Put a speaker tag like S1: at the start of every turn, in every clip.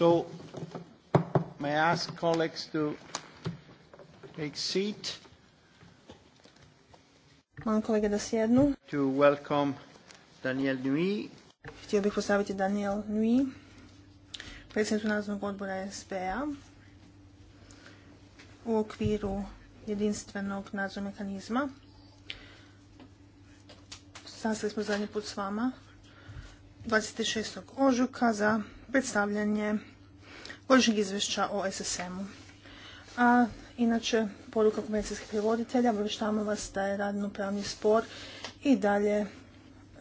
S1: So may I ask colleagues to take seat?
S2: da sjednu.
S1: To welcome Daniel Nui.
S2: Htio bih postaviti Daniel Nui, predsjednicu nadzornog odbora SBA u okviru jedinstvenog nadzornog mehanizma. Sastali smo zadnji put s vama 26. ožujka za predstavljanje godišnjeg izvješća o SSM-u. A inače, poruka komercijskih prevoditelja, obavještavamo vas da je radno-pravni spor i dalje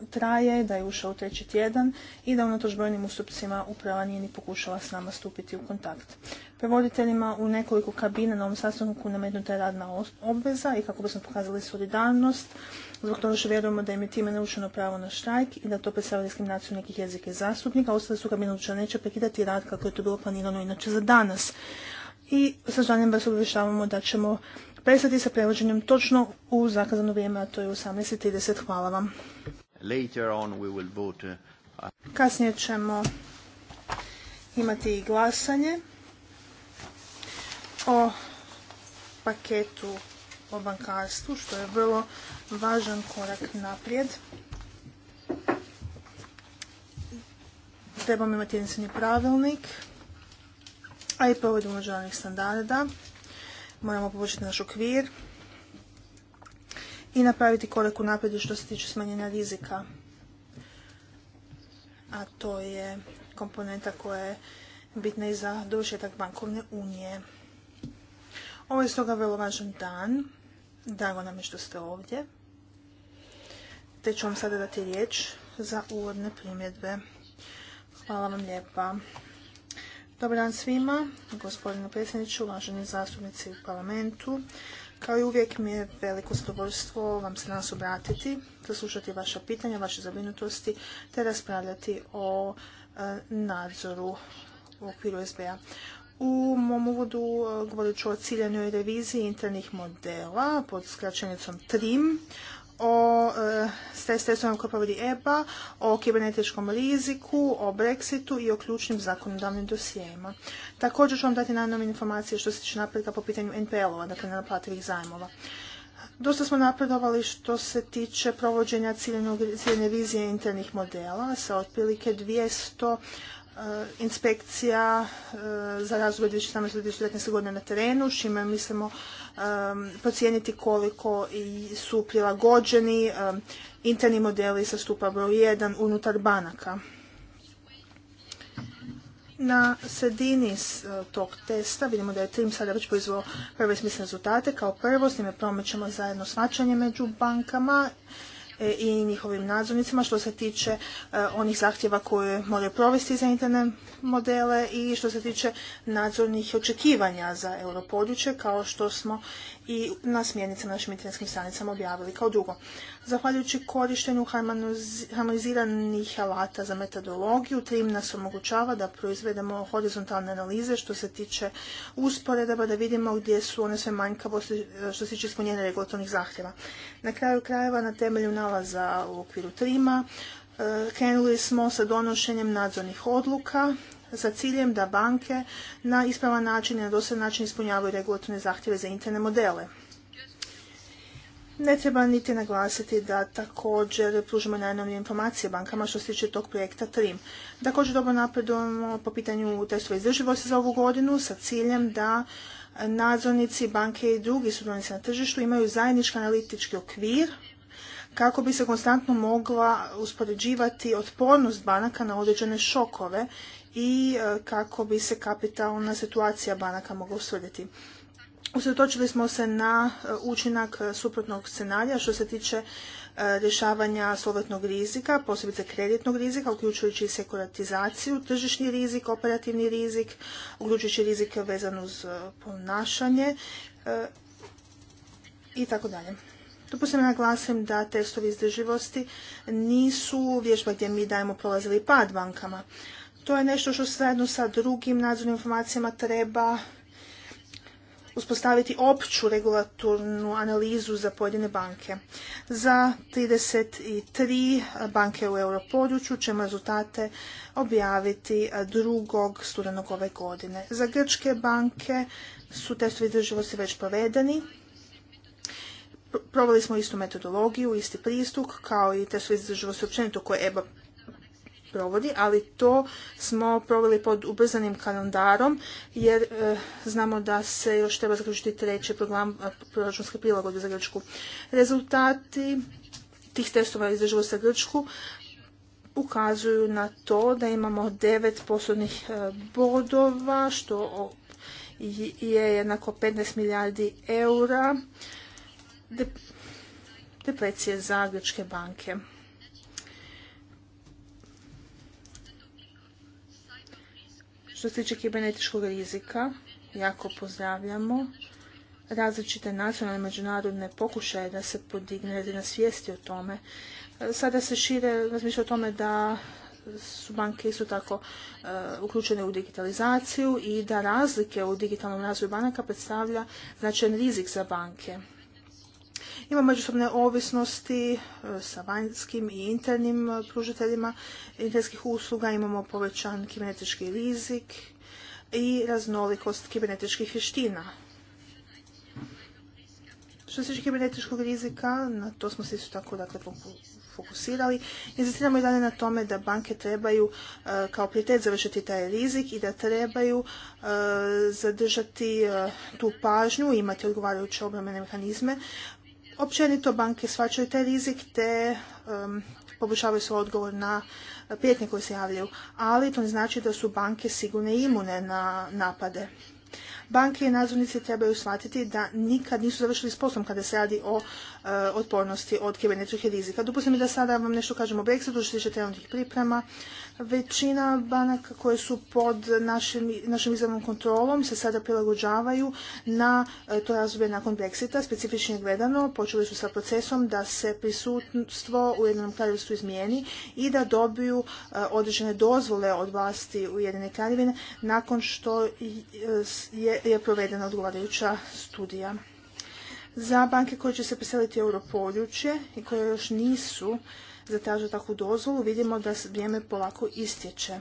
S2: traje, da je ušao u treći tjedan i da unatoč brojnim ustupcima uprava nije ni pokušala s nama stupiti u kontakt prevoditeljima u nekoliko kabina na ovom sastanku nametnuta je radna obveza i kako bismo pokazali solidarnost, zbog toga što vjerujemo da im je time naučeno pravo na štrajk i da to predstavlja diskriminaciju nekih jezika zastupnika, ostale su kabine učene neće prekidati rad kako je to bilo planirano inače za danas. I sa žaljenjem vas obavještavamo da ćemo prestati sa prevođenjem točno u zakazano vrijeme, a to je 18.30. Hvala vam. Uh, Kasnije ćemo imati i glasanje o paketu o bankarstvu, što je vrlo važan korak naprijed. Trebamo imati jedinstveni pravilnik, a i provod međunarodnih standarda. Moramo poboljšati naš okvir i napraviti korak u što se tiče smanjenja rizika. A to je komponenta koja je bitna i za dovršetak bankovne unije. Ovo je stoga vrlo važan dan. Drago nam je što ste ovdje. Te ću vam sada dati riječ za uvodne primjedbe. Hvala vam lijepa. Dobar dan svima, gospodine predsjedniče, uvaženi zastupnici u parlamentu. Kao i uvijek mi je veliko zadovoljstvo vam se nas obratiti, zaslušati vaša pitanja, vaše zabrinutosti, te raspravljati o e, nadzoru u okviru SBA. U mom uvodu e, govorit ću o ciljanoj reviziji internih modela pod skraćenicom TRIM, o e, stres koje EBA, o kibernetičkom riziku, o Brexitu i o ključnim zakonodavnim dosijejima. Također ću vam dati najnovije informacije što se tiče napretka po pitanju NPL-ova, dakle nenaplativih zajmova. Dosta smo napredovali što se tiče provođenja ciljene revizije internih modela sa otprilike 200 Eh, inspekcija eh, za razvoj 2017-2019. godine na terenu, s čime mislimo eh, procijeniti koliko su prilagođeni interni modeli sa stupa broj 1 unutar banaka. Na sredini tog testa vidimo da je Trim sada već proizveo prve smisne rezultate. Kao prvo s njime promećemo zajedno svačanje među bankama E, i njihovim nadzornicima što se tiče e, onih zahtjeva koje moraju provesti za interne modele i što se tiče nadzornih očekivanja za europodručje kao što smo i na smjernicama našim internetskim stranicama objavili. Kao drugo, zahvaljujući korištenju harmoniziranih alata za metodologiju, TRIM nas omogućava da proizvedemo horizontalne analize što se tiče usporedaba, da vidimo gdje su one sve manjkavosti e, što se tiče ispunjenja regulatornih zahtjeva. Na kraju krajeva, na temelju nalaza u okviru trima, e, krenuli smo sa donošenjem nadzornih odluka sa ciljem da banke na ispravan način i na dosadan način ispunjavaju regulatorne zahtjeve za interne modele. Ne treba niti naglasiti da također pružimo najnovije informacije bankama što se tiče tog projekta TRIM. Također dobro napredujemo po pitanju testova izdrživosti za ovu godinu sa ciljem da nadzornici banke i drugi sudionici na tržištu imaju zajednički analitički okvir kako bi se konstantno mogla uspoređivati otpornost banaka na određene šokove i e, kako bi se kapitalna situacija banaka mogla usvrljati. Usredotočili smo se na e, učinak e, suprotnog scenarija što se tiče rješavanja slovetnog rizika, posebice kreditnog rizika, uključujući sekuratizaciju, tržišni rizik, operativni rizik, uključujući rizike vezan uz ponašanje i tako dalje. Dopustim naglasim da testovi izdrživosti nisu vježba gdje mi dajemo prolazili pad bankama. To je nešto što zajedno sa drugim nadzornim informacijama treba uspostaviti opću regulatornu analizu za pojedine banke. Za 33 banke u europodručju ćemo rezultate objaviti drugog studenog ove godine. Za grčke banke su testovi izdrživosti već provedeni. Proveli smo istu metodologiju, isti pristup, kao i testovi izdrživosti općenito koje EBA provodi, ali to smo proveli pod ubrzanim kalendarom jer eh, znamo da se još treba zaključiti treći program eh, proračunske prilagode za Grčku. Rezultati tih testova izdrživosti sa Grčku ukazuju na to da imamo devet poslovnih eh, bodova što je jednako 15 milijardi eura deprecije za grčke banke. Što se tiče kibernetičkog rizika, jako pozdravljamo različite nacionalne i međunarodne pokušaje da se podigne na svijesti o tome. Sada se šire razmišlja o tome da su banke isto tako e, uključene u digitalizaciju i da razlike u digitalnom razvoju banaka predstavlja značajan rizik za banke. Ima međusobne ovisnosti e, sa vanjskim i internim e, pružiteljima internetskih usluga, imamo povećan kibernetički rizik i raznolikost kibernetičkih vještina. Što se tiče kibernetičkog rizika, na to smo se isto tako dakle, fokusirali. Inzistiramo i dalje na tome da banke trebaju e, kao prioritet završiti taj rizik i da trebaju zadržati tu pažnju, imati odgovarajuće obramene mehanizme Općenito banke svačaju taj rizik te poboljšavaju svoj odgovor na prijetnje koje se javljaju, ali to ne znači da su banke sigurne i imune na napade. Banke i nadzornici trebaju shvatiti da nikad nisu završili s poslom kada se radi o Eh, otpornosti od kibernetičkih rizika. Dopustite mi da sada vam nešto kažem o Brexitu što se tiče trenutnih priprema. Većina banaka koje su pod našim, izravnom kontrolom se sada prilagođavaju na eh, to razdoblje nakon Brexita. Specifično gledano počeli su sa procesom da se prisutstvo u jednom kraljevstvu izmijeni i da dobiju eh, određene dozvole od vlasti jedine kraljevine nakon što je, je provedena odgovarajuća studija za banke koje će se preseliti u europodručje i koje još nisu zatražile takvu dozvolu, vidimo da se vrijeme polako istječe.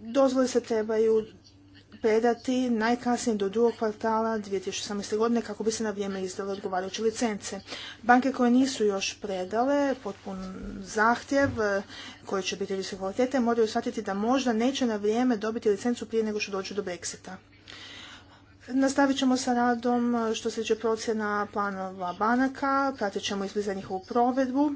S2: Dozvole se trebaju predati najkasnije do drugog kvartala 2018. godine kako bi se na vrijeme izdale odgovarajuće licence. Banke koje nisu još predale potpun zahtjev e, koji će biti visoke kvalitete moraju shvatiti da možda neće na vrijeme dobiti licencu prije nego što dođu do Brexita. Nastavit ćemo sa radom e, što se tiče procjena planova banaka, pratit ćemo izbliza njihovu provedbu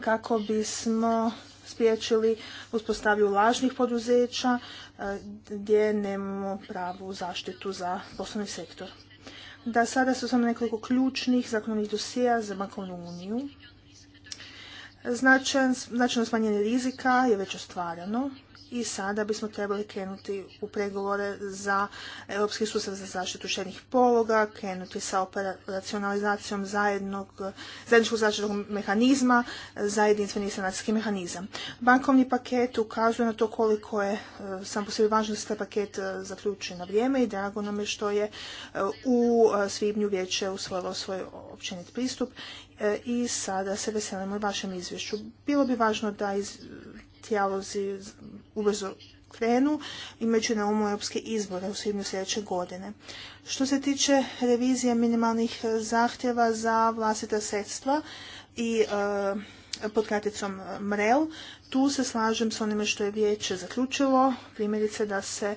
S2: kako bismo spriječili uspostavlju lažnih poduzeća e, gdje nemamo pravu zaštitu za poslovni sektor. Da sada su samo nekoliko ključnih zakonovnih dosija za bankovnu uniju. Značajno smanjenje rizika je već ostvarano i sada bismo trebali krenuti u pregovore za Europski sustav za zaštitu šednih pologa, krenuti sa operacionalizacijom zajednog, zajedničkog zaštitnog mehanizma za jedinstveni sanacijski mehanizam. Bankovni paket ukazuje na to koliko je e, sam po sebi važno da se taj paket e, zaključuje na vrijeme i drago nam je što je e, u svibnju vijeće usvojilo svoj općenit pristup i sada se veselimo vašem izvješću. Bilo bi važno da iz, tijalozi ubrzo krenu, imajući na umu europske izbore u svibnju sljedeće godine. Što se tiče revizije minimalnih zahtjeva za vlastita sredstva i e, pod kraticom MREL, tu se slažem s onime što je vijeće zaključilo, primjerice da se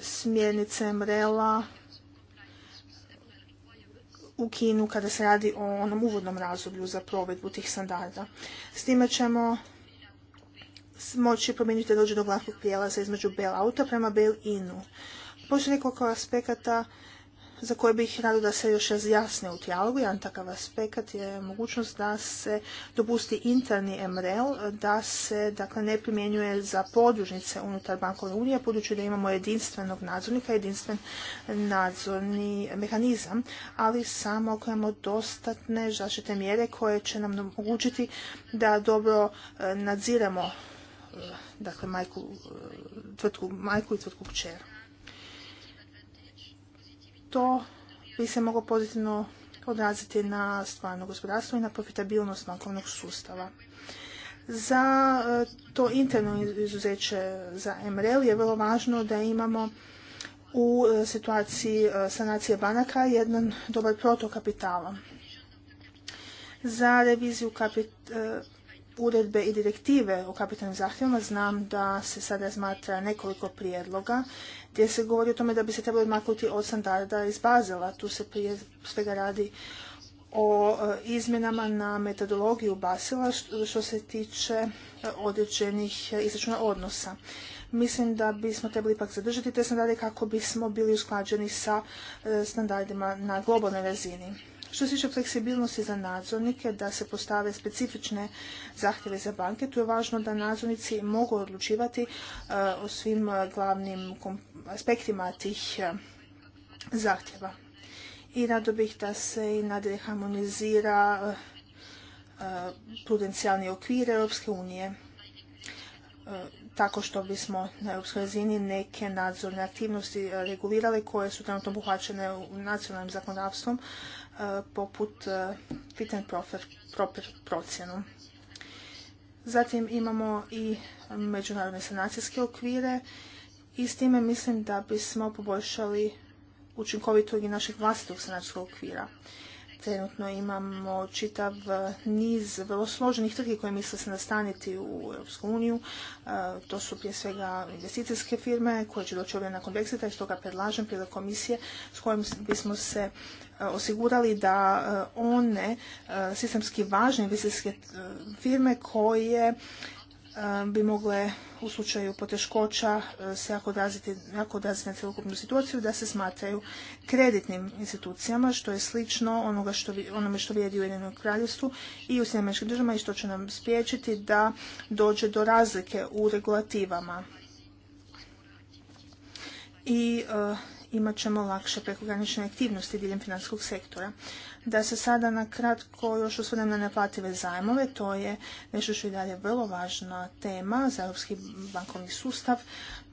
S2: smjernice MREL-a u Kinu kada se radi o onom uvodnom razdoblju za provedbu tih standarda. S time ćemo moći promijeniti da dođe do vlakog prijelaza između auta prema bell inu Postoji nekoliko aspekata za koje bih rado da se još razjasne u tijalogu, Jedan takav aspekt je mogućnost da se dopusti interni MRL, da se dakle, ne primjenjuje za podružnice unutar bankovne unije, budući da imamo jedinstvenog nadzornika, jedinstven nadzorni mehanizam, ali samo ako dostatne zaštite mjere koje će nam omogućiti da dobro e, nadziramo E, dakle, majku, e, tvrtku majku i tvrtku kćer. To bi se moglo pozitivno odraziti na stvarno gospodarstvo i na profitabilnost bankovnog sustava. Za e, to interno izuzeće za MRL je vrlo važno da imamo u situaciji sanacije banaka jedan dobar protok kapitala. Za reviziju uredbe i direktive o kapitalnim zahtjevima znam da se sad razmatra nekoliko prijedloga gdje se govori o tome da bi se trebalo odmaknuti od standarda iz Bazela. Tu se prije svega radi o e, izmjenama na metodologiju Basila što se tiče e, određenih e, izračuna odnosa. Mislim da bismo trebali ipak zadržati te standarde kako bismo bili usklađeni sa standardima na globalnoj razini. Što se tiče fleksibilnosti za nadzornike, da se postave specifične zahtjeve za banke, tu je važno da nadzornici mogu odlučivati e, o svim e, glavnim aspektima tih e, zahtjeva. I rado bih da se i nadalje harmonizira prudencijalni okvir Europske unije tako što bismo na europskoj razini neke nadzorne aktivnosti regulirali koje su trenutno obuhvaćene nacionalnim zakonodavstvom poput e, fit and proper procjenu. Zatim imamo i međunarodne sanacijske okvire i s time mislim da bismo poboljšali učinkovitog i našeg vlastitog sanacijskog okvira. Trenutno imamo čitav e, niz vrlo složenih trgi koje misle se nastaniti u EU. E, to su prije svega investicijske firme koje će doći ovdje nakon Brexita i stoga predlažem prijedlog komisije s kojim bismo se Eh, osigurali da eh, one eh, sistemski važne investicijske firme koje bi mogle u slučaju poteškoća se jako odraziti, na cjelokupnu situaciju da se smatraju kreditnim institucijama što je slično onoga onome što vrijedi u Jedinom kraljevstvu i u Sjedinjeničkim državama i što će nam spriječiti da dođe do razlike u regulativama. I imat ćemo lakše prekogranične aktivnosti diljem financijskog sektora. Da se sada na kratko još osvrnem na neplative zajmove, to je nešto što je dalje vrlo važna tema za europski bankovni sustav,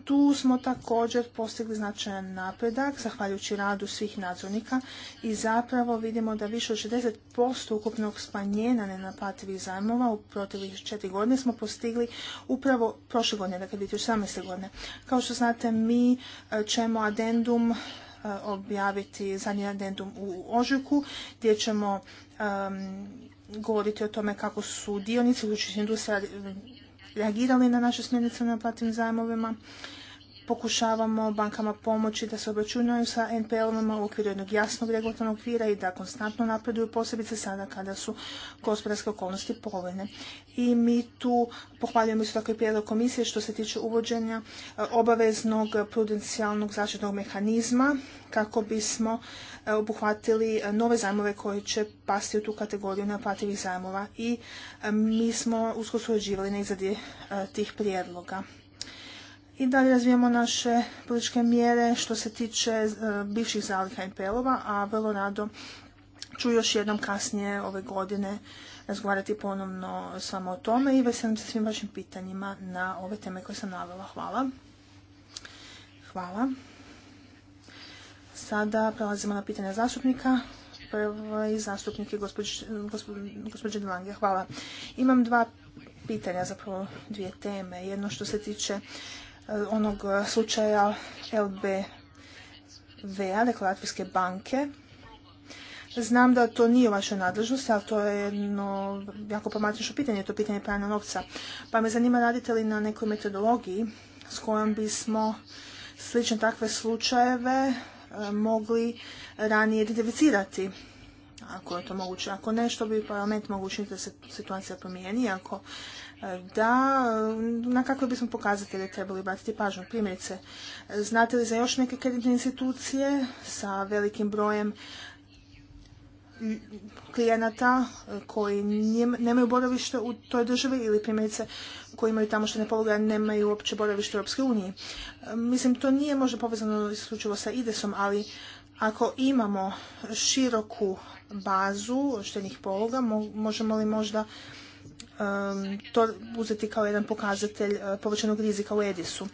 S2: tu smo također postigli značajan napredak, zahvaljujući radu svih nadzornika i zapravo vidimo da više od 60% ukupnog smanjenja nenaplativih zajmova u proteklih četiri godine smo postigli upravo prošle godine, dakle 2018. godine. Kao što znate, mi e, ćemo adendum e, objaviti zadnji adendum u ožujku gdje ćemo govoriti o tome kako su dionici uključujući industrija reagirali na naše smjernice na platim zajmovima pokušavamo bankama pomoći da se obračunaju sa NPL-ovima u okviru jednog jasnog regulatornog okvira i da konstantno napreduju posebice sada kada su gospodarske okolnosti povoljne. I mi tu pohvaljujemo isto tako i prijedlog komisije što se tiče uvođenja eh, obaveznog prudencijalnog zaštitnog mehanizma kako bismo eh, obuhvatili eh, nove zajmove koje će pasti u tu kategoriju neoplativih zajmova i mi smo usko surađivali na izradi tih prijedloga i dalje razvijamo naše političke mjere što se tiče e, bivših zaliha NPL-ova, a vrlo rado ću još jednom kasnije ove godine razgovarati ponovno s vama o tome i veselim se svim vašim pitanjima na ove teme koje sam navela. Hvala. Hvala. Sada prelazimo na pitanja zastupnika. Prvi zastupnik je gospođe Hvala. Imam dva pitanja, zapravo dvije teme. Jedno što se tiče Eh, onog eh, slučaja LBV-a, dakle Latvijske banke. Znam da to nije u vašoj nadležnosti, ali to je jedno jako problematično pitanje, to pitanje pranja novca. Pa me zanima radite li na nekoj metodologiji s kojom bismo slične takve slučajeve eh, mogli ranije identificirati ako je to moguće. Ako ne, što bi parlament moguće da se situacija promijeni, ako da na kakve bismo pokazatelje trebali baciti pažnju. Primjerice, znate li za još neke kreditne institucije sa velikim brojem klijenata koji nemaju boravište u toj državi ili primjerice koji imaju tamo što ne pologa nemaju uopće boravište u EU. Mislim, to nije možda povezano isključivo sa IDES-om, ali ako imamo široku bazu štenih pologa, možemo li možda Um, to uzeti kao jedan pokazatelj uh, povećanog rizika u Edisu.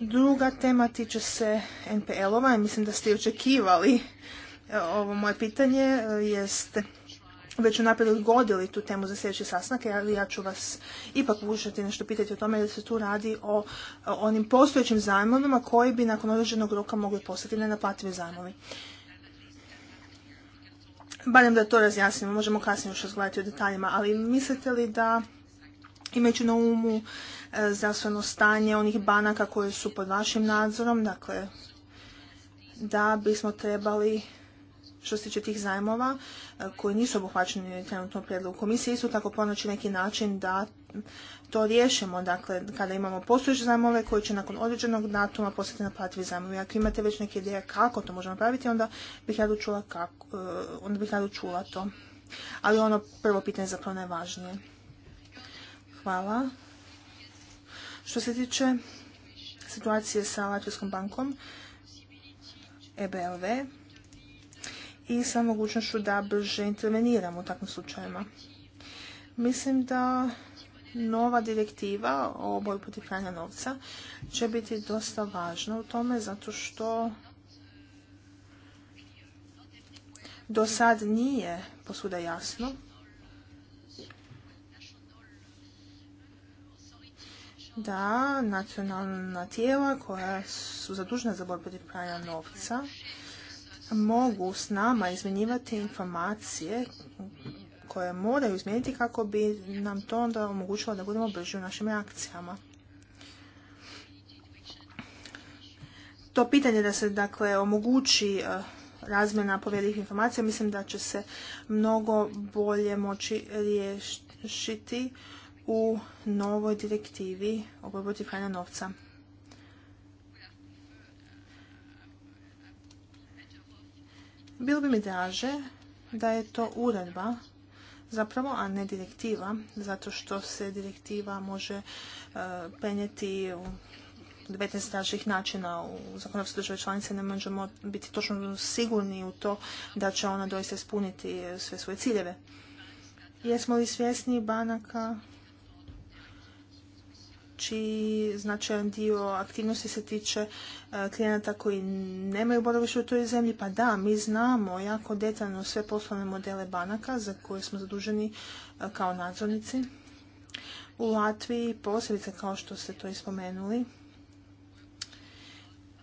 S2: Druga tema tiče se NPL-ova i mislim da ste i očekivali uh, ovo moje pitanje, uh, jeste već unaprijed godili tu temu za sljedeći sastanak, ali ja ću vas ipak pokušati nešto pitati o tome da se tu radi o, onim postojećim zajmovima koji bi nakon određenog roka mogli postati nenaplativi zajmovi barem da to razjasnimo, možemo kasnije još razgovarati o detaljima, ali mislite li da imajući na umu e, zdravstveno stanje onih banaka koje su pod vašim nadzorom, dakle da bismo trebali što se tiče tih zajmova e, koji nisu obuhvaćeni trenutno prijedlogu komisije, isto tako ponoći neki način da to riješimo, dakle, kada imamo postojeće zajmove koji će nakon određenog datuma postati naplativi zajmovi. Ako imate već neke ideje kako to možemo napraviti, onda bih rado čula, kako, e, onda bih rado čula to. Ali ono prvo pitanje zapravo najvažnije. Hvala. Što se tiče situacije sa Latvijskom bankom, EBLV, i sa mogućnošću da brže interveniramo u takvim slučajima. Mislim da nova direktiva o borbi protiv pranja novca će biti dosta važna u tome zato što do sad nije posuda jasno da nacionalna tijela koja su zadužena za borbu protiv pranja novca mogu s nama izmjenjivati informacije koje moraju izmijeniti kako bi nam to onda omogućilo da budemo brži u našim reakcijama. To pitanje da se dakle omogući e, razmjena povjerljivih informacija, mislim da će se mnogo bolje moći riješiti u novoj direktivi o borbi protiv novca. Bilo bi mi draže da je to uredba zapravo, a ne direktiva, zato što se direktiva može e, penjeti u 19 različitih načina u zakonodavstvu države članice ne možemo biti točno sigurni u to da će ona doista ispuniti sve svoje ciljeve. Jesmo li svjesni banaka čiji značajan dio aktivnosti se tiče e, klijenata koji nemaju boravište u toj zemlji. Pa da, mi znamo jako detaljno sve poslovne modele banaka za koje smo zaduženi e, kao nadzornici. U Latviji, posebice kao što ste to ispomenuli,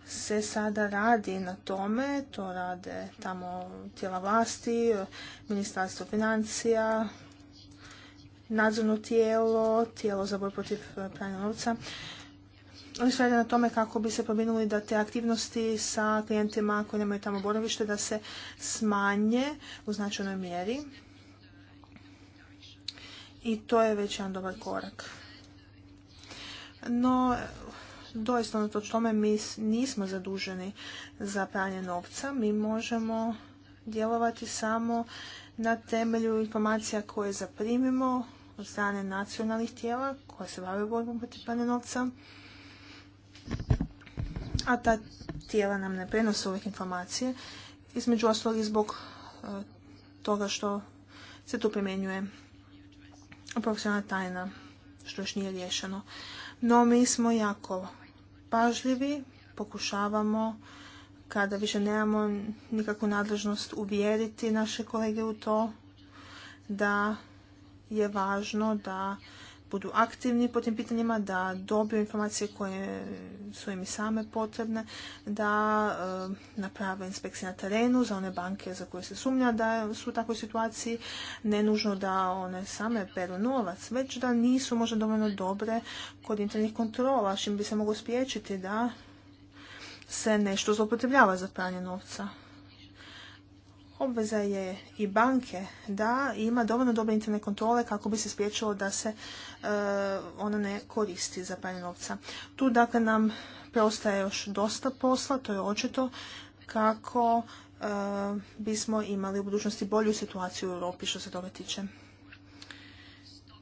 S2: se sada radi na tome, to rade tamo tijela vlasti, ministarstvo financija, nadzorno tijelo, tijelo za boj protiv e, pranja novca. Oni su na tome kako bi se pominuli da te aktivnosti sa klijentima koji nemaju tamo boravište da se smanje u značajnoj mjeri. I to je već jedan dobar korak. No, doista na ono to tome mi nismo zaduženi za pranje novca. Mi možemo djelovati samo na temelju informacija koje zaprimimo od strane nacionalnih tijela koja se bave borbom protiv pranja novca, a ta tijela nam ne prenose uvijek informacije, između ostalog i zbog e, toga što se tu primjenjuje profesionalna tajna, što još nije riješeno. No, mi smo jako pažljivi, pokušavamo kada više nemamo nikakvu nadležnost uvjeriti naše kolege u to da je važno da budu aktivni po tim pitanjima, da dobiju informacije koje su im i same potrebne, da e, naprave inspekcije na terenu za one banke za koje se sumnja da su u takvoj situaciji, ne nužno da one same peru novac, već da nisu možda dovoljno dobre kod internih kontrola, čim bi se moglo spriječiti da se nešto zloupotrebljava za pranje novca obveza je i banke da ima dovoljno dobre interne kontrole kako bi se spriječilo da se e, ona ne koristi za pranje novca. Tu dakle nam preostaje još dosta posla, to je očito kako e, bismo imali u budućnosti bolju situaciju u Europi što se toga tiče.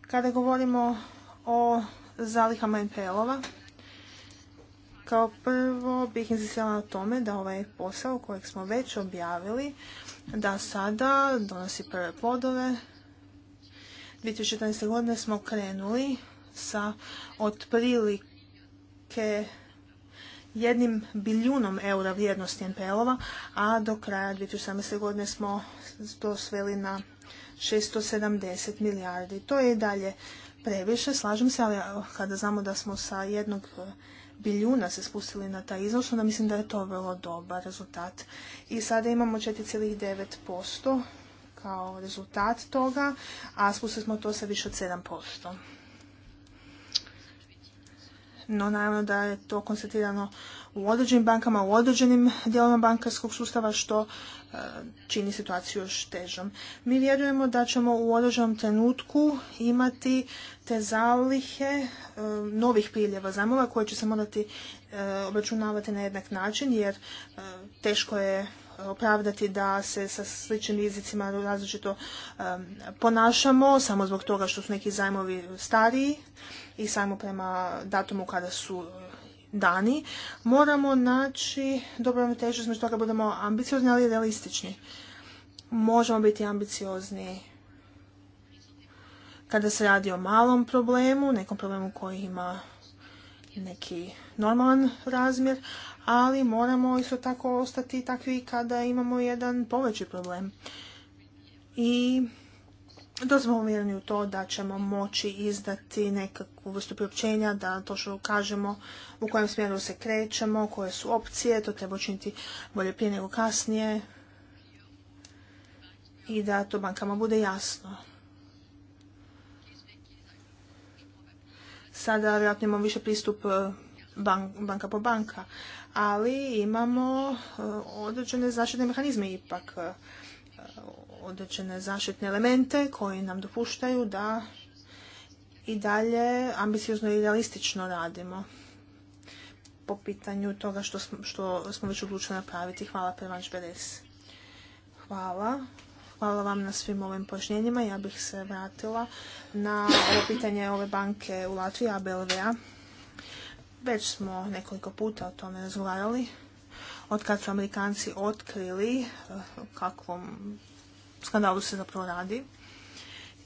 S2: Kada govorimo o zalihama NPL-ova, kao prvo bih insistirala na tome da ovaj posao kojeg smo već objavili da sada donosi prve plodove. 2014. godine smo krenuli sa otprilike jednim biljunom eura vrijednosti NPL-ova, a do kraja 2018. godine smo to sveli na 670 milijardi. To je i dalje previše, slažem se, ali kada znamo da smo sa jednog biljuna se spustili na taj iznos, onda mislim da je to vrlo dobar rezultat. I sada imamo 4,9% kao rezultat toga, a spustili smo to sa više od 7%. No, naravno da je to konstatirano u određenim bankama, u određenim dijelovima bankarskog sustava što e, čini situaciju još težom. Mi vjerujemo da ćemo u određenom trenutku imati te zalihe e, novih priljeva zajmova koje će se morati e, obračunavati na jednak način jer teško je opravdati da se sa sličnim rizicima različito ponašamo samo zbog toga što su neki zajmovi stariji i samo prema datumu kada su dani, moramo naći dobro težu između toga budemo ambiciozni, ali realistični. Možemo biti ambiciozni kada se radi o malom problemu, nekom problemu koji ima neki normalan razmjer, ali moramo isto tako ostati takvi kada imamo jedan poveći problem. I do smo u to da ćemo moći izdati nekakvu vrstu priopćenja, da to što kažemo u kojem smjeru se krećemo, koje su opcije, to treba učiniti bolje prije nego kasnije i da to bankama bude jasno. Sada vjerojatno imamo više pristup e, banka po banka, ali imamo e, određene zaštitne mehanizme ipak e, određene zaštitne elemente koji nam dopuštaju da i dalje ambiciozno i realistično radimo po pitanju toga što smo, već odlučili napraviti. Hvala Prevanč Beres. Hvala. Hvala vam na svim ovim pojašnjenjima. Ja bih se vratila na pitanje ove banke u Latviji, ablv Već smo nekoliko puta o tome razgovarali. Od kad su Amerikanci otkrili eh, kakvom skandalu se zapravo radi.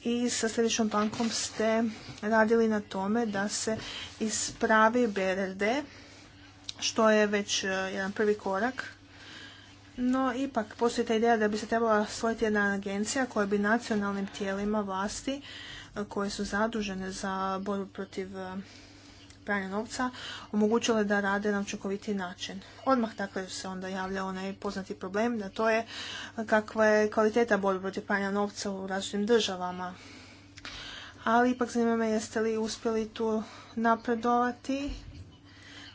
S2: I sa Središnjom bankom ste radili na tome da se ispravi BRD, što je već e, jedan prvi korak. No, ipak, postoji ta ideja da bi se trebala svojiti jedna agencija koja bi nacionalnim tijelima vlasti e, koje su zadužene za borbu protiv e, pranja novca omogućile da rade na učinkoviti način. Odmah dakle se onda javlja onaj poznati problem, da to je kakva je kvaliteta borbe protiv pranja novca u različitim državama. Ali ipak zanima me jeste li uspjeli tu napredovati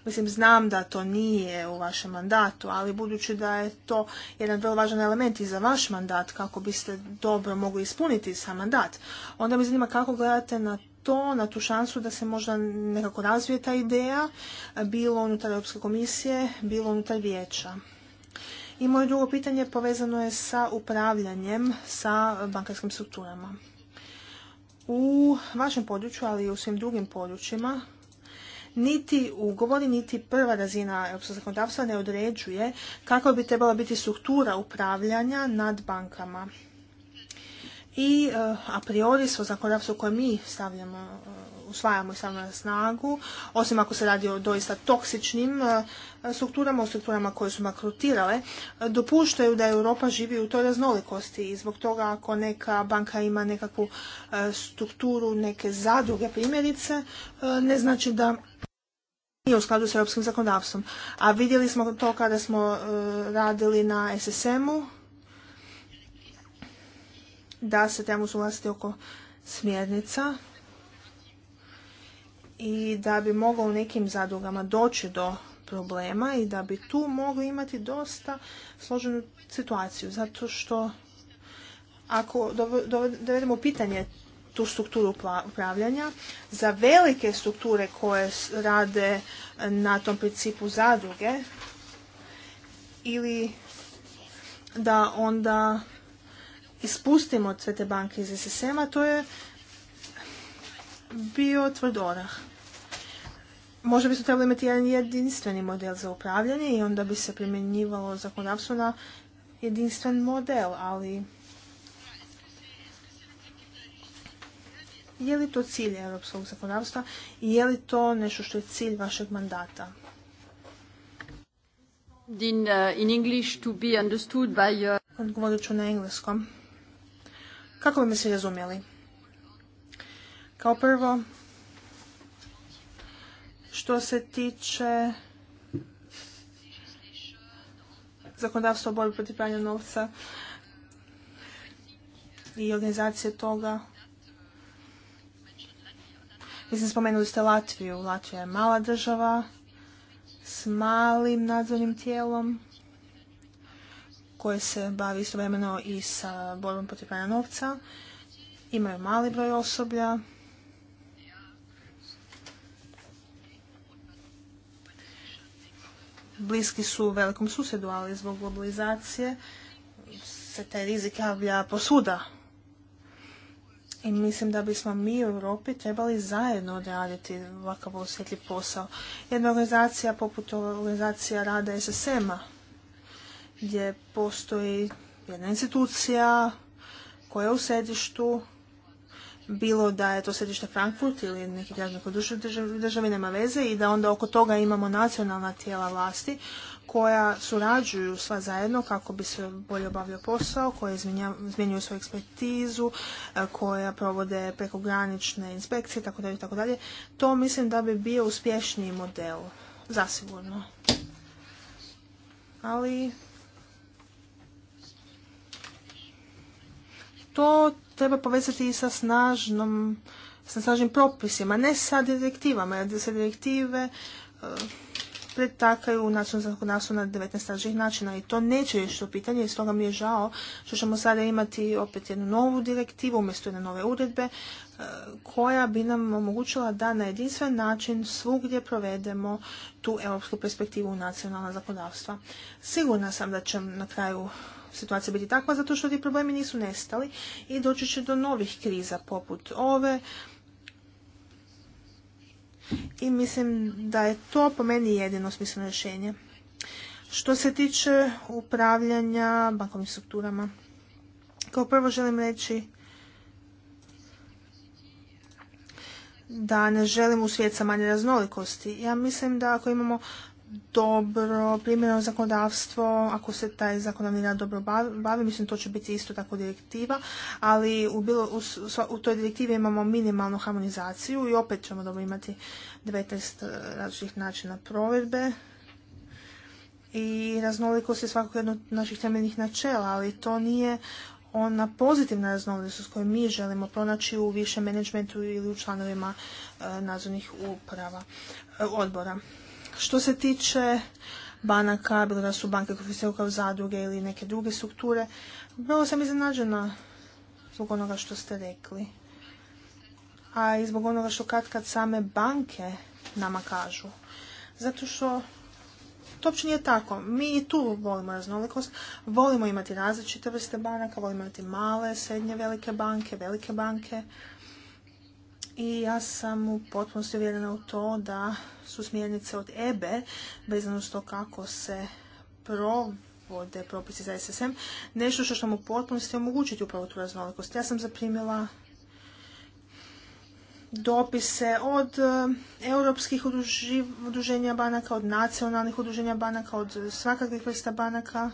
S2: Mislim, znam da to nije u vašem mandatu, ali budući da je to jedan vrlo važan element i za vaš mandat, kako biste dobro mogli ispuniti sam mandat, onda mi zanima kako gledate na to, na tu šansu da se možda nekako razvije ta ideja, bilo unutar Europske komisije, bilo unutar vijeća. I moje drugo pitanje povezano je sa upravljanjem sa bankarskim strukturama. U vašem području, ali i u svim drugim područjima, niti ugovori, niti prva razina europskog zakonodavstva ne određuje kako bi trebala biti struktura upravljanja nad bankama i eh, a priori svo zakonodavstvo koje mi stavljamo, eh, usvajamo i stavljamo na snagu, osim ako se radi o doista toksičnim eh, strukturama, o strukturama koje su makrotirale, dopuštaju da Europa živi u toj raznolikosti i zbog toga ako neka banka ima nekakvu strukturu, neke zadruge primjerice, ne znači da nije u skladu sa europskim zakonodavstvom. A vidjeli smo to kada smo radili na SSM-u, da se trebamo suglasiti oko smjernica i da bi moglo u nekim zadrugama doći do problema i da bi tu mogli imati dosta složenu situaciju. Zato što ako dovedemo pitanje tu strukturu upravljanja, za velike strukture koje rade na tom principu zadruge ili da onda ispustimo sve te banke iz SSM-a, to je bio tvrd orah. Možda bismo trebali imati jedan jedinstveni model za upravljanje i onda bi se primjenjivalo zakonodavstvo na jedinstven model, ali je li to cilj europskog zakonodavstva i je li to nešto što je cilj vašeg mandata? In, uh, English to Odgovorit uh, ću na engleskom. Kako bi mi svi razumjeli? Kao prvo, što se tiče zakonodavstva o borbi protiv pranja novca i organizacije toga. Mislim, spomenuli ste Latviju. Latvija je mala država s malim nadzornim tijelom koje se bavi istovremeno i sa borbom protiv pranja novca. Imaju mali broj osoblja. Bliski su velikom susjedu, ali zbog globalizacije se taj rizik javlja posuda. I mislim da bismo mi u Europi trebali zajedno odraditi ovakav osjetljiv posao. Jedna organizacija poput organizacija rada SSM-a gdje postoji jedna institucija koja je u središtu, bilo da je to središte Frankfurt ili neki grad neko državi nema veze i da onda oko toga imamo nacionalna tijela vlasti koja surađuju sva zajedno kako bi se bolje obavio posao, koje izmjenjuju svoju ekspertizu, e, koja provode prekogranične inspekcije, tako dalje, tako dalje. To mislim da bi bio uspješniji model, zasigurno. Ali to treba povezati i sa snažnom sa snažnim propisima, ne sa direktivama, jer se direktive e, pretakaju u nacionalno zakonodavstvu na 19 stražih načina i to neće riješiti to pitanje i stoga mi je žao što ćemo sada imati opet jednu novu direktivu umjesto jedne nove uredbe e, koja bi nam omogućila da na jedinstven način svugdje provedemo tu europsku perspektivu nacionalna zakonodavstva. Sigurna sam da ćemo na kraju situacija biti takva zato što ti problemi nisu nestali i doći će do novih kriza poput ove. I mislim da je to po meni jedino smisleno rješenje. Što se tiče upravljanja bankovnim strukturama, kao prvo želim reći da ne želim u svijet sa manje raznolikosti. Ja mislim da ako imamo dobro primjeno zakonodavstvo, ako se taj zakonodavni rad dobro bavi, mislim to će biti isto tako direktiva, ali u, bilo, u, toj direktivi imamo minimalnu harmonizaciju i opet ćemo dobro imati 19 e, različitih načina provedbe i raznolikost je svakako jedno od naših temeljnih načela, ali to nije ona pozitivna raznolikost koju mi želimo pronaći u više menadžmentu ili u članovima e, nadzornih uprava, e, odbora. Što se tiče banaka, bilo da su banke koje su kao zadruge ili neke druge strukture, bilo sam iznenađena zbog onoga što ste rekli. A i zbog onoga što kad kad same banke nama kažu. Zato što to uopće nije tako. Mi i tu volimo raznolikost, volimo imati različite vrste banaka, volimo imati male, srednje, velike banke, velike banke. I ja sam u potpunosti uvjerena u to da su smjernice od EBE, vezano to kako se provode propisi za SSM, nešto što sam u potpunosti omogućiti upravo tu raznolikost. Ja sam zaprimila dopise od eh, europskih udruženja banaka, od nacionalnih udruženja banaka, od svakakvih vrsta banaka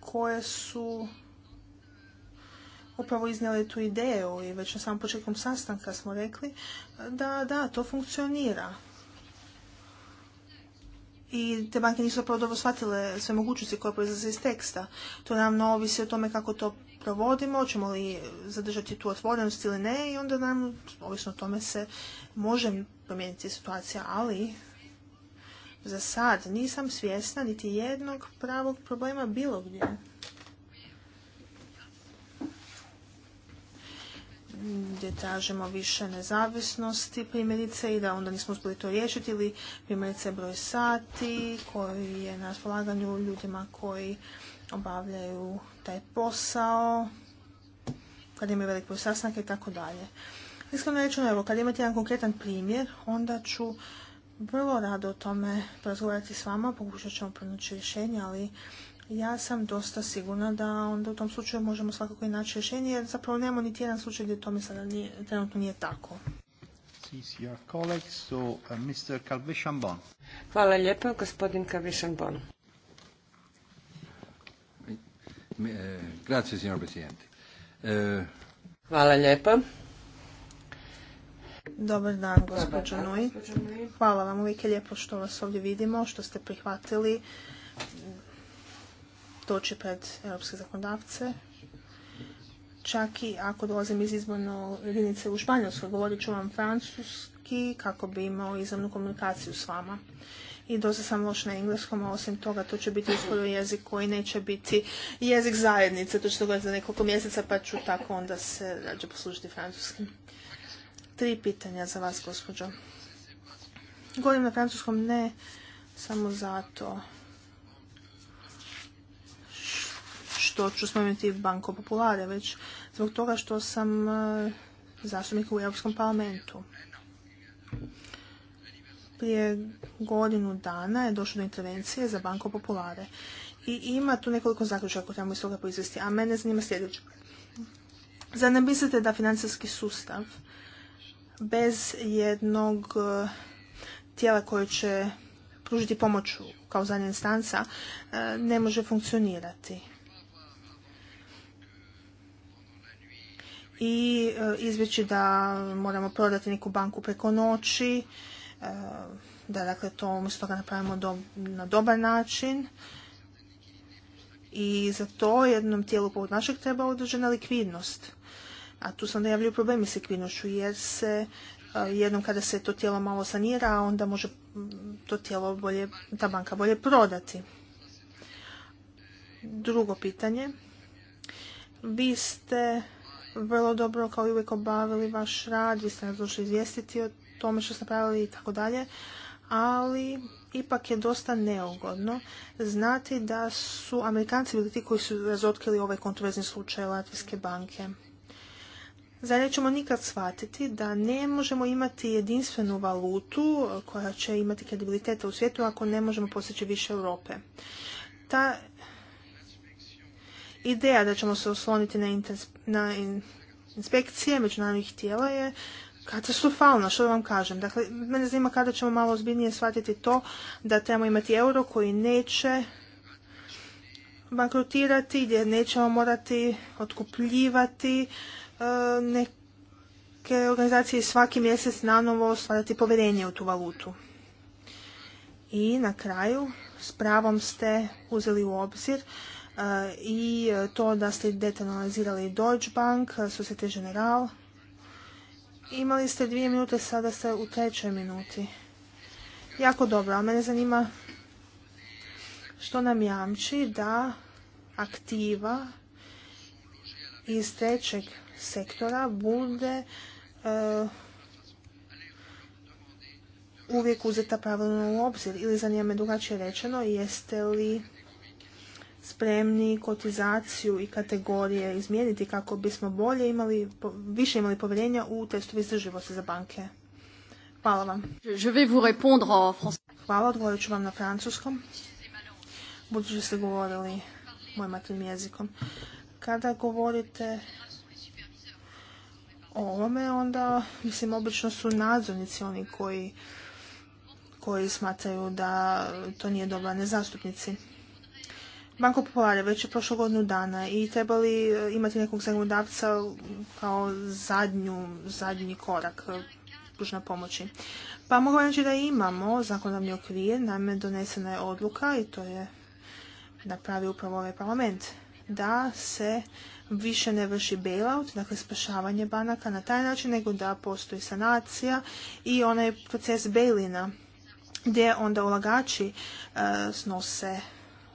S2: koje su upravo iznijeli tu ideju i već na samom početkom sastanka smo rekli da, da, to funkcionira. I te banke nisu zapravo dobro shvatile sve mogućnosti koje proizlaze iz teksta. To nam ovisi o tome kako to provodimo, ćemo li zadržati tu otvorenost ili ne i onda nam, ovisno o tome se može promijeniti situacija, ali za sad nisam svjesna niti jednog pravog problema bilo gdje. gdje tražimo više nezavisnosti primjerice i da onda nismo uspjeli to riješiti ili primjerice broj sati koji je na raspolaganju ljudima koji obavljaju taj posao kad imaju velik broj sastanaka i tako dalje. Iskreno rečeno, evo, kad imate jedan konkretan primjer, onda ću vrlo rado o tome porazgovarati s vama, pokušat ćemo pronaći rješenje, ali ja sam dosta sigurna da onda u tom slučaju možemo svakako i naći rješenje, jer zapravo nemamo niti jedan slučaj gdje to sada nije, trenutno nije tako. Uh, Hvala lijepa, gospodin e,
S3: signor Presidente. E, Hvala lijepa.
S2: Dobar dan, gospođo Nui. Hvala vam, uvijek je lijepo što vas ovdje vidimo, što ste prihvatili doći pred europske zakonodavce. Čak i ako dolazim iz izborno jedinice u Španjolskoj, govorit ću vam francuski kako bi imao izravnu komunikaciju s vama. I dosta sam loš na engleskom, a osim toga to će biti uskoro jezik koji neće biti jezik zajednice. To će se dogoditi za nekoliko mjeseca, pa ću tako onda se rađe poslužiti francuskim. Tri pitanja za vas, gospođo. Govorim na francuskom ne samo zato što ću spomenuti Banko Populare, već zbog toga što sam e, zastupnik u Europskom parlamentu. Prije godinu dana je došlo do intervencije za Banko Populare. I ima tu nekoliko zaključaka koje trebamo iz toga proizvesti, a mene zanima sljedeće. Zar ne mislite da financijski sustav bez jednog e, tijela koje će pružiti pomoć kao zadnja instanca e, ne može funkcionirati? i e, izbjeći da moramo prodati neku banku preko noći, e, da dakle to umjesto toga napravimo na dobar način. I za to jednom tijelu poput našeg treba određena likvidnost. A tu se onda javljaju problemi s likvidnošću jer se e, jednom kada se to tijelo malo sanira, onda može to tijelo bolje, ta banka bolje prodati. Drugo pitanje. Vi ste vrlo dobro kao i uvijek obavili vaš rad, vi ste nas došli izvijestiti o tome što ste pravili i tako dalje, ali ipak je dosta neugodno znati da su Amerikanci bili ti koji su razotkrili ovaj kontroverzni slučaj Latvijske banke. Zar nećemo nikad shvatiti da ne možemo imati jedinstvenu valutu koja će imati kredibiliteta u svijetu ako ne možemo postići više Europe. Ta ideja da ćemo se osloniti na na inspekcije međunarodnih tijela je katastrofalna, što vam kažem. Dakle, mene zanima kada ćemo malo ozbiljnije shvatiti to da trebamo imati euro koji neće bankrutirati, gdje nećemo morati otkupljivati e, neke organizacije svaki mjesec nanovo stvarati povjerenje u tu valutu. I na kraju, s pravom ste uzeli u obzir i e, to da ste detaljno analizirali Deutsche Bank, Societe General. Imali ste dvije minute, sada ste u trećoj minuti. Jako dobro, ali mene zanima što nam jamči da aktiva iz trećeg sektora bude e, uvijek uzeta pravilno u obzir ili za me drugačije rečeno jeste li spremni kotizaciju i kategorije izmijeniti kako bismo bolje imali, više imali povjerenja u testu izdrživosti za banke? Hvala vam. Hvala, odgovorit ću vam na francuskom. Budući ste govorili mojim matrim jezikom. Kada govorite o ovome, onda, mislim, obično su nadzornici oni koji koji smatraju da to nije dobro, ne zastupnici. Banko popularne već je prošlo godinu dana i trebali e, imati nekog zakonodavca kao zadnju, zadnji korak e, pružna pomoći. Pa mogu reći da imamo zakonodavni okvir, naime donesena je odluka i to je napravio upravo ovaj parlament da se više ne vrši bailout, dakle spašavanje banaka na taj način, nego da postoji sanacija i onaj proces bailina gdje onda ulagači e, snose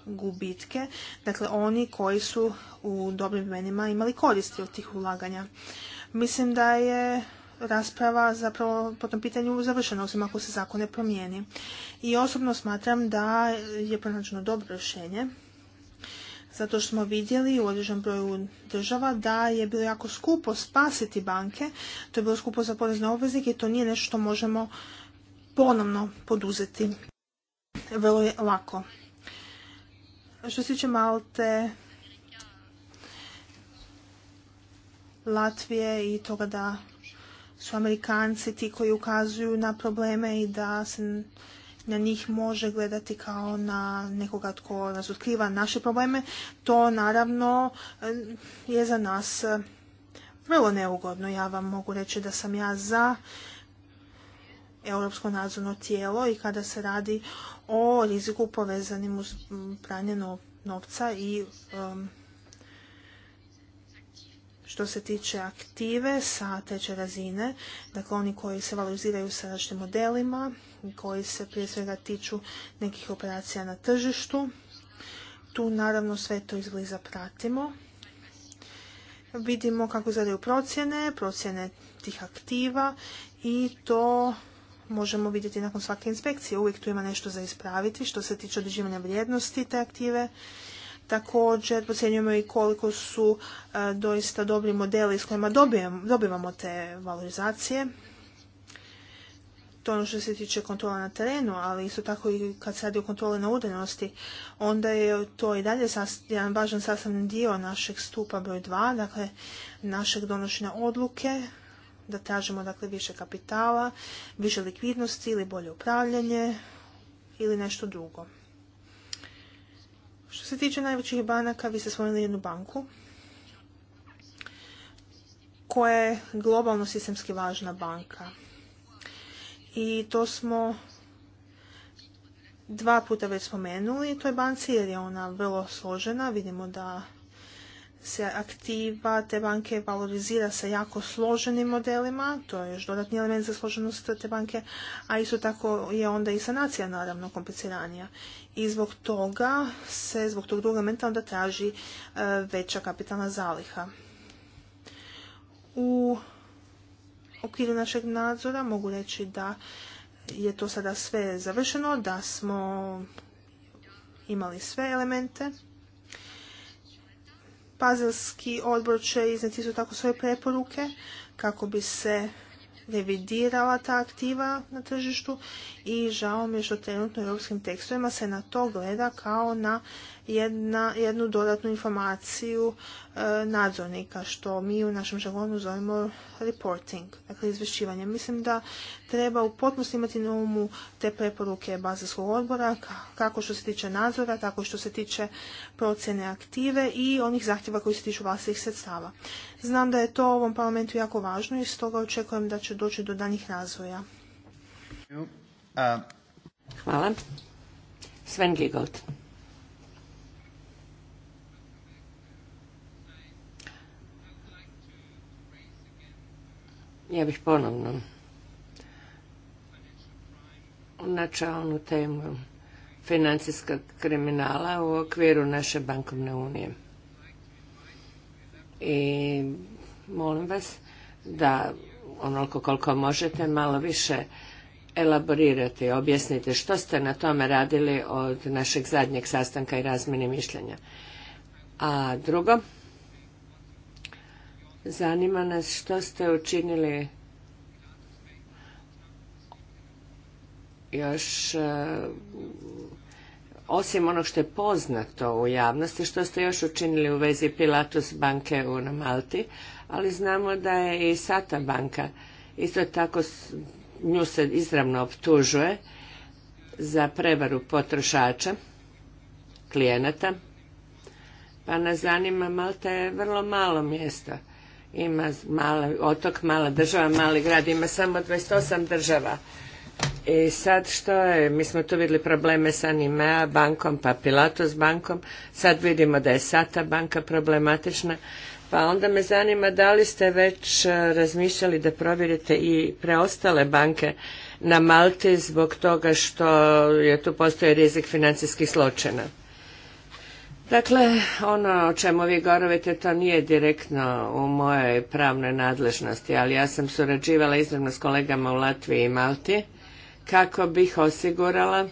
S2: gubitke, dakle oni koji su u dobrim vremenima imali koristi od tih ulaganja. Mislim da je rasprava zapravo po tom pitanju završena, osim ako se zakon ne promijeni. I osobno smatram da je pronađeno dobro rješenje, zato što smo vidjeli u određenom broju država da je bilo jako skupo spasiti banke, to je bilo skupo za porezne obveznike i to nije nešto što možemo ponovno poduzeti vrlo je lako. Što se tiče Malte, Latvije i toga da su Amerikanci ti koji ukazuju na probleme i da se na njih može gledati kao na nekoga tko nas otkriva naše probleme, to naravno eh, je za nas eh, vrlo neugodno. Ja vam mogu reći da sam ja za europsko nadzorno tijelo i kada se radi o riziku povezanim uz pranje novca i što se tiče aktive sa teče razine, dakle oni koji se valoriziraju sa različitim modelima, koji se prije svega tiču nekih operacija na tržištu. Tu naravno sve to izbliza pratimo. Vidimo kako zadaju procjene, procjene tih aktiva i to možemo vidjeti nakon svake inspekcije. Uvijek tu ima nešto za ispraviti što se tiče određivanja vrijednosti te aktive. Također procjenjujemo i koliko su e, doista dobri modeli s kojima dobivamo te valorizacije. To ono što se tiče kontrola na terenu, ali isto tako i kad se radi o kontrole na udaljenosti, onda je to i dalje jedan važan sastavni dio našeg stupa broj 2, dakle našeg donošenja odluke da tražimo dakle više kapitala, više likvidnosti ili bolje upravljanje ili nešto drugo. Što se tiče najvećih banaka, vi ste spomenuli jednu banku koja je globalno sistemski važna banka. I to smo dva puta već spomenuli toj banci jer je ona vrlo složena. Vidimo da se aktiva te banke valorizira sa jako složenim modelima, to je još dodatni element za složenost te banke, a isto tako je onda i sanacija naravno kompliciranija. I zbog toga se, zbog tog druga elementa onda traži e, veća kapitalna zaliha. U okviru našeg nadzora mogu reći da je to sada sve završeno, da smo imali sve elemente Bazelski odbor će iznijeti isto tako svoje preporuke kako bi se revidirala ta aktiva na tržištu i žao mi je što trenutno u europskim tekstovima se na to gleda kao na jednu dodatnu informaciju e, nadzornika, što mi u našem žargonu zovemo reporting, dakle izvješćivanje. Mislim da treba u potpunosti imati na umu te preporuke bazarskog odbora, kako što se tiče nadzora, tako što se tiče procjene aktive i onih zahtjeva koji se tiču vlastitih sredstava. Znam da je to u ovom parlamentu jako važno i stoga očekujem da će doći do danih razvoja.
S3: Hvala. Sven Ja bih ponovno načao onu temu financijskog kriminala u okviru naše bankovne unije. I molim vas da onoliko koliko možete malo više elaborirati, objasnite što ste na tome radili od našeg zadnjeg sastanka i razmjene mišljenja. A drugo, Zanima nas što ste učinili još e, osim onog što je poznato u javnosti, što ste još učinili u vezi Pilatus banke u Malti, ali znamo da je i Sata banka isto tako nju se izravno optužuje za prevaru potrošača, klijenata, pa nas zanima Malta je vrlo malo mjesta ima mali otok, mala država, mali grad, ima samo 28 država. I sad što je, mi smo tu vidjeli probleme sa Nimea bankom, pa Pilatus bankom, sad vidimo da je Sata banka problematična, pa onda me zanima da li ste već e, razmišljali da provjerite i preostale banke na Malti zbog toga što je tu postoji rizik financijskih zločina. Dakle, ono o čemu vi govorite, to nije direktno u mojoj pravnoj nadležnosti, ali ja sam surađivala izravno s kolegama u Latviji i Malti kako bih osigurala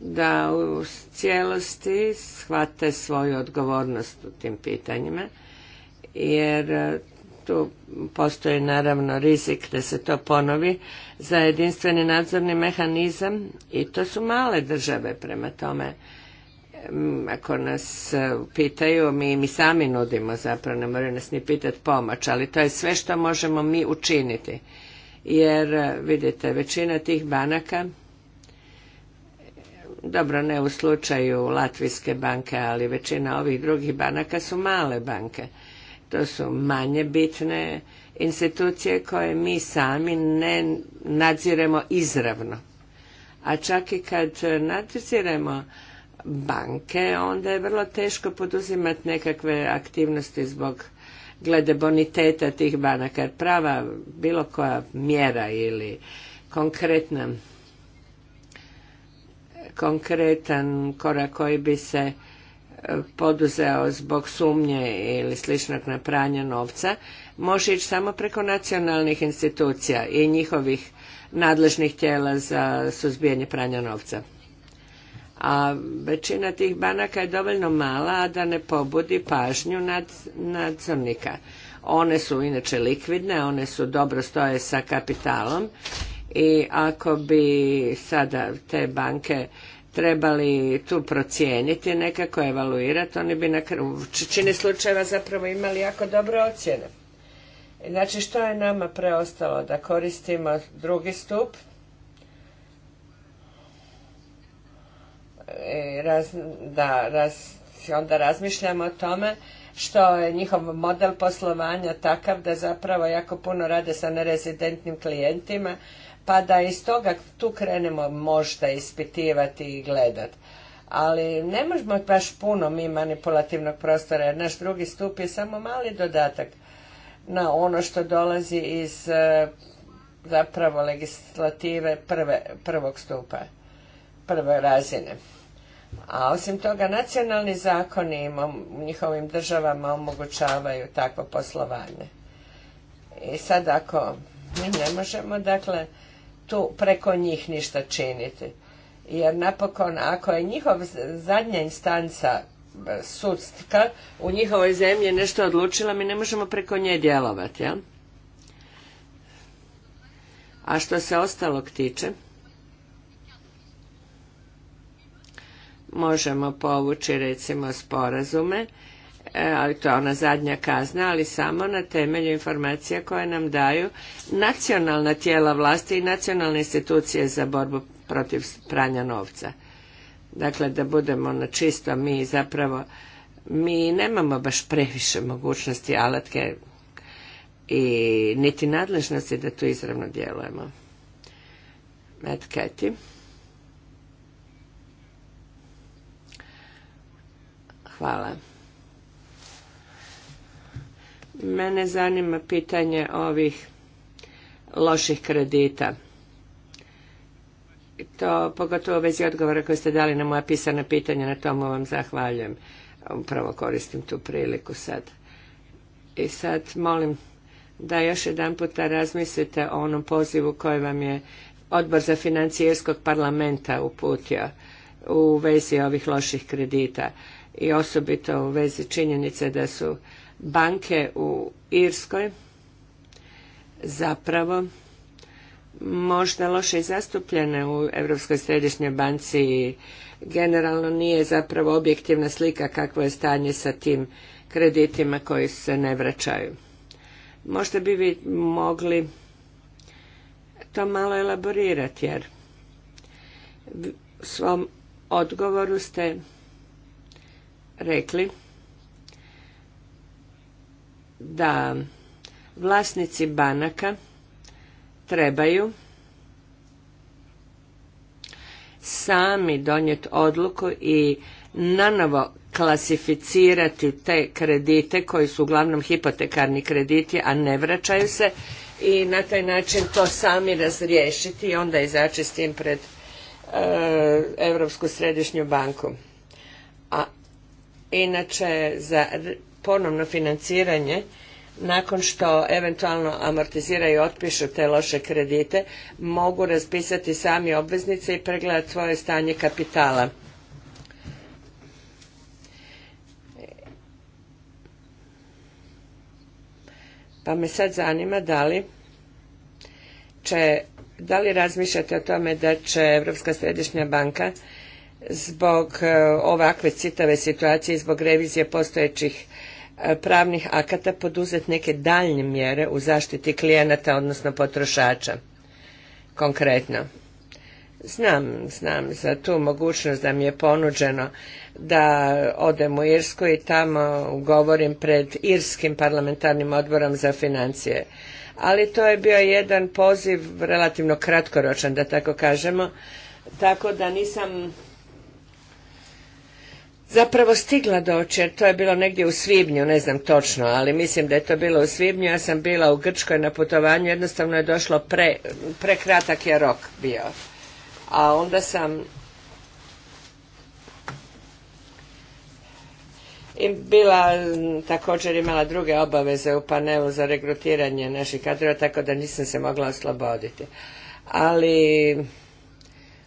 S3: da u cijelosti shvate svoju odgovornost u tim pitanjima, jer e, tu postoji naravno rizik da se to ponovi za jedinstveni nadzorni mehanizam i to su male države prema tome Mm, ako nas e, pitaju, mi, mi sami nudimo zapravo, ne moraju nas ni pitati pomoć, ali to je sve što možemo mi učiniti. Jer, e, vidite, većina tih banaka, dobro ne u slučaju Latvijske banke, ali većina ovih drugih banaka su male banke. To su manje bitne institucije koje mi sami ne nadziremo izravno. A čak i kad nadziremo banke, onda je vrlo teško poduzimati nekakve aktivnosti zbog glede boniteta tih banaka. Jer prava bilo koja mjera ili konkretna konkretan korak koji bi se e, poduzeo zbog sumnje ili sličnog na novca, može ići samo preko nacionalnih institucija i njihovih nadležnih tijela za suzbijanje pranja novca a većina tih banaka je dovoljno mala a da ne pobudi pažnju nadzornika. One su inače likvidne, one su dobro stoje sa kapitalom i ako bi sada te banke trebali tu procijeniti, nekako evaluirati, oni bi na čini slučajeva zapravo imali jako dobre ocjene. Znači što je nama preostalo? Da koristimo drugi stup, E, da onda razmišljamo o tome što je njihov model poslovanja takav da zapravo jako puno rade sa nerezidentnim klijentima, pa da iz toga tu krenemo možda ispitivati i gledati. Ali ne možemo baš puno mi manipulativnog prostora, jer naš drugi stup je samo mali dodatak na ono što dolazi iz e, zapravo legislative prvog stupa, prve razine. A osim toga, nacionalni zakoni u njihovim državama omogućavaju takvo poslovanje. I sad ako mi ne možemo, dakle, tu preko njih ništa činiti. Jer napokon, ako je njihov zadnja instanca e, sudska u njihovoj zemlji nešto odlučila, mi ne možemo preko nje djelovati, A što se ostalog tiče, možemo povući recimo sporazume, e, ali to je ona zadnja kazna, ali samo na temelju informacija koje nam daju nacionalna tijela vlasti i nacionalne institucije za borbu protiv pranja novca. Dakle, da budemo na čisto, mi zapravo mi nemamo baš previše mogućnosti alatke i niti nadležnosti da tu izravno djelujemo. Matt Hvala. Mene zanima pitanje ovih loših kredita. To pogotovo u vezi odgovora koje ste dali na moja pisana pitanja, na tomu vam zahvaljujem. Upravo koristim tu priliku sad. I sad molim da još jedan puta razmislite o onom pozivu koji vam je Odbor za financijerskog parlamenta uputio u vezi ovih loših kredita i osobito u vezi činjenice da su banke u Irskoj zapravo možda loše i zastupljene u Europskoj središnjoj banci i generalno nije zapravo objektivna slika kakvo je stanje sa tim kreditima koji se ne vraćaju. Možda bi vi mogli to malo elaborirati jer u svom odgovoru ste rekli da vlasnici banaka trebaju sami donijeti odluku i nanovo klasificirati te kredite koji su uglavnom hipotekarni krediti, a ne vraćaju se i na taj način to sami razriješiti i onda izaći s tim pred e, Europsku središnju banku inače za ponovno financiranje nakon što eventualno amortiziraju i otpišu te loše kredite, mogu raspisati sami obveznice i pregledati svoje stanje kapitala. Pa me sad zanima da li će, da li razmišljate o tome da će Europska središnja banka zbog e, ovakve citave situacije, zbog revizije postojećih e, pravnih akata poduzeti neke daljnje mjere u zaštiti klijenata, odnosno potrošača konkretno. Znam, znam za tu mogućnost da mi je ponuđeno da odem u Irsku i tamo govorim pred Irskim parlamentarnim odborom za financije. Ali to je bio jedan poziv relativno kratkoročan, da tako kažemo, tako da nisam zapravo stigla doći, jer to je bilo negdje u svibnju, ne znam točno, ali mislim da je to bilo u svibnju, ja sam bila u Grčkoj na putovanju, jednostavno je došlo pre, prekratak je rok bio. A onda sam i bila također imala druge obaveze u panelu za regrutiranje naših kadrova, tako da nisam se mogla osloboditi. Ali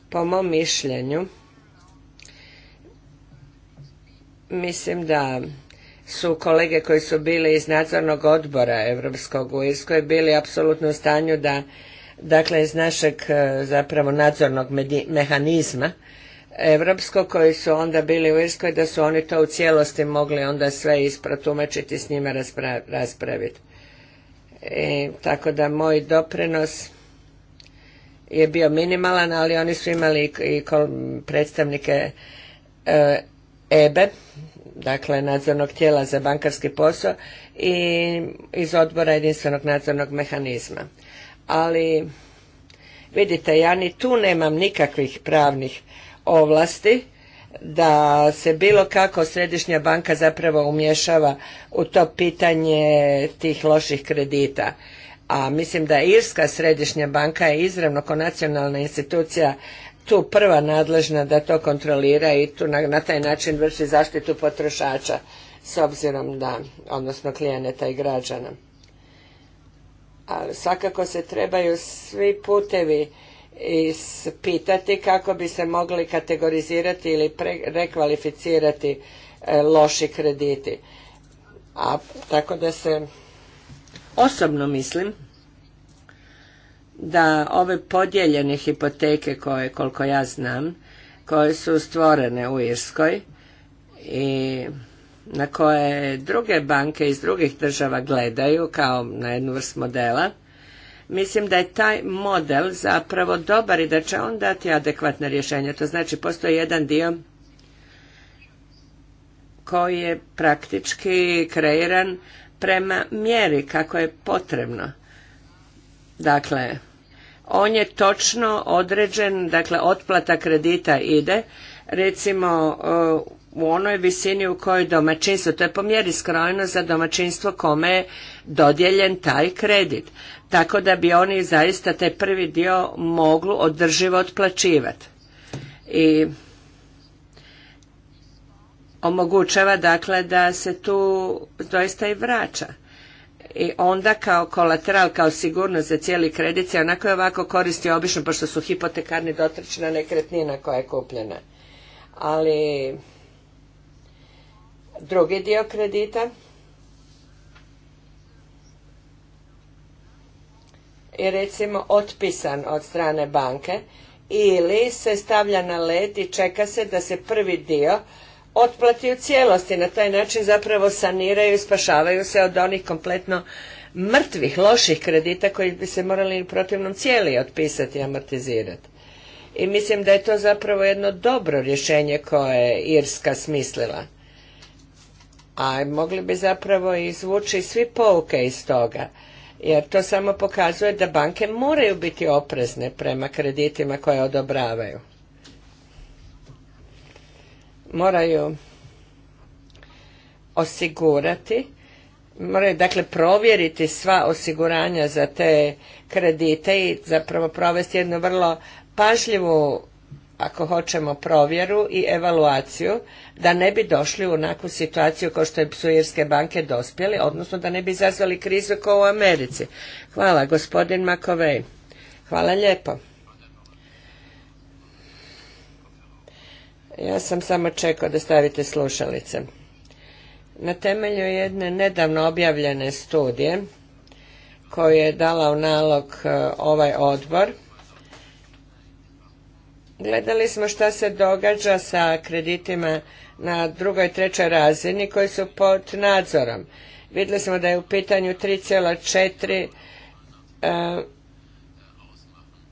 S3: po mom mišljenju Mislim da su kolege koji su bili iz nadzornog odbora Europskog u Irskoj bili apsolutno u stanju da, dakle, iz našeg e, zapravo nadzornog mehanizma Europskog koji su onda bili u Irskoj da su oni to u cijelosti mogli onda sve isprotumačiti s njima raspraviti. E, tako da moj doprinos je bio minimalan, ali oni su imali i, predstavnike e, EBE, dakle nadzornog tijela za bankarski posao i iz odbora jedinstvenog nadzornog mehanizma. Ali vidite, ja ni tu nemam nikakvih pravnih ovlasti da se bilo kako središnja banka zapravo umješava u to pitanje tih loših kredita. A mislim da Irska središnja banka je izravno kao nacionalna institucija tu prva nadležna da to kontrolira i tu na, taj način vrši zaštitu potrošača s obzirom da, odnosno klijeneta i građana. Ali svakako se trebaju svi putevi ispitati kako bi se mogli kategorizirati ili pre, rekvalificirati e, loši krediti. A tako da se osobno mislim da ove podijeljene hipoteke koje, koliko ja znam, koje su stvorene u Irskoj i na koje druge banke iz drugih država gledaju kao na jednu vrst modela, mislim da je taj model zapravo dobar i da će on dati adekvatne rješenja. To znači postoji jedan dio koji je praktički kreiran prema mjeri kako je potrebno. Dakle, on je točno određen, dakle otplata kredita ide, recimo e, u onoj visini u kojoj domaćinstvo, to je po mjeri skrojeno za domaćinstvo kome je dodjeljen taj kredit. Tako da bi oni zaista taj prvi dio mogli održivo otplaćivati. I omogućava dakle da se tu doista i vraća i onda kao kolateral, kao sigurnost za cijeli kredit se onako je ovako koristi obično pošto su hipotekarni dotrčna nekretnina koja je kupljena. Ali drugi dio kredita je recimo otpisan od strane banke ili se stavlja na let i čeka se da se prvi dio otplati u cijelosti. Na taj način zapravo saniraju i spašavaju se od onih kompletno mrtvih, loših kredita koji bi se morali u protivnom cijeli otpisati i amortizirati. I mislim da je to zapravo jedno dobro rješenje koje je Irska smislila. A mogli bi zapravo izvući svi pouke iz toga. Jer to samo pokazuje da banke moraju biti oprezne prema kreditima koje odobravaju moraju osigurati, moraju dakle provjeriti sva osiguranja za te kredite i zapravo provesti jednu vrlo pažljivu ako hoćemo provjeru i evaluaciju da ne bi došli u onakvu situaciju kao što je psujerske banke dospjeli, odnosno da ne bi izazvali krizu kao u Americi. Hvala gospodin Makovej. Hvala lijepo. Ja sam samo čekao da stavite slušalice. Na temelju jedne nedavno objavljene studije koju je dala u nalog e, ovaj odbor, gledali smo šta se događa sa kreditima na drugoj i trećoj razini koji su pod nadzorom. Vidjeli smo da je u pitanju 3,4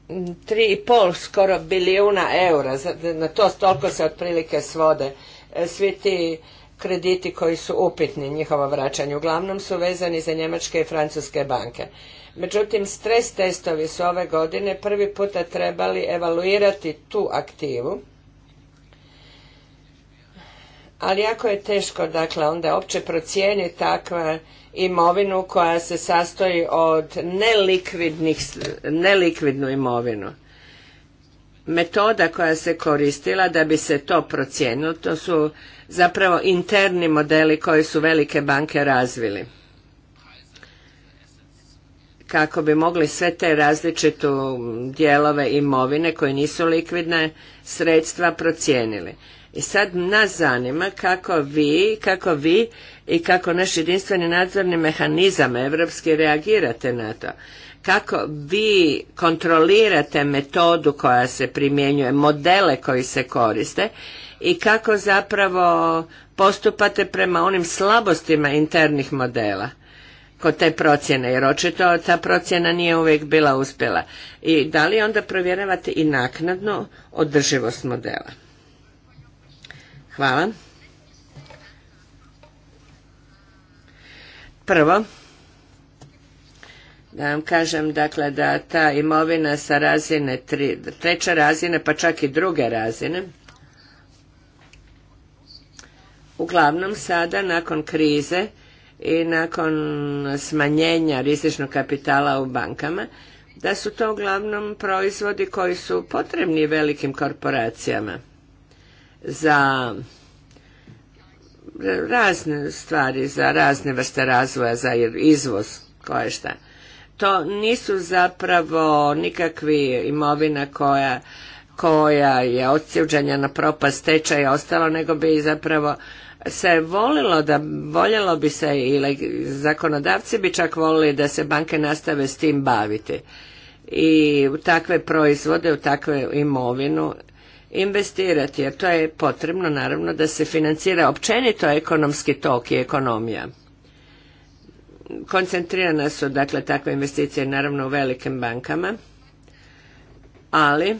S3: 3,5 skoro bilijuna eura, na to toliko se otprilike svode e, svi ti krediti koji su upitni njihovo vraćanje. Uglavnom su vezani za njemačke i francuske banke. Međutim, stres testovi su ove godine prvi puta trebali evaluirati tu aktivu ali jako je teško dakle onda opće procijeniti takva imovinu koja se sastoji od nelikvidnih, nelikvidnu imovinu. Metoda koja se koristila da bi se to procijenilo, to su zapravo interni modeli koji su velike banke razvili. Kako bi mogli sve te različite dijelove imovine koje nisu likvidne sredstva procijenili. I sad nas zanima kako vi, kako vi i kako naš jedinstveni nadzorni mehanizam evropski reagirate na to. Kako vi kontrolirate metodu koja se primjenjuje, modele koji se koriste i kako zapravo postupate prema onim slabostima internih modela kod te procjene, jer očito ta procjena nije uvijek bila uspjela. I da li onda provjeravate i naknadno održivost modela? Hvala. Prvo, da vam kažem dakle da ta imovina sa razine tri, treće razine pa čak i druge razine uglavnom sada nakon krize i nakon smanjenja rizičnog kapitala u bankama da su to uglavnom proizvodi koji su potrebni velikim korporacijama za razne stvari, za razne vrste razvoja, za izvoz, koje šta. To nisu zapravo nikakvi imovina koja koja je odsjuđanja na propast tečaja i ostalo, nego bi zapravo se volilo da voljelo bi se i zakonodavci bi čak volili da se banke nastave s tim baviti i u takve proizvode, u takvu imovinu investirati, jer to je potrebno naravno da se financira općenito ekonomski tok i ekonomija. Koncentrirane su dakle takve investicije naravno u velikim bankama, ali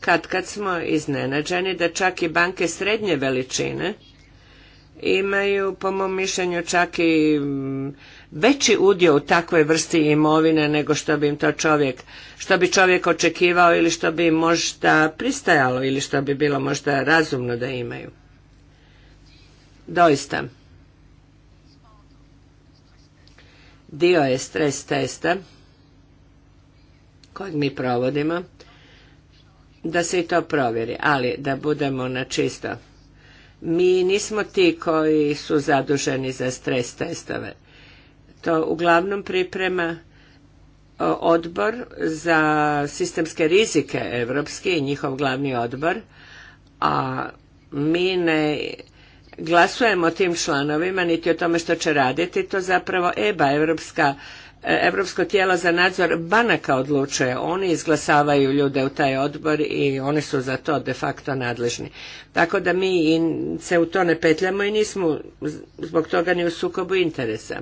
S3: kad kad smo iznenađeni da čak i banke srednje veličine imaju po mom mišljenju čak i veći udio u takvoj vrsti imovine nego što bi im to čovjek, što bi čovjek očekivao ili što bi možda pristajalo ili što bi bilo možda razumno da imaju. Doista. Dio je stres testa kojeg mi provodimo da se i to provjeri, ali da budemo na čisto. Mi nismo ti koji su zaduženi za stres testove to uglavnom priprema odbor za sistemske rizike evropski, njihov glavni odbor, a mi ne glasujemo tim članovima niti o tome što će raditi, to zapravo EBA, Evropska Europsko tijelo za nadzor banaka odlučuje. Oni izglasavaju ljude u taj odbor i oni su za to de facto nadležni. Tako da mi se u to ne petljamo i nismo zbog toga ni u sukobu interesa.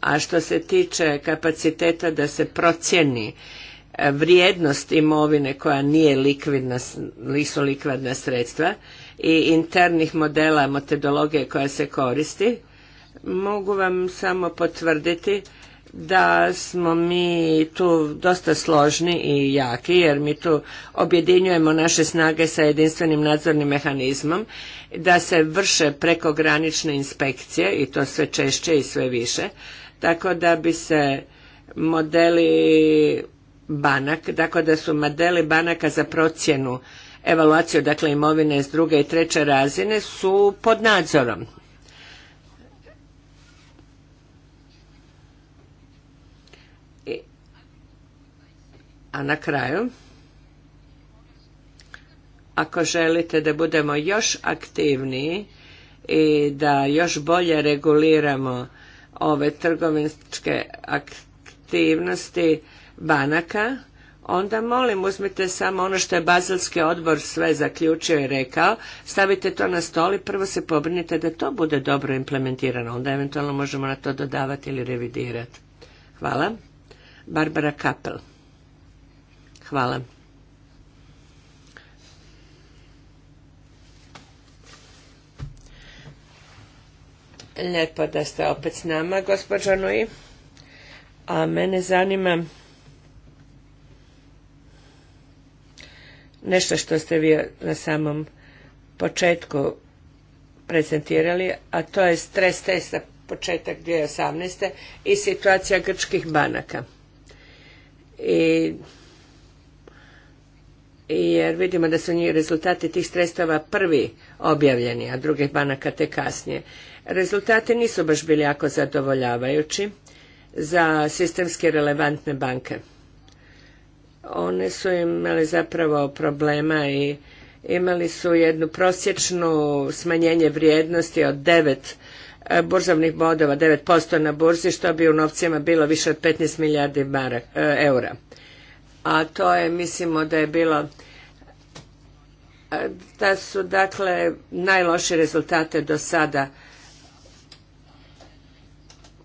S3: A što se tiče kapaciteta da se procjeni e, vrijednost imovine koja nije likvidna, nisu likvidna sredstva i internih modela metodologije koja se koristi, mogu vam samo potvrditi da smo mi tu dosta složni i jaki jer mi tu objedinjujemo naše snage sa jedinstvenim nadzornim mehanizmom da se vrše prekogranične inspekcije i to sve češće i sve više tako da bi se modeli banak, tako da su modeli banaka za procjenu evaluaciju dakle imovine s druge i treće razine su pod nadzorom. a na kraju, ako želite da budemo još aktivniji i da još bolje reguliramo ove trgovinske aktivnosti banaka, onda molim uzmite samo ono što je Bazelski odbor sve zaključio i rekao, stavite to na stol i prvo se pobrinite da to bude dobro implementirano, onda eventualno možemo na to dodavati ili revidirati. Hvala. Barbara Kapel. Hvala. Lijepo da ste opet s nama, gospođo Nui. A mene zanima nešto što ste vi na samom početku prezentirali, a to je stres test za početak 2018. i situacija grčkih banaka. I jer vidimo da su njih rezultati tih stresova prvi objavljeni, a drugih banaka te kasnije. Rezultati nisu baš bili jako zadovoljavajući za sistemski relevantne banke. One su imali zapravo problema i imali su jednu prosječnu smanjenje vrijednosti od 9 e, burzovnih bodova, 9% na burzi, što bi u novcima bilo više od 15 milijardi e, eura. A to je, mislimo da je bilo e, da su dakle najloši rezultate do sada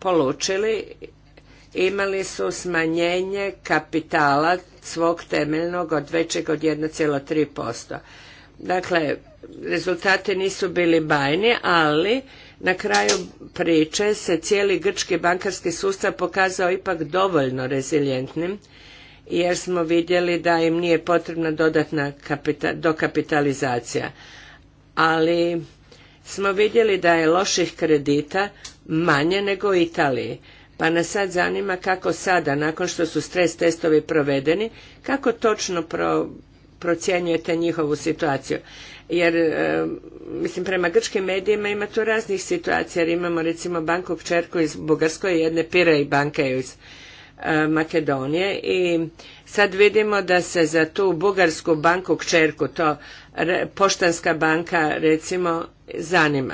S3: polučili imali su smanjenje kapitala svog temeljnog od većeg od 1,3%. Dakle, rezultati nisu bili bajni, ali na kraju priče se cijeli grčki bankarski sustav pokazao ipak dovoljno rezilijentnim, jer smo vidjeli da im nije potrebna dodatna dokapitalizacija. Ali smo vidjeli da je loših kredita manje nego u Italiji. Pa nas sad zanima kako sada, nakon što su stres testovi provedeni, kako točno procjenjujete njihovu situaciju. Jer, e, mislim, prema grčkim medijima ima tu raznih situacija, jer imamo recimo banku Kčerku iz Bugarskoj, jedne pire i banke iz e, Makedonije i sad vidimo da se za tu bugarsku banku Kčerku, to poštanska banka recimo, zanima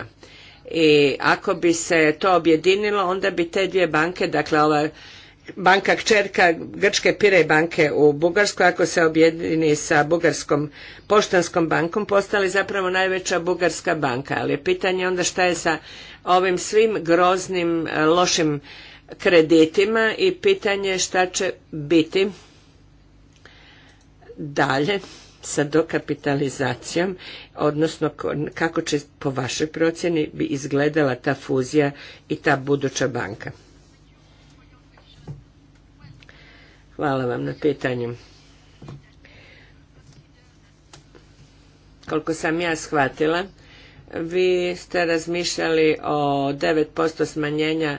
S3: i ako bi se to objedinilo, onda bi te dvije banke, dakle ova banka kćerka Grčke Pire banke u Bugarskoj, ako se objedini sa Bugarskom poštanskom bankom, postali zapravo najveća bugarska banka. Ali pitanje onda šta je sa ovim svim groznim, e, lošim kreditima i pitanje šta će biti dalje sa dokapitalizacijom, odnosno kako će po vašoj procjeni bi izgledala ta fuzija i ta buduća banka? Hvala vam na pitanju. Koliko sam ja shvatila, vi ste razmišljali o 9% smanjenja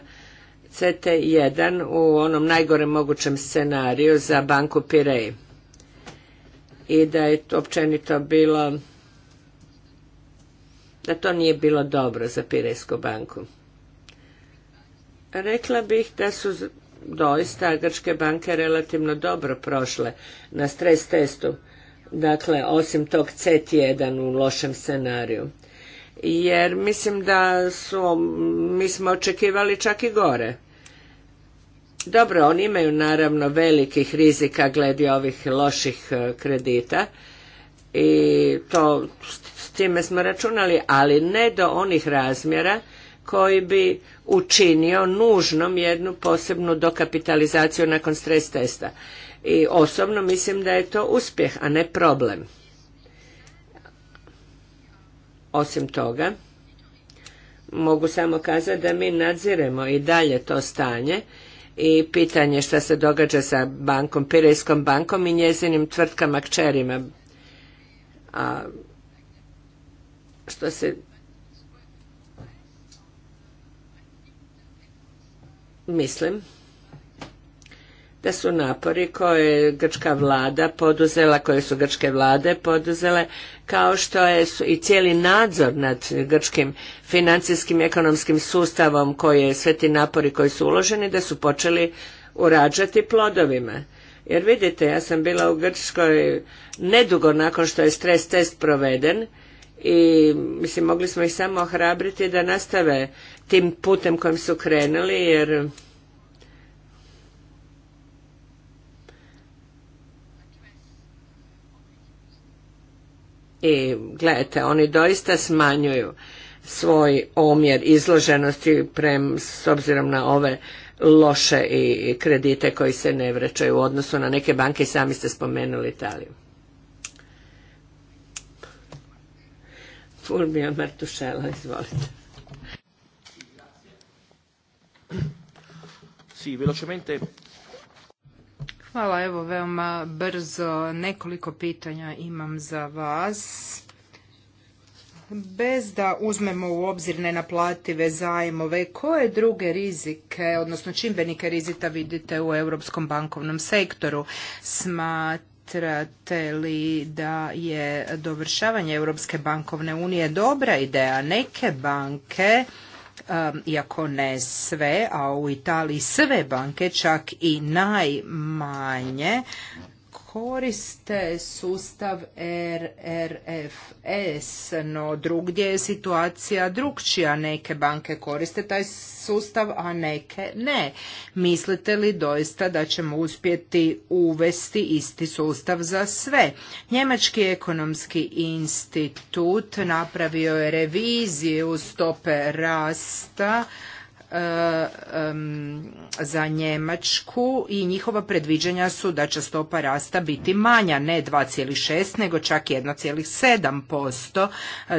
S3: CT1 u onom najgorem mogućem scenariju za banku Pirej i da je općenito bilo da to nije bilo dobro za Pirejsku banku. Rekla bih da su doista grčke banke relativno dobro prošle na stres testu, dakle osim tog c 1 u lošem scenariju. Jer mislim da su, mi smo očekivali čak i gore. Dobro, oni imaju naravno velikih rizika glede ovih loših e, kredita i to s time smo računali, ali ne do onih razmjera koji bi učinio nužnom jednu posebnu dokapitalizaciju nakon stres testa. I osobno mislim da je to uspjeh, a ne problem. Osim toga, mogu samo kazati da mi nadziremo i dalje to stanje i pitanje šta se događa sa bankom, Pirejskom bankom i njezinim tvrtkama kćerima. A što se mislim da su napori koje je grčka vlada poduzela, koje su grčke vlade poduzele, kao što je i cijeli nadzor nad grčkim financijskim i ekonomskim sustavom koji je sve ti napori koji su uloženi, da su počeli urađati plodovima. Jer vidite, ja sam bila u Grčkoj nedugo nakon što je stres test proveden i mislim mogli smo ih samo ohrabriti da nastave tim putem kojim su krenuli jer I gledajte, oni doista smanjuju svoj omjer izloženosti prem, s obzirom na ove loše i kredite koji se ne vraćaju u odnosu na neke banke, sami ste spomenuli Italiju. Fulmio Martušela, izvolite. Sì, velocemente
S4: Hvala, evo veoma brzo nekoliko pitanja imam za vas. Bez da uzmemo u obzir nenaplative zajmove, koje druge rizike, odnosno čimbenike rizita vidite u europskom bankovnom sektoru? Smatrate li da je dovršavanje Europske bankovne unije dobra ideja? Neke banke iako ne sve, a u Italiji sve banke, čak i najmanje, koriste sustav RRFS, no drugdje je situacija drugčija. Neke banke koriste taj sustav, a neke ne. Mislite li doista da ćemo uspjeti uvesti isti sustav za sve? Njemački ekonomski institut napravio je reviziju stope rasta E, za Njemačku i njihova predviđanja su da će stopa rasta biti manja, ne 2,6 nego čak 1,7%,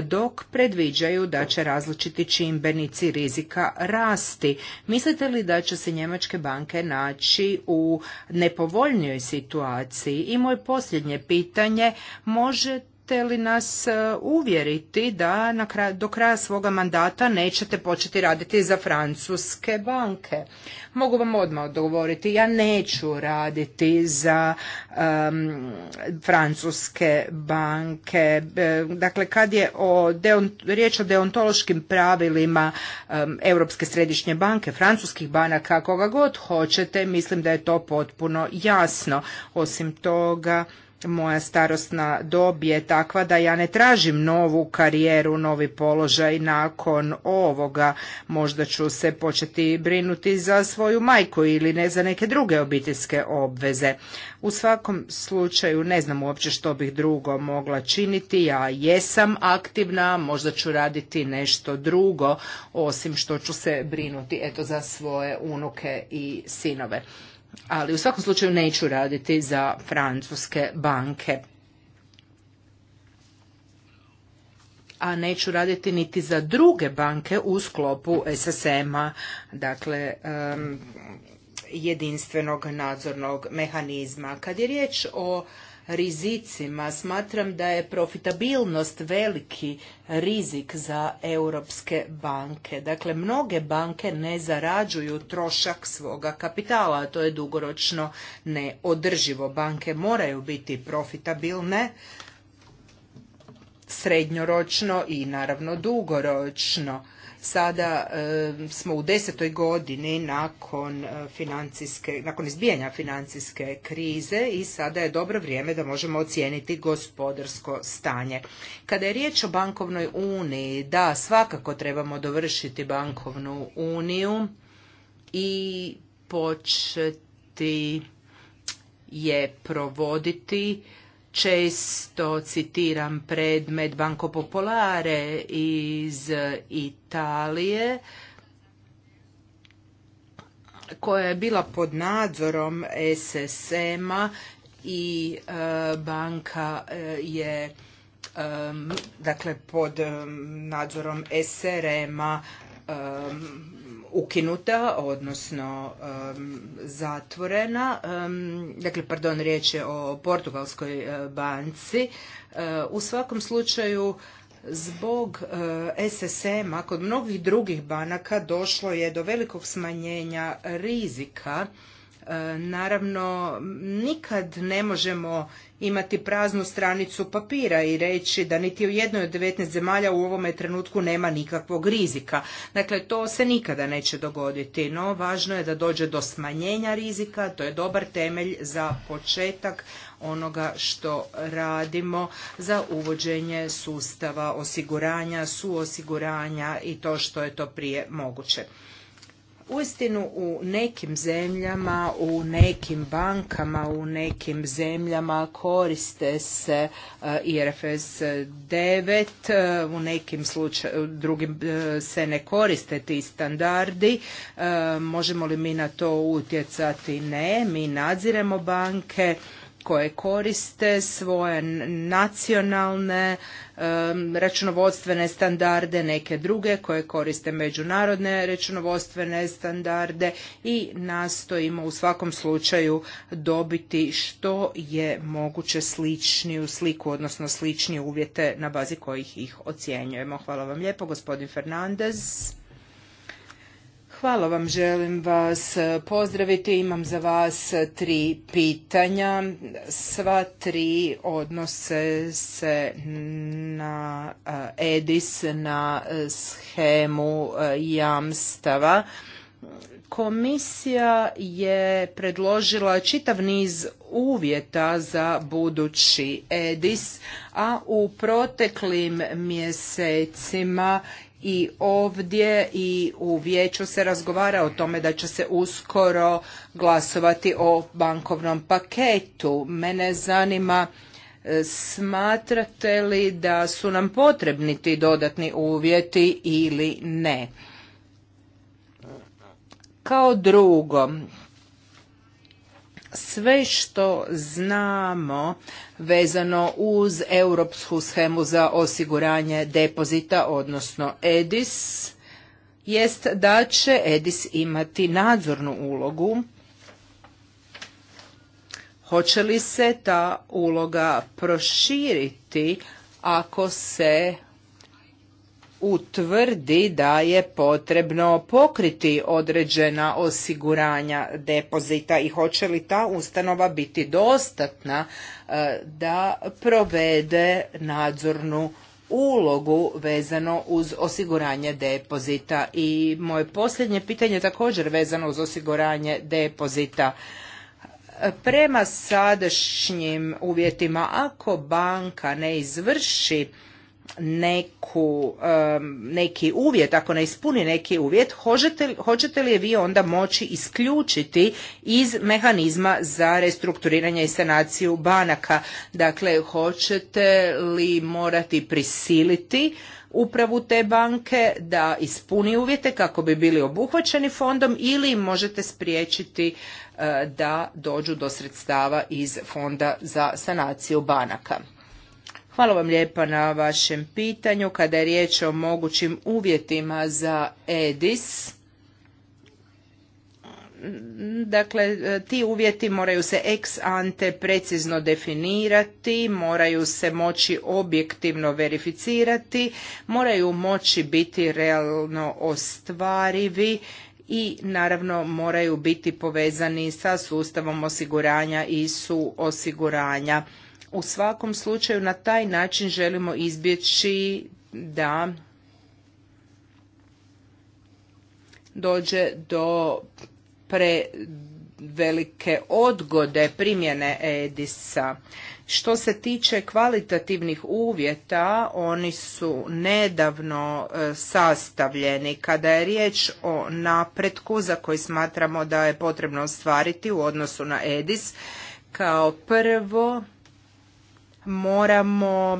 S4: dok predviđaju da će različiti čimbenici rizika rasti. Mislite li da će se njemačke banke naći u nepovoljnijoj situaciji? I moje posljednje pitanje, možete možete li nas e, uvjeriti da do kraja svoga mandata nećete početi raditi za francuske banke? Mogu vam odmah odgovoriti, ja neću raditi za francuske banke. E, dakle, kad je riječ o deontološkim pravilima Europske središnje banke, francuskih banaka, koga god hoćete, mislim da je to potpuno jasno. Osim toga, moja starostna dob je takva da ja ne tražim novu karijeru, novi položaj nakon ovoga. Možda ću se početi brinuti za svoju majku ili ne za neke druge obiteljske obveze. U svakom slučaju ne znam uopće što bih drugo mogla činiti. Ja jesam aktivna, možda ću raditi nešto drugo osim što ću se brinuti eto za svoje unuke i sinove ali u svakom slučaju neću raditi za francuske banke. a neću raditi niti za druge banke u sklopu SSM-a, dakle jedinstvenog nadzornog mehanizma. Kad je riječ o rizicima. Smatram da je profitabilnost veliki rizik za europske banke. Dakle, mnoge banke ne zarađuju trošak svoga kapitala, a to je dugoročno neodrživo. Banke moraju biti profitabilne srednjoročno i naravno dugoročno Sada smo u desetoj godini nakon eh, financijske, nakon izbijanja financijske krize i sada je dobro vrijeme da možemo ocijeniti gospodarsko stanje. Kada je riječ o bankovnoj uniji, da, svakako trebamo dovršiti bankovnu uniju i početi je provoditi često citiram predmet Banco Popolare iz Italije koja je bila pod nadzorom SSM-a i e, banka e, je e, dakle pod nadzorom SRM-a ukinuta, odnosno zatvorena. dakle, pardon, riječ je o Portugalskoj e, banci. E, u svakom slučaju, zbog e, SSM-a kod mnogih drugih banaka došlo je do velikog smanjenja rizika. Naravno, nikad ne možemo imati praznu stranicu papira i reći da niti u jednoj od 19 zemalja u ovome trenutku nema nikakvog rizika. Dakle, to se nikada neće dogoditi, no važno je da dođe do smanjenja rizika, to je dobar temelj za početak onoga što radimo za uvođenje sustava osiguranja, suosiguranja i to što je to prije moguće. Uistinu u nekim zemljama, u nekim bankama, u nekim zemljama koriste se eh, IRFS 9, eh, u nekim slučaju, drugim eh, se ne koriste ti standardi. Možemo li mi na to utjecati? Ne, mi nadziremo banke koje koriste svoje nacionalne računovodstvene standarde, neke druge koje koriste međunarodne računovodstvene standarde i nastojimo u svakom slučaju dobiti što je moguće sličniju sliku, odnosno sličnije uvjete na bazi kojih ih ocjenjujemo. Hvala vam lijepo, gospodin Fernandez. Hvala vam, želim vas pozdraviti. Imam za vas tri pitanja. Sva tri odnose se na EDIS, na schemu jamstava. Komisija je predložila čitav niz uvjeta za budući EDIS, a u proteklim mjesecima i ovdje i u vijeću se razgovara o tome da će se uskoro glasovati o bankovnom paketu. Mene zanima e, smatrate li da su nam potrebni ti dodatni uvjeti ili ne? Kao drugo, sve što znamo vezano uz europsku schemu za osiguranje depozita, odnosno EDIS, jest da će EDIS imati nadzornu ulogu. Hoće li se ta uloga proširiti ako se utvrdi da je potrebno pokriti određena osiguranja depozita i hoće li ta ustanova biti dostatna e, da provede nadzornu ulogu vezano uz osiguranje depozita. I moje posljednje pitanje također vezano uz osiguranje depozita. Prema sadašnjim uvjetima, ako banka ne izvrši neku, neki uvjet, ako ne ispuni neki uvjet, hoćete li je vi onda moći isključiti iz mehanizma za restrukturiranje i sanaciju banaka? Dakle, hoćete li morati prisiliti upravu te banke da ispuni uvjete kako bi bili obuhvaćeni fondom ili možete spriječiti eh, da dođu do sredstava iz fonda za sanaciju banaka? Hvala vam lijepa na vašem pitanju. Kada je riječ o mogućim uvjetima za EDIS, dakle ti uvjeti moraju se ex ante precizno definirati, moraju se moći objektivno verificirati, moraju moći biti realno ostvarivi i naravno moraju biti povezani sa sustavom osiguranja i su osiguranja u svakom slučaju na taj način želimo izbjeći da dođe do prevelike odgode primjene EDIS-a. Što se tiče kvalitativnih uvjeta, oni su nedavno e, sastavljeni. Kada je riječ o napretku za koji smatramo da je potrebno ostvariti u odnosu na EDIS, kao prvo moramo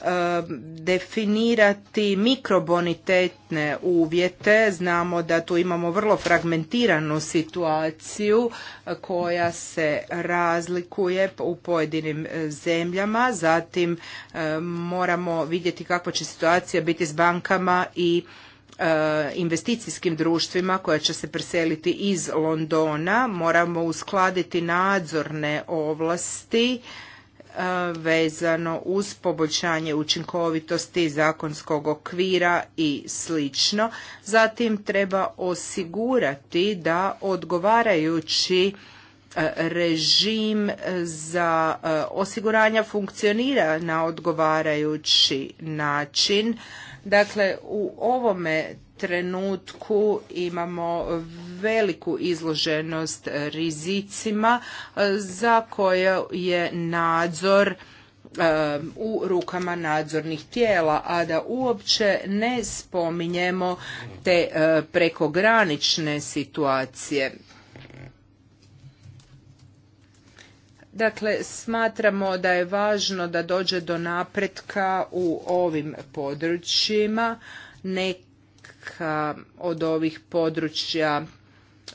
S4: e, definirati mikrobonitetne uvjete. Znamo da tu imamo vrlo fragmentiranu situaciju e, koja se razlikuje u pojedinim e, zemljama. Zatim moramo vidjeti kakva će situacija biti s bankama i investicijskim društvima koja će se preseliti iz Londona. Moramo uskladiti nadzorne ovlasti E, vezano uz poboljšanje učinkovitosti zakonskog okvira i slično. Zatim treba osigurati da odgovarajući e, režim za e, osiguranja funkcionira na odgovarajući način Dakle, u ovome trenutku imamo veliku izloženost rizicima e, za koje je nadzor e, u rukama nadzornih tijela, a da uopće ne spominjemo te e, prekogranične situacije. Dakle, smatramo da je važno da dođe do napretka u ovim područjima. Neka od ovih područja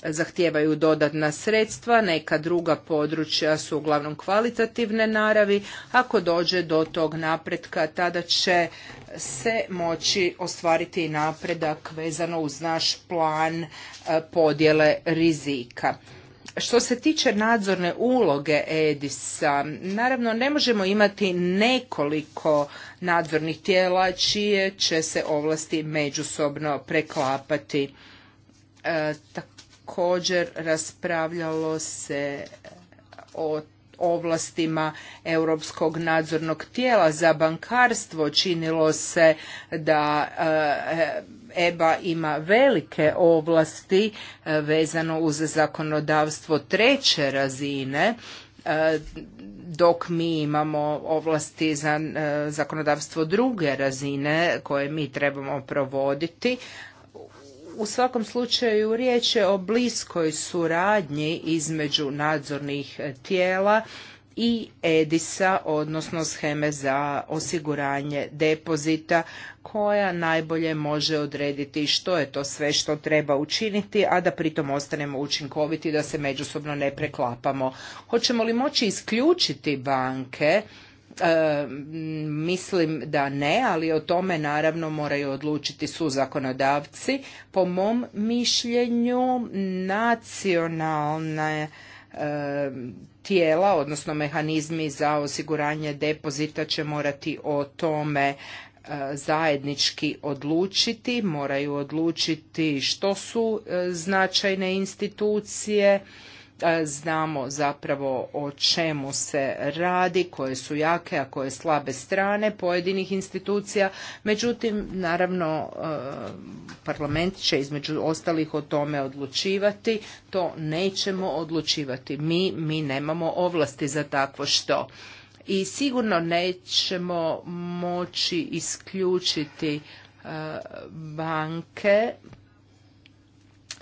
S4: zahtijevaju dodatna sredstva, neka druga područja su uglavnom kvalitativne naravi. Ako dođe do tog napretka, tada će se moći ostvariti i napredak vezano uz naš plan eh, podjele rizika. Što se tiče nadzorne uloge Edisa, naravno ne možemo imati nekoliko nadzornih tijela čije će se ovlasti međusobno preklapati. E, također raspravljalo se o ovlastima europskog nadzornog tijela za bankarstvo činilo se da e, EBA ima velike ovlasti e, vezano uz zakonodavstvo treće razine e, dok mi imamo ovlasti za e, zakonodavstvo druge razine koje mi trebamo provoditi u svakom slučaju riječ je o bliskoj suradnji između nadzornih tijela i EDISA, odnosno scheme za osiguranje depozita, koja najbolje može odrediti što je to sve što treba učiniti, a da pritom ostanemo učinkoviti, da se međusobno ne preklapamo. Hoćemo li moći isključiti banke? E, mislim da ne, ali o tome naravno moraju odlučiti su zakonodavci. Po mom mišljenju nacionalne e, tijela, odnosno mehanizmi za osiguranje depozita će morati o tome e, zajednički odlučiti, moraju odlučiti što su e, značajne institucije, E, znamo zapravo o čemu se radi, koje su jake, a koje slabe strane pojedinih institucija. Međutim, naravno, e, parlament će između ostalih o tome odlučivati. To nećemo odlučivati. Mi, mi nemamo ovlasti za takvo što. I sigurno nećemo moći isključiti e, banke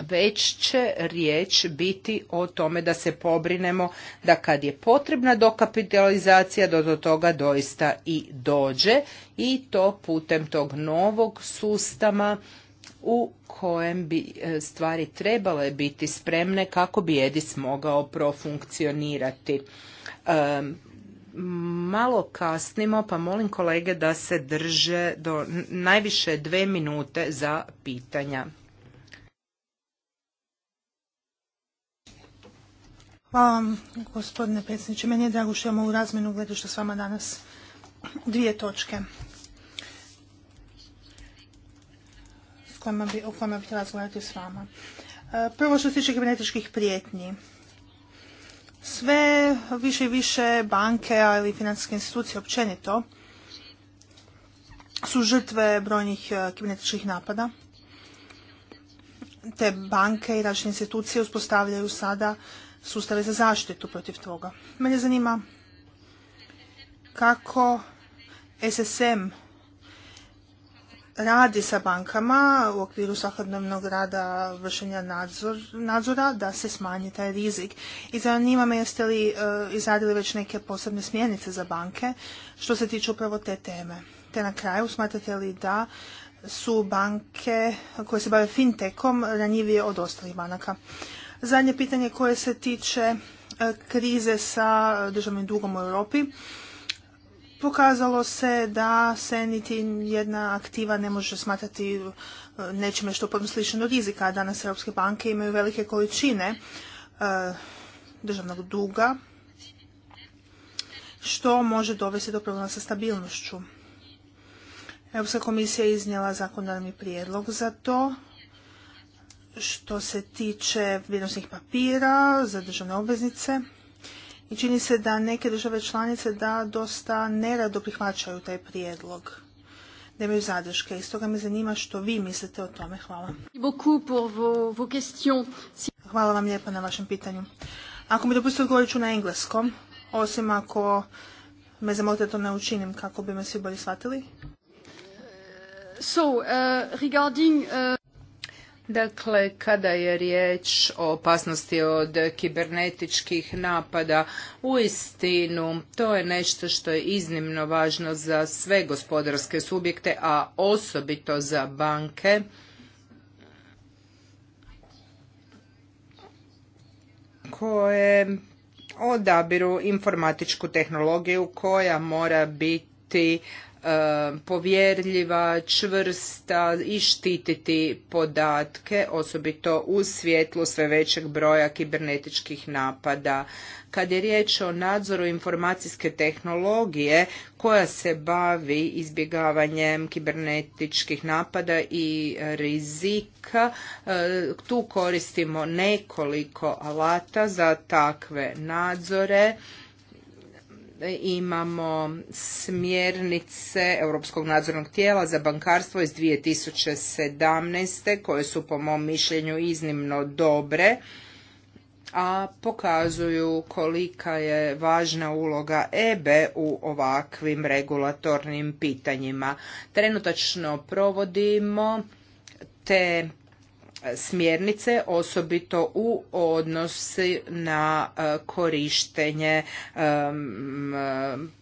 S4: već će riječ biti o tome da se pobrinemo da kad je potrebna dokapitalizacija da do toga doista i dođe i to putem tog novog sustava u kojem bi e, stvari trebale biti spremne kako bi Edis mogao profunkcionirati. malo kasnimo, pa molim kolege da se drže do najviše dve minute za pitanja.
S2: Hvala vam, gospodine predsjedniče. Meni je drago što imamo ovu razmjenu gledišta s vama danas. Dvije točke o kojima bih razgovarati s vama. E, prvo što se tiče kibernetičkih prijetnji. Sve više i više banke, ali financijske institucije općenito, su žrtve brojnih e, kibernetičkih napada. Te banke i različite institucije uspostavljaju sada sustave za zaštitu protiv toga. Mene zanima kako SSM radi sa bankama u okviru svakodnevnog rada vršenja nadzora da se smanji taj rizik. I zanima me jeste li e, izradili već neke posebne smjernice za banke što se tiče upravo te teme. Te na kraju smatrate li da su banke koje se bave fintechom ranjivije od ostalih banaka. Zadnje pitanje koje se tiče e, krize sa državnim dugom u Europi. Pokazalo se da se niti jedna aktiva ne može smatrati e, nečime što potom slično rizika. Danas Europske banke imaju velike količine e, državnog duga što može dovesti do problema sa stabilnošću. Europska komisija je iznijela zakonodavni prijedlog za to što se tiče vrijednosnih papira za državne obveznice i čini se da neke države članice da dosta nerado prihvaćaju taj prijedlog da imaju zadrške. I stoga me zanima što vi mislite o tome. Hvala. Hvala vam lijepa na vašem pitanju. Ako mi dopustite odgovorit ću na engleskom, osim ako me zamolite to ne učinim kako bi me svi bolje shvatili. So, uh, uh,
S4: Dakle, kada je riječ o opasnosti od kibernetičkih napada, u istinu to je nešto što je iznimno važno za sve gospodarske subjekte, a osobito za banke. koje odabiru informatičku tehnologiju koja mora biti E, povjerljiva, čvrsta i štititi podatke, osobito u svjetlu sve većeg broja kibernetičkih napada. Kad je riječ o nadzoru informacijske tehnologije koja se bavi izbjegavanjem kibernetičkih napada i rizika, e, tu koristimo nekoliko alata za takve nadzore imamo smjernice Europskog nadzornog tijela za bankarstvo iz 2017. koje su po mom mišljenju iznimno dobre, a pokazuju kolika je važna uloga EBE e u ovakvim regulatornim pitanjima. Trenutačno provodimo te smjernice, osobito u odnosi na e, korištenje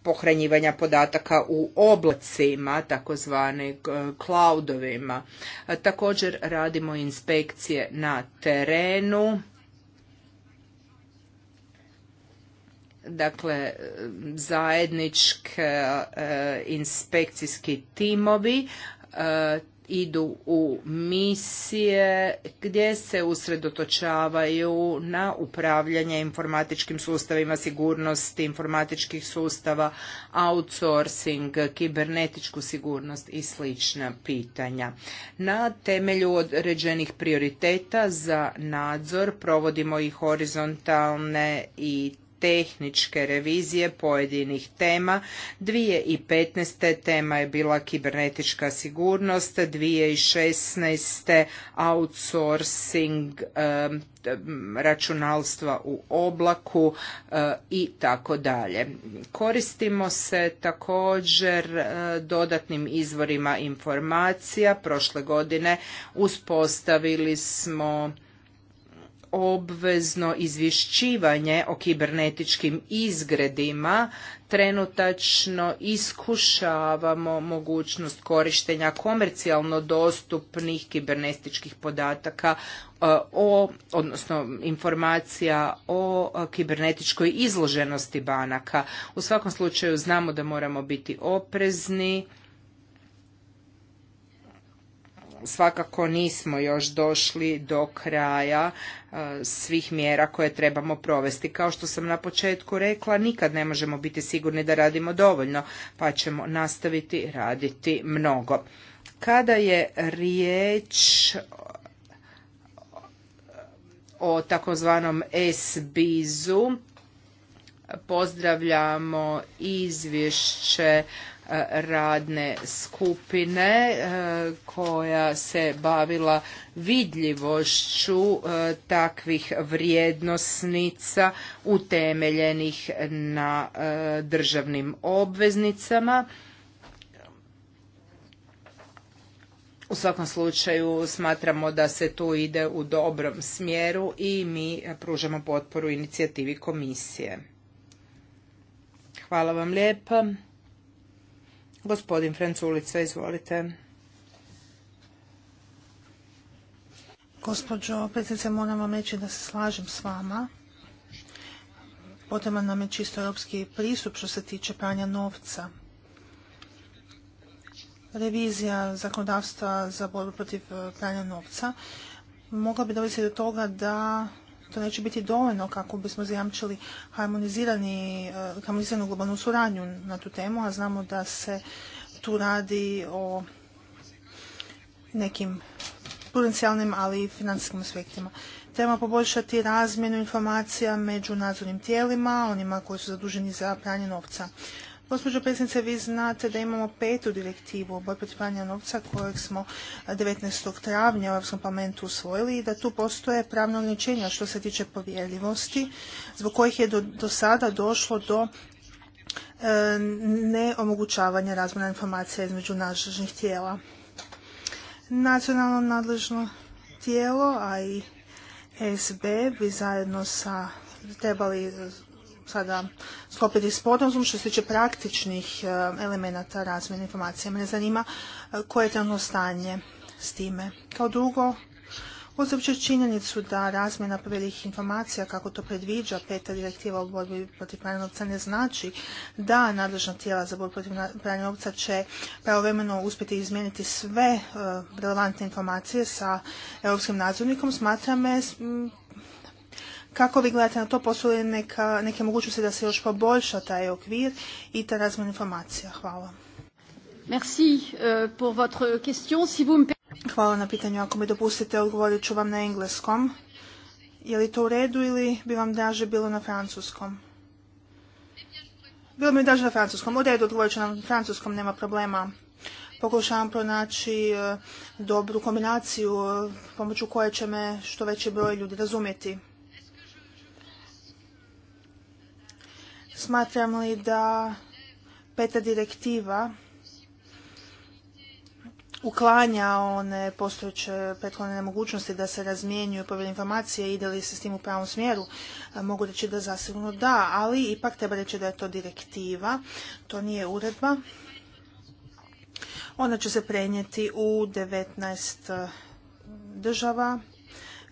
S4: pohranjivanja podataka u oblacima, takozvani cloudovima. E, također radimo inspekcije na terenu. dakle zajednički e, inspekcijski timovi idu u misije gdje se usredotočavaju na upravljanje informatičkim sustavima sigurnosti, informatičkih sustava, outsourcing, kibernetičku sigurnost i slična pitanja. Na temelju određenih prioriteta za nadzor provodimo i horizontalne i tehničke revizije pojedinih tema. 2015. tema je bila kibernetička sigurnost, 2016. outsourcing računalstva u oblaku eh, i tako dalje. Koristimo se također eh, dodatnim izvorima informacija. Prošle godine uspostavili smo obvezno izvješćivanje o kibernetičkim izgredima trenutačno iskušavamo mogućnost korištenja komercijalno dostupnih kibernetičkih podataka e, o odnosno informacija o kibernetičkoj izloženosti banaka u svakom slučaju znamo da moramo biti oprezni svakako nismo još došli do kraja e, svih mjera koje trebamo provesti. Kao što sam na početku rekla, nikad ne možemo biti sigurni da radimo dovoljno, pa ćemo nastaviti raditi mnogo. Kada je riječ o takozvanom SBIZ-u, pozdravljamo izvješće radne skupine e, koja se bavila vidljivošću e, takvih vrijednosnica utemeljenih na e, državnim obveznicama. U svakom slučaju smatramo da se tu ide u dobrom smjeru i mi pružamo potporu inicijativi komisije. Hvala vam lijepa. Gospodin Franculica, izvolite.
S2: Gospođo predsjednice, moram vam reći da se slažem s vama. Potreban nam je čisto europski pristup što se tiče pranja novca. Revizija zakonodavstva za borbu protiv pranja novca mogla bi dovesti do toga da to neće biti dovoljno kako bismo zajamčili harmonizirani, e, harmoniziranu globalnu suradnju na tu temu, a znamo da se tu radi o nekim potencijalnim ali i financijskim aspektima. Treba poboljšati razmjenu informacija među nadzornim tijelima, onima koji su zaduženi za pranje novca. Gospođo predsjednice, vi znate da imamo petu direktivu o borbi protiv pranja novca kojeg smo 19. travnja u Europskom parlamentu usvojili i da tu postoje pravno ograničenja što se tiče povjerljivosti zbog kojih je do, sada došlo do e, neomogućavanja razmjena informacija između nadležnih tijela. Nacionalno nadležno tijelo, a i SB bi zajedno sa trebali sada sklopiti sporazum što se tiče praktičnih e, elemenata razmjene informacija. Mene zanima e, koje je trenutno stanje s time. Kao drugo, Uzopće činjenicu da razmjena povjerljivih informacija, kako to predviđa peta direktiva o borbi protiv pranja novca, ne znači da nadležna tijela za borbu protiv pranja novca će pravovremeno uspjeti izmijeniti sve e, relevantne informacije sa europskim nadzornikom, smatra me kako vi gledate na to, postoje neka, neke mogućnosti da se još poboljša taj okvir i ta razmjena informacija? Hvala. Merci euh, pour votre question. Si vous me... Hvala na pitanju. Ako mi dopustite, odgovorit ću vam na engleskom. Je li to u redu ili bi vam draže bilo na francuskom? Bilo bi mi draže na francuskom. U redu, odgovorit ću na francuskom, nema problema. Pokušavam pronaći euh, dobru kombinaciju euh, pomoću koje će me što veći broj ljudi razumjeti. Smatram li da peta direktiva uklanja one postojeće prethodne nemogućnosti da se razmjenjuju povjer informacije, ide li se s tim u pravom smjeru, mogu reći da zasigurno da, ali ipak treba reći da je to direktiva, to nije uredba. Ona će se prenijeti u 19 eh, država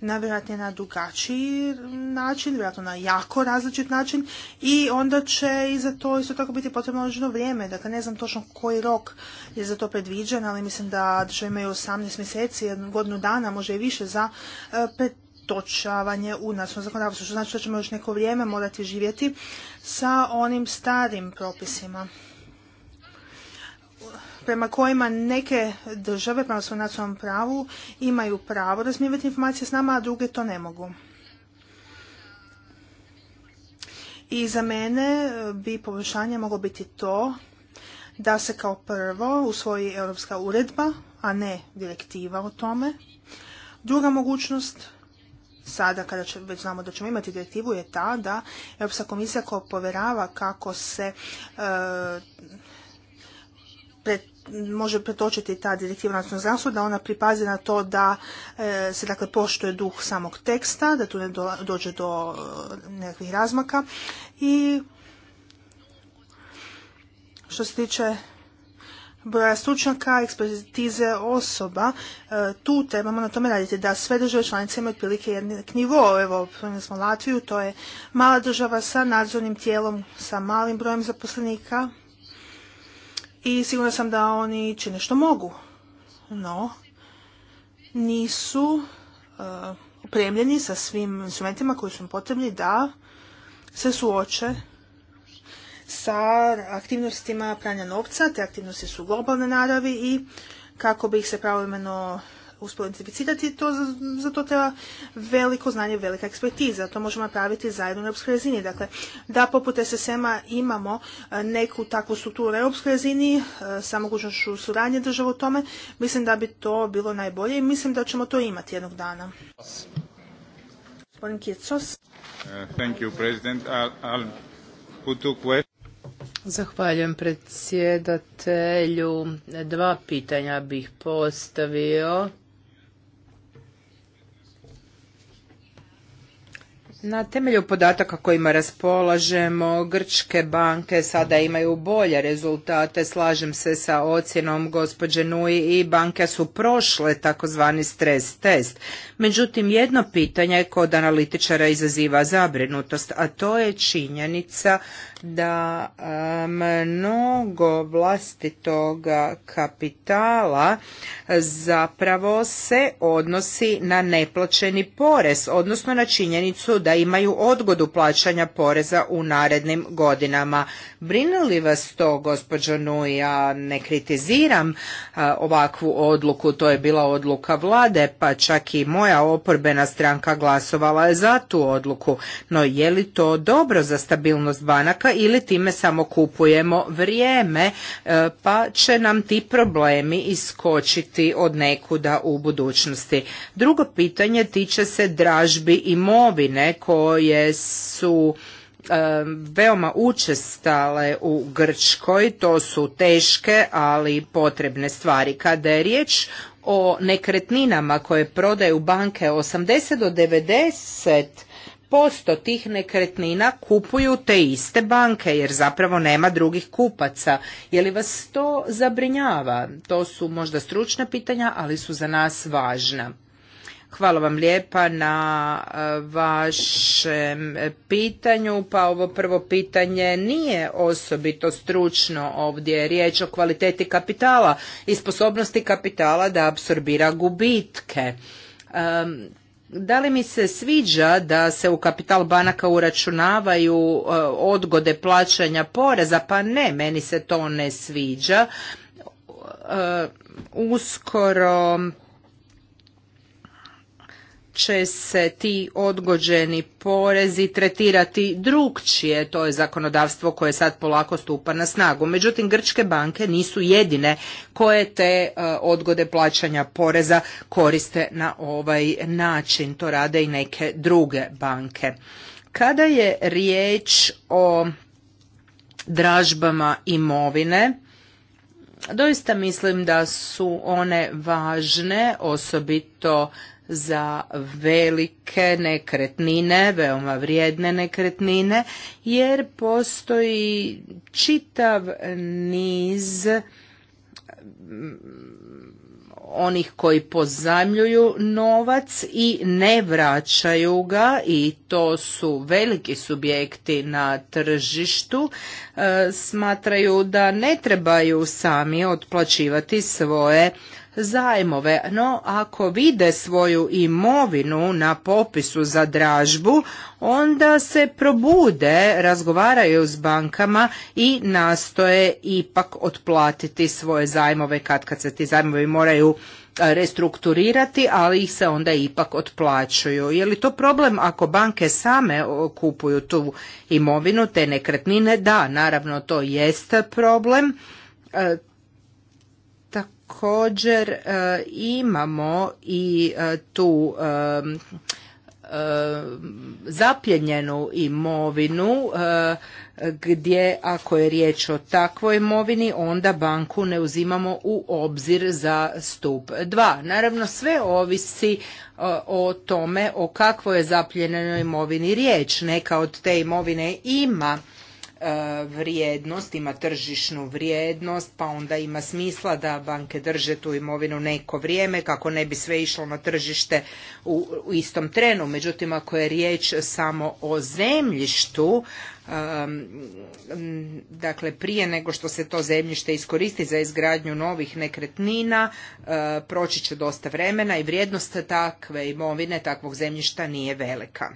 S2: najvjerojatnije na drugačiji način, vjerojatno na jako različit način i onda će i za to isto tako biti potrebno određeno vrijeme. Dakle, ne znam točno koji rok je za to predviđen, ali mislim da će imaju 18 mjeseci, jednu godinu dana, može i više za e, pretočavanje u nacionalno zakonodavstvu što znači da ćemo još neko vrijeme morati živjeti sa onim starim propisima prema kojima neke države prema svom nacionalnom pravu imaju pravo razmijevati informacije s nama, a druge to ne mogu. I za mene e, bi poboljšanje moglo biti to da se kao prvo usvoji europska uredba, a ne direktiva o tome. Druga mogućnost sada kada već znamo da ćemo imati direktivu je ta da Europska komisija koja povjerava kako se e, može pretočiti ta direktiva nacionalnog zdravstvo, da ona pripazi na to da e, se dakle poštuje duh samog teksta, da tu ne dođe do e, nekakvih razmaka i što se tiče broja stručnjaka, ekspertize osoba, e, tu trebamo na tome raditi da sve države članice imaju otprilike jednak nivo. Evo, spomenuli smo Latviju, to je mala država sa nadzornim tijelom, sa malim brojem zaposlenika, i sigurna sam da oni će nešto mogu. No, nisu e, opremljeni sa svim instrumentima koji su im potrebni da se suoče sa aktivnostima pranja novca. Te aktivnosti su globalne naravi i kako bi ih se pravovremeno uspjeli to, za to treba veliko znanje, velika ekspertiza. To možemo napraviti zajedno na europskoj razini. Dakle, da poput SSM-a imamo e, neku takvu strukturu na europskoj razini e, sa mogućnošću suradnje država u tome, mislim da bi to bilo najbolje i mislim da ćemo to imati jednog dana. Gospodin Kircos. Uh, Zahvaljujem predsjedatelju.
S4: Dva pitanja bih postavio. Na temelju podataka kojima raspolažemo, grčke banke sada imaju bolje rezultate, slažem se sa ocjenom gospođe Nui i banke su prošle takozvani stres test. Međutim, jedno pitanje kod analitičara izaziva zabrinutost, a to je činjenica da mnogo vlastitoga kapitala zapravo se odnosi na neplaćeni porez, odnosno na činjenicu da imaju odgodu plaćanja poreza u narednim godinama. Brine li vas to, gospođo Nui? Ja ne kritiziram eh, ovakvu odluku, to je bila odluka vlade, pa čak i moja oporbena stranka glasovala je za tu odluku. No je li to dobro za stabilnost banaka ili time samo kupujemo vrijeme e, pa će nam ti problemi iskočiti od nekuda u budućnosti. Drugo pitanje tiče se dražbi imovine koje su e, veoma učestale u Grčkoj, to su teške ali potrebne stvari. Kada je riječ o nekretninama koje prodaju banke 80 do 90 posto tih nekretnina kupuju te iste banke jer zapravo nema drugih kupaca. Je li vas to zabrinjava? To su možda stručna pitanja, ali su za nas važna. Hvala vam lijepa na e, vašem pitanju. Pa ovo prvo pitanje nije osobito stručno ovdje. riječ o kvaliteti kapitala i sposobnosti kapitala da apsorbira gubitke da li mi se sviđa da se u kapital banaka uračunavaju e, odgode plaćanja poreza? Pa ne, meni se to ne sviđa. E, uskoro će se ti odgođeni porezi tretirati drugčije, to je zakonodavstvo koje sad polako stupa na snagu. Međutim, grčke banke nisu jedine koje te e, odgode plaćanja poreza koriste na ovaj način. To rade i neke druge banke. Kada je riječ o dražbama imovine, doista mislim da su one važne, osobito za velike nekretnine, veoma vrijedne nekretnine, jer postoji čitav niz mm, onih koji pozajmljuju novac i ne vraćaju ga i to su veliki subjekti na tržištu e, smatraju da ne trebaju sami otplaćivati svoje zajmove. No, ako vide svoju imovinu na popisu za dražbu, onda se probude, razgovaraju s bankama i nastoje ipak otplatiti svoje zajmove kad kad se ti zajmovi moraju e, restrukturirati, ali ih se onda ipak otplaćuju. Je li to problem ako banke same kupuju tu imovinu, te nekretnine? Da, naravno to jest problem. E, također e, imamo i e, tu e, zapljenjenu imovinu gdje ako je riječ o takvoj imovini onda banku ne uzimamo u obzir za stup 2. Naravno sve ovisi o tome o kakvoj je zapljenjenoj imovini riječ. Neka od te imovine ima vrijednost, ima tržišnu vrijednost, pa onda ima smisla da banke drže tu imovinu neko vrijeme kako ne bi sve išlo na tržište u, istom trenu. Međutim, ako je riječ samo o zemljištu, um, dakle prije nego što se to zemljište iskoristi za izgradnju novih nekretnina, uh, proći će dosta vremena i vrijednost takve imovine, takvog zemljišta nije velika.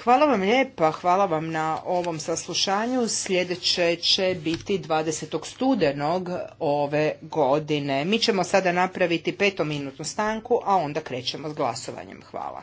S4: Hvala vam lijepa, hvala vam na ovom saslušanju. Sljedeće će biti 20. studenog ove godine. Mi ćemo sada napraviti petominutnu stanku, a onda krećemo s glasovanjem. Hvala.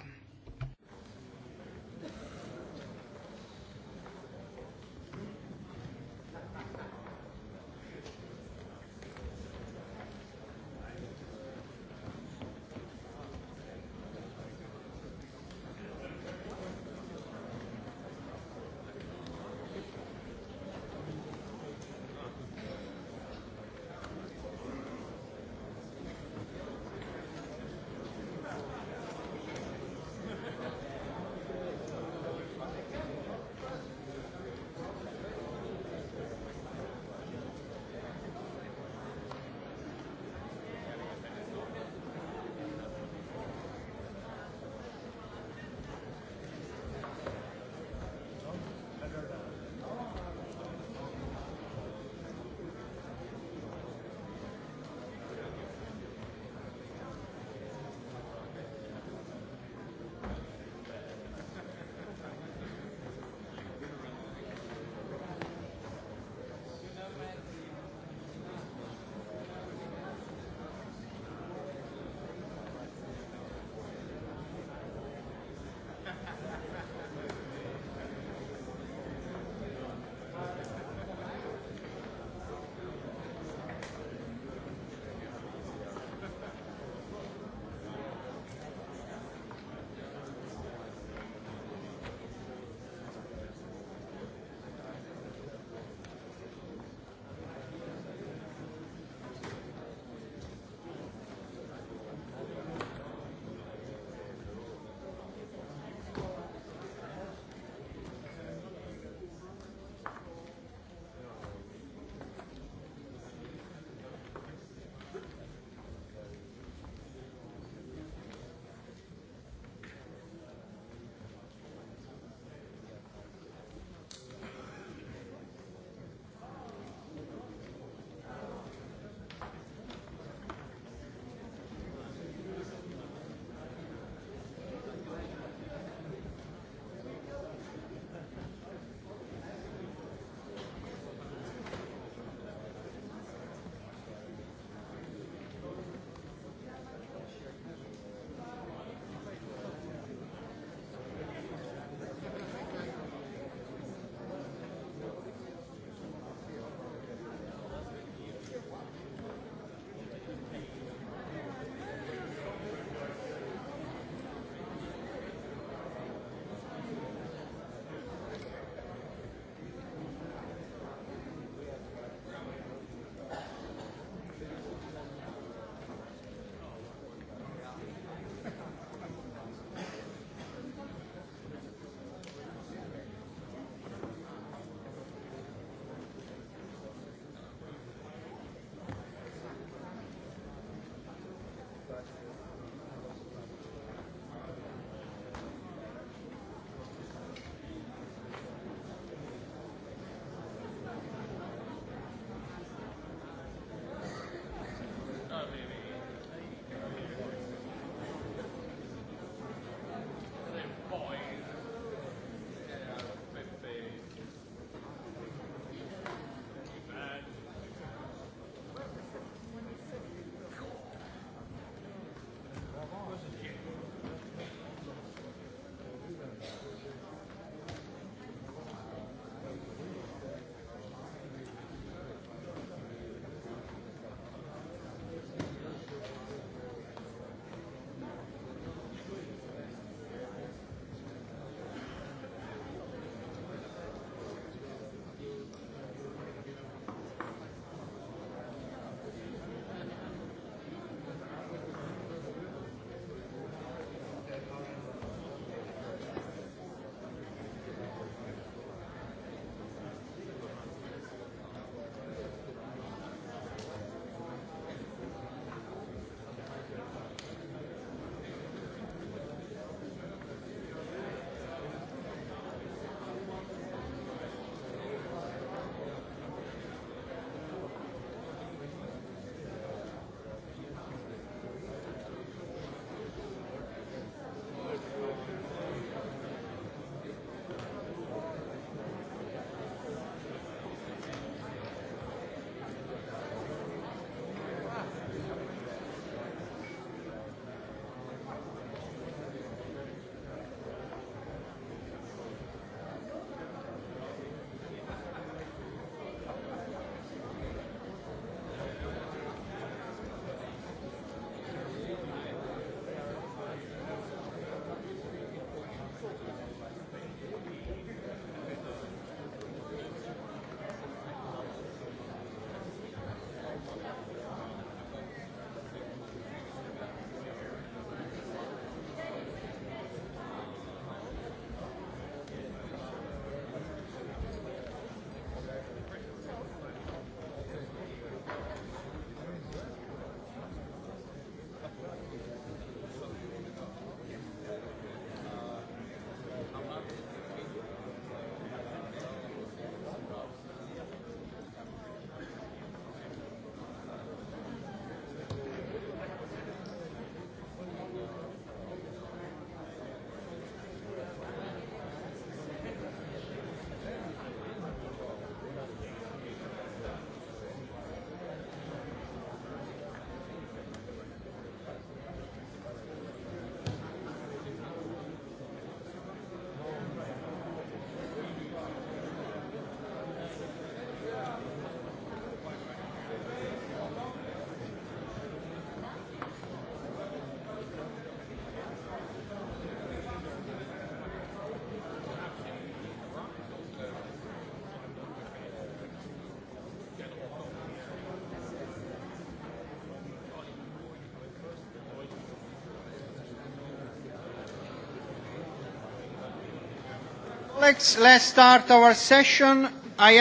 S2: Let's, start session. I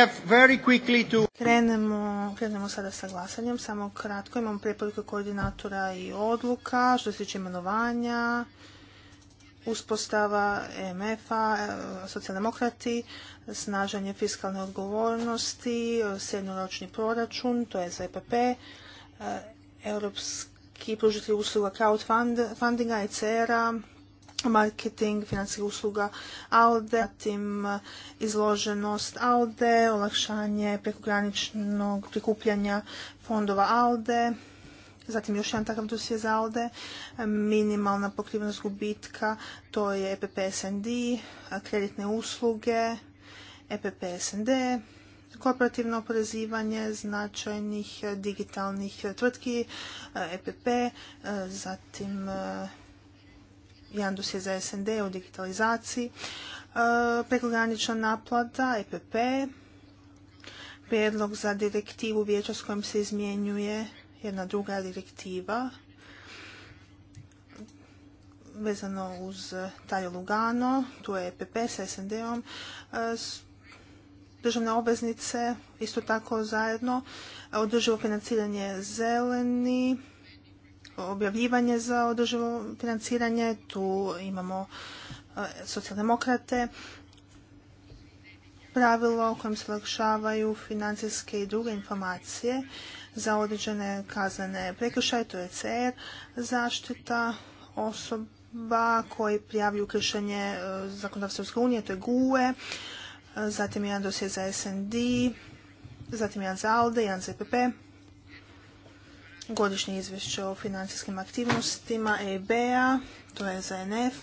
S2: Krenemo, sada sa glasanjem, samo kratko imamo prepoliko koordinatora i odluka što se tiče imenovanja, uspostava EMF-a, socijaldemokrati, snažanje fiskalne odgovornosti, sedmoročni proračun, to je za EPP, europski pružitelj usluga crowdfundinga, ECR-a, marketing financijskih usluga ALDE, zatim izloženost ALDE, olakšanje prekograničnog prikupljanja fondova ALDE, zatim još jedan takav dosje za ALDE, minimalna pokrivnost gubitka, to je EPPSND, kreditne usluge, EPPSND, kooperativno oporezivanje značajnih digitalnih tvrtki, EPP, zatim jedan dosje za SND u digitalizaciji, e, prekogranična naplata, EPP, prijedlog za direktivu vijeća s kojom se izmjenjuje jedna druga direktiva vezano uz taj Lugano, tu je EPP sa SND-om, e, državne obveznice, isto tako zajedno, e, održivo financiranje zeleni, objavljivanje za održivo financiranje, tu imamo e, socijaldemokrate, pravilo o kojem se olakšavaju financijske i druge informacije za određene kaznene prekršaje, to je CR, zaštita osoba koji prijavljuju kršenje e, zakonodavstva Evropske unije, to je GUE, e, zatim jedan dosje za SND, zatim jedan za ALDE, jedan za EPP, godišnje izvješće o financijskim aktivnostima EIB-a, to je za NF,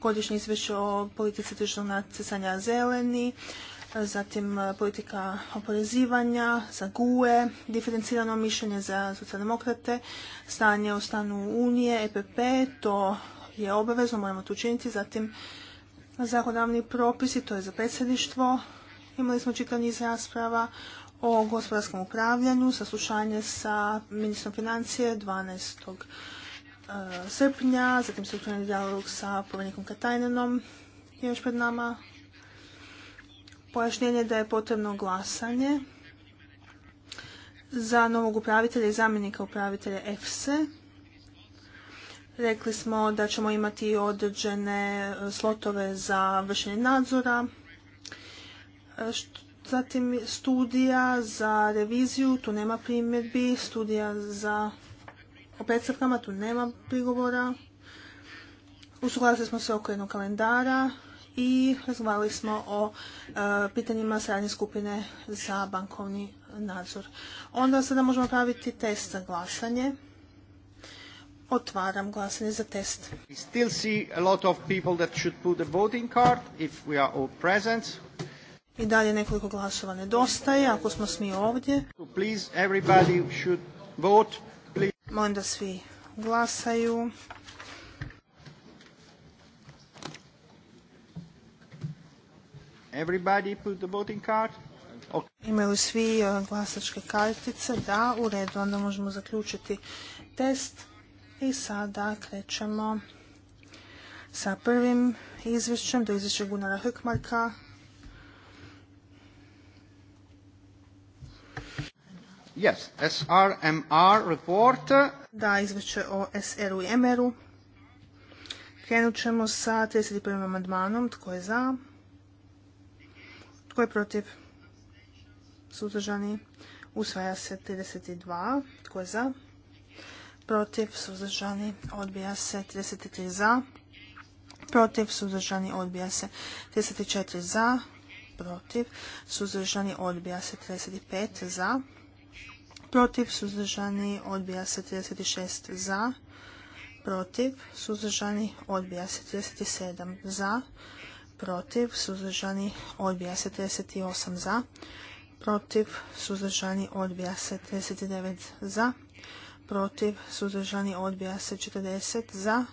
S2: godišnje izvješće o politici tržišnog natjecanja zeleni, zatim e, politika oporezivanja za GUE, diferencirano mišljenje za socijaldemokrate, stanje u stanu Unije, EPP, to je obavezno, moramo to učiniti, zatim zakonodavni propisi, to je za predsjedništvo, imali smo čitav niz rasprava o gospodarskom upravljanju, saslušanje sa ministrom financije 12. E, srpnja, zatim strukturni dijalog sa povjerenikom Katajnenom je još pred nama. Pojašnjenje da je potrebno glasanje za novog upravitelja i zamjenika upravitelja EFSE. Rekli smo da ćemo imati određene e, slotove za vršenje nadzora, e, što Zatim studija za reviziju, tu nema primjedbi, studija za o predstavkama, tu nema prigovora. Usuglasili smo se oko jednog kalendara i razgovarali smo o e, pitanjima sradnje skupine za bankovni nadzor. Onda sada možemo praviti test za glasanje. Otvaram glasanje za test. still see
S1: a lot of people that should put voting i
S2: dalje nekoliko glasova nedostaje, ako smo smi ovdje. Molim da svi glasaju. svi e, glasačke kartice? Da, u redu. Onda možemo zaključiti test. I sada krećemo sa prvim izvješćem do izvješća Gunara Hrkmarka Yes, SRMR report. Da, izveće o SR-u i MR-u. Krenut ćemo sa 31. amandmanom. Tko je za? Tko je protiv? Suzdržani. Usvaja se 32. Tko je za? Protiv. Suzdržani. Odbija se 33 za. Protiv. Suzdržani. Odbija se 34 za. Protiv. Suzdržani. Odbija se 35 za protiv, suzdržani, odbija se 36 za, protiv, suzdržani, odbija se 37 za, protiv, suzdržani, odbija se 38 za, protiv, suzdržani, odbija se 39 za, protiv, suzdržani, odbija se 40 za,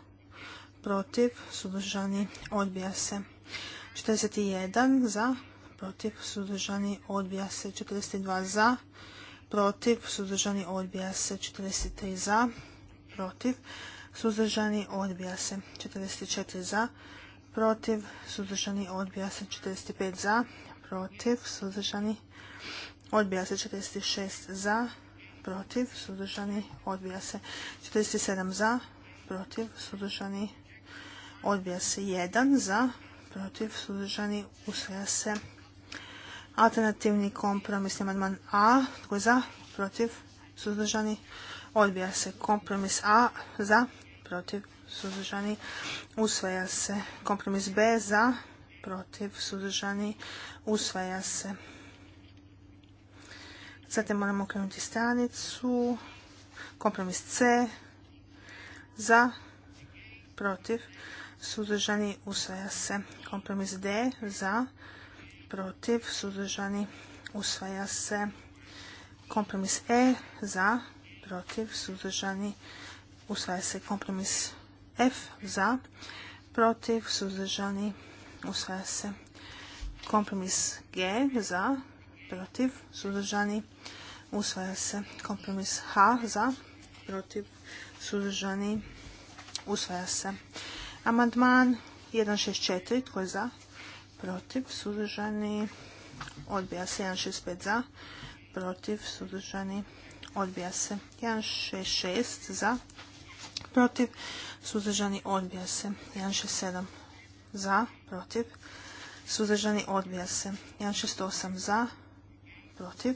S2: protiv, suzdržani, odbija se 41 za, protiv, suzdržani, odbija se 42 za, protiv, suzdržani odbija se 43 za, protiv, suzdržani odbija se 44 za, protiv, suzdržani odbija se 45 za, protiv, suzdržani odbija se 46 za, protiv, suzdržani odbija se 47 za, protiv, suzdržani odbija se 1 za, protiv, suzdržani usvaja se Alternativni kompromis amandman A, tko je za, protiv, suzdržani, odbija se. Kompromis A, za, protiv, suzdržani, usvaja se. Kompromis B, za, protiv, suzdržani, usvaja se. Zatim moramo krenuti stranicu. Kompromis C, za, protiv, suzdržani, usvaja se. Kompromis D, za, protiv, suzdržani, usvaja se. Kompromis E za, protiv, suzdržani, usvaja se. Kompromis F za, protiv, suzdržani, usvaja se. Kompromis G za, protiv, suzdržani, usvaja se. Kompromis H za, protiv, suzdržani, usvaja se. Amandman 164, tko je za, protiv, suzdržani, odbija se 165 za, protiv, suzdržani, odbija se 166 za, protiv, suzdržani, odbija se 167 za, protiv, suzdržani, odbija se 168 za, protiv,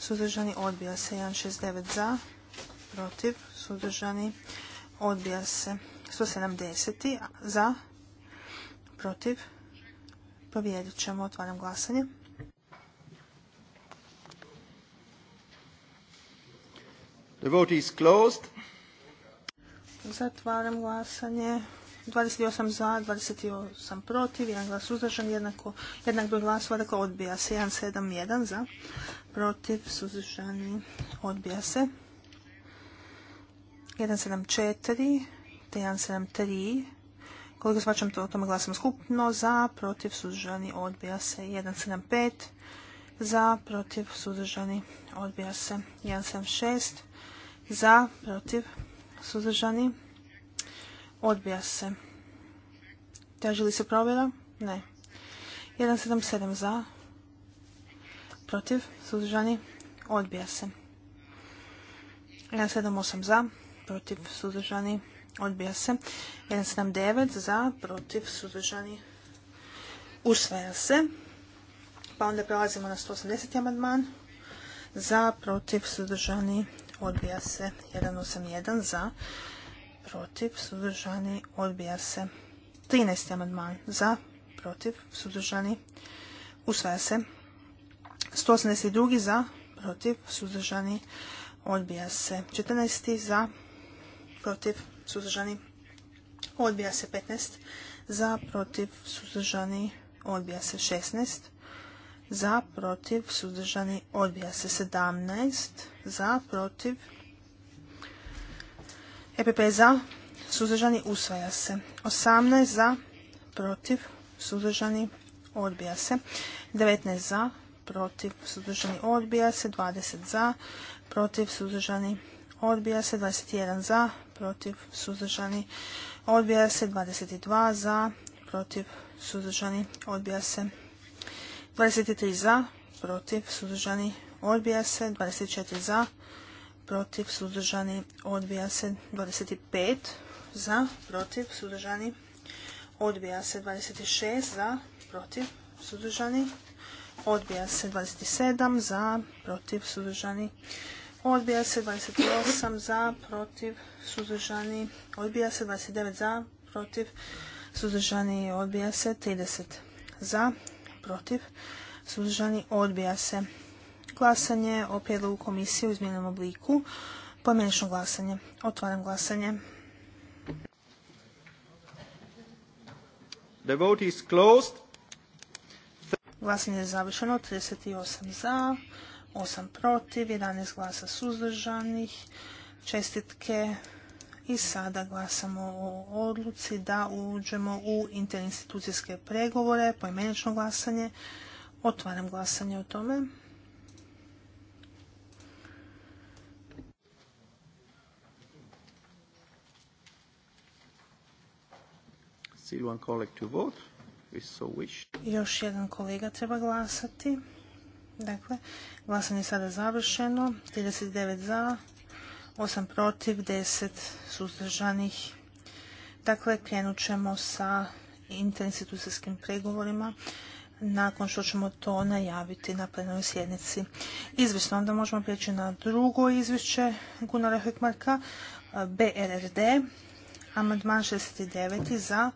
S2: suzdržani, odbija se 169 za, protiv, suzdržani, odbija se 170 za, protiv, Pobjedit ćemo, otvaram glasanje.
S1: The vote is closed.
S2: Zatvaram glasanje. 28 za, 28 protiv, jedan glas uzdržan, jednako, jednak broj glasova, dakle odbija se. 7, za, protiv, suzdržani, odbija se. 1, 7, 4, te 3, koliko svačam to, o tome glasam skupno. Za, protiv, suzdržani, odbija se. 175. Za, protiv, suzdržani, odbija se. 176. Za, protiv, suzdržani, odbija se. Traži li se provjera? Ne. 177 za, protiv, suzdržani, odbija se. 178 za, protiv, suzdržani, odbija se. Odbija se. 179 za, protiv, suzdržani. Usvaja se. Pa onda prelazimo na 180. amandman. Za, protiv, suzdržani. Odbija se. 181 za, protiv, suzdržani. Odbija se. 13. amandman za, protiv, suzdržani. Usvaja se. 182 za, protiv, suzdržani. Odbija se. 14. za, protiv, suzdržani, odbija se 15, za, protiv, suzdržani, odbija se 16, za, protiv, suzdržani, odbija se 17, za, protiv, EPP za, suzdržani, usvaja se 18, za, protiv, suzdržani, odbija se 19 za, protiv, suzdržani, odbija se 20 za, protiv, suzdržani, odbija se 21 za, protiv, suzdržani, odbija se. 22 za, protiv, suzdržani, odbija se. 23 za, protiv, suzdržani, odbija se. 24 za, protiv, suzdržani, odbija se. 25 za, protiv, suzdržani, odbija se. 26 za, protiv, suzdržani, odbija se. 27 za, protiv, suzdržani, Odbija se 28 za, protiv, suzdržani. Odbija se 29 za, protiv, suzdržani. Odbija se 30 za, protiv, suzdržani. Odbija se. Glasanje o prijedlogu komisije u izmjenom obliku. Pojmenično glasanje. Otvaram glasanje.
S1: The vote is closed.
S2: Glasanje je završeno. 38 za, 8 protiv, 11 glasa suzdržanih. Čestitke i sada glasamo o odluci da uđemo u interinstitucijske pregovore, Pojmenično glasanje. Otvaram glasanje o tome. Još jedan kolega treba glasati. Dakle, glasanje je sada završeno. 39 za, 8 protiv, 10 suzdržanih. Dakle, krenut ćemo sa interinstitucijskim pregovorima nakon što ćemo to najaviti na plenarnoj sjednici. Izvisno, onda možemo prijeći na drugo izvješće Gunara Hekmarka, BRRD, amandman 69 za,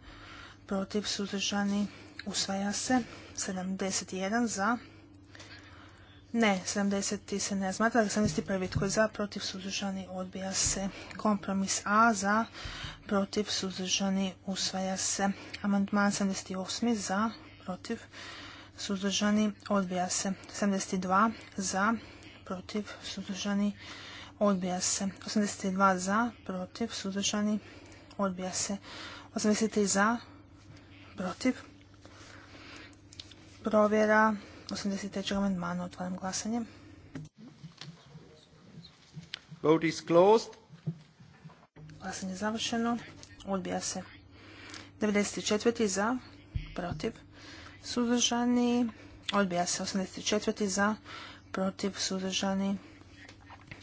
S2: protiv suzdržani usvaja se, 71 za, ne, 70. se ne razmatra. 71. tko je za, protiv, suzdržani, odbija se. Kompromis A za, protiv, suzdržani, usvaja se. Amandman 78. za, protiv, suzdržani, odbija se. 72. za, protiv, suzdržani, odbija se. 82. za, protiv, suzdržani, odbija se. 83. za, protiv, provjera 83. amandmana. Otvaram glasanje.
S1: Vote is closed.
S2: Glasanje je završeno. Odbija se. 94. za, protiv, suzdržani. Odbija se. 84. za, protiv, suzdržani.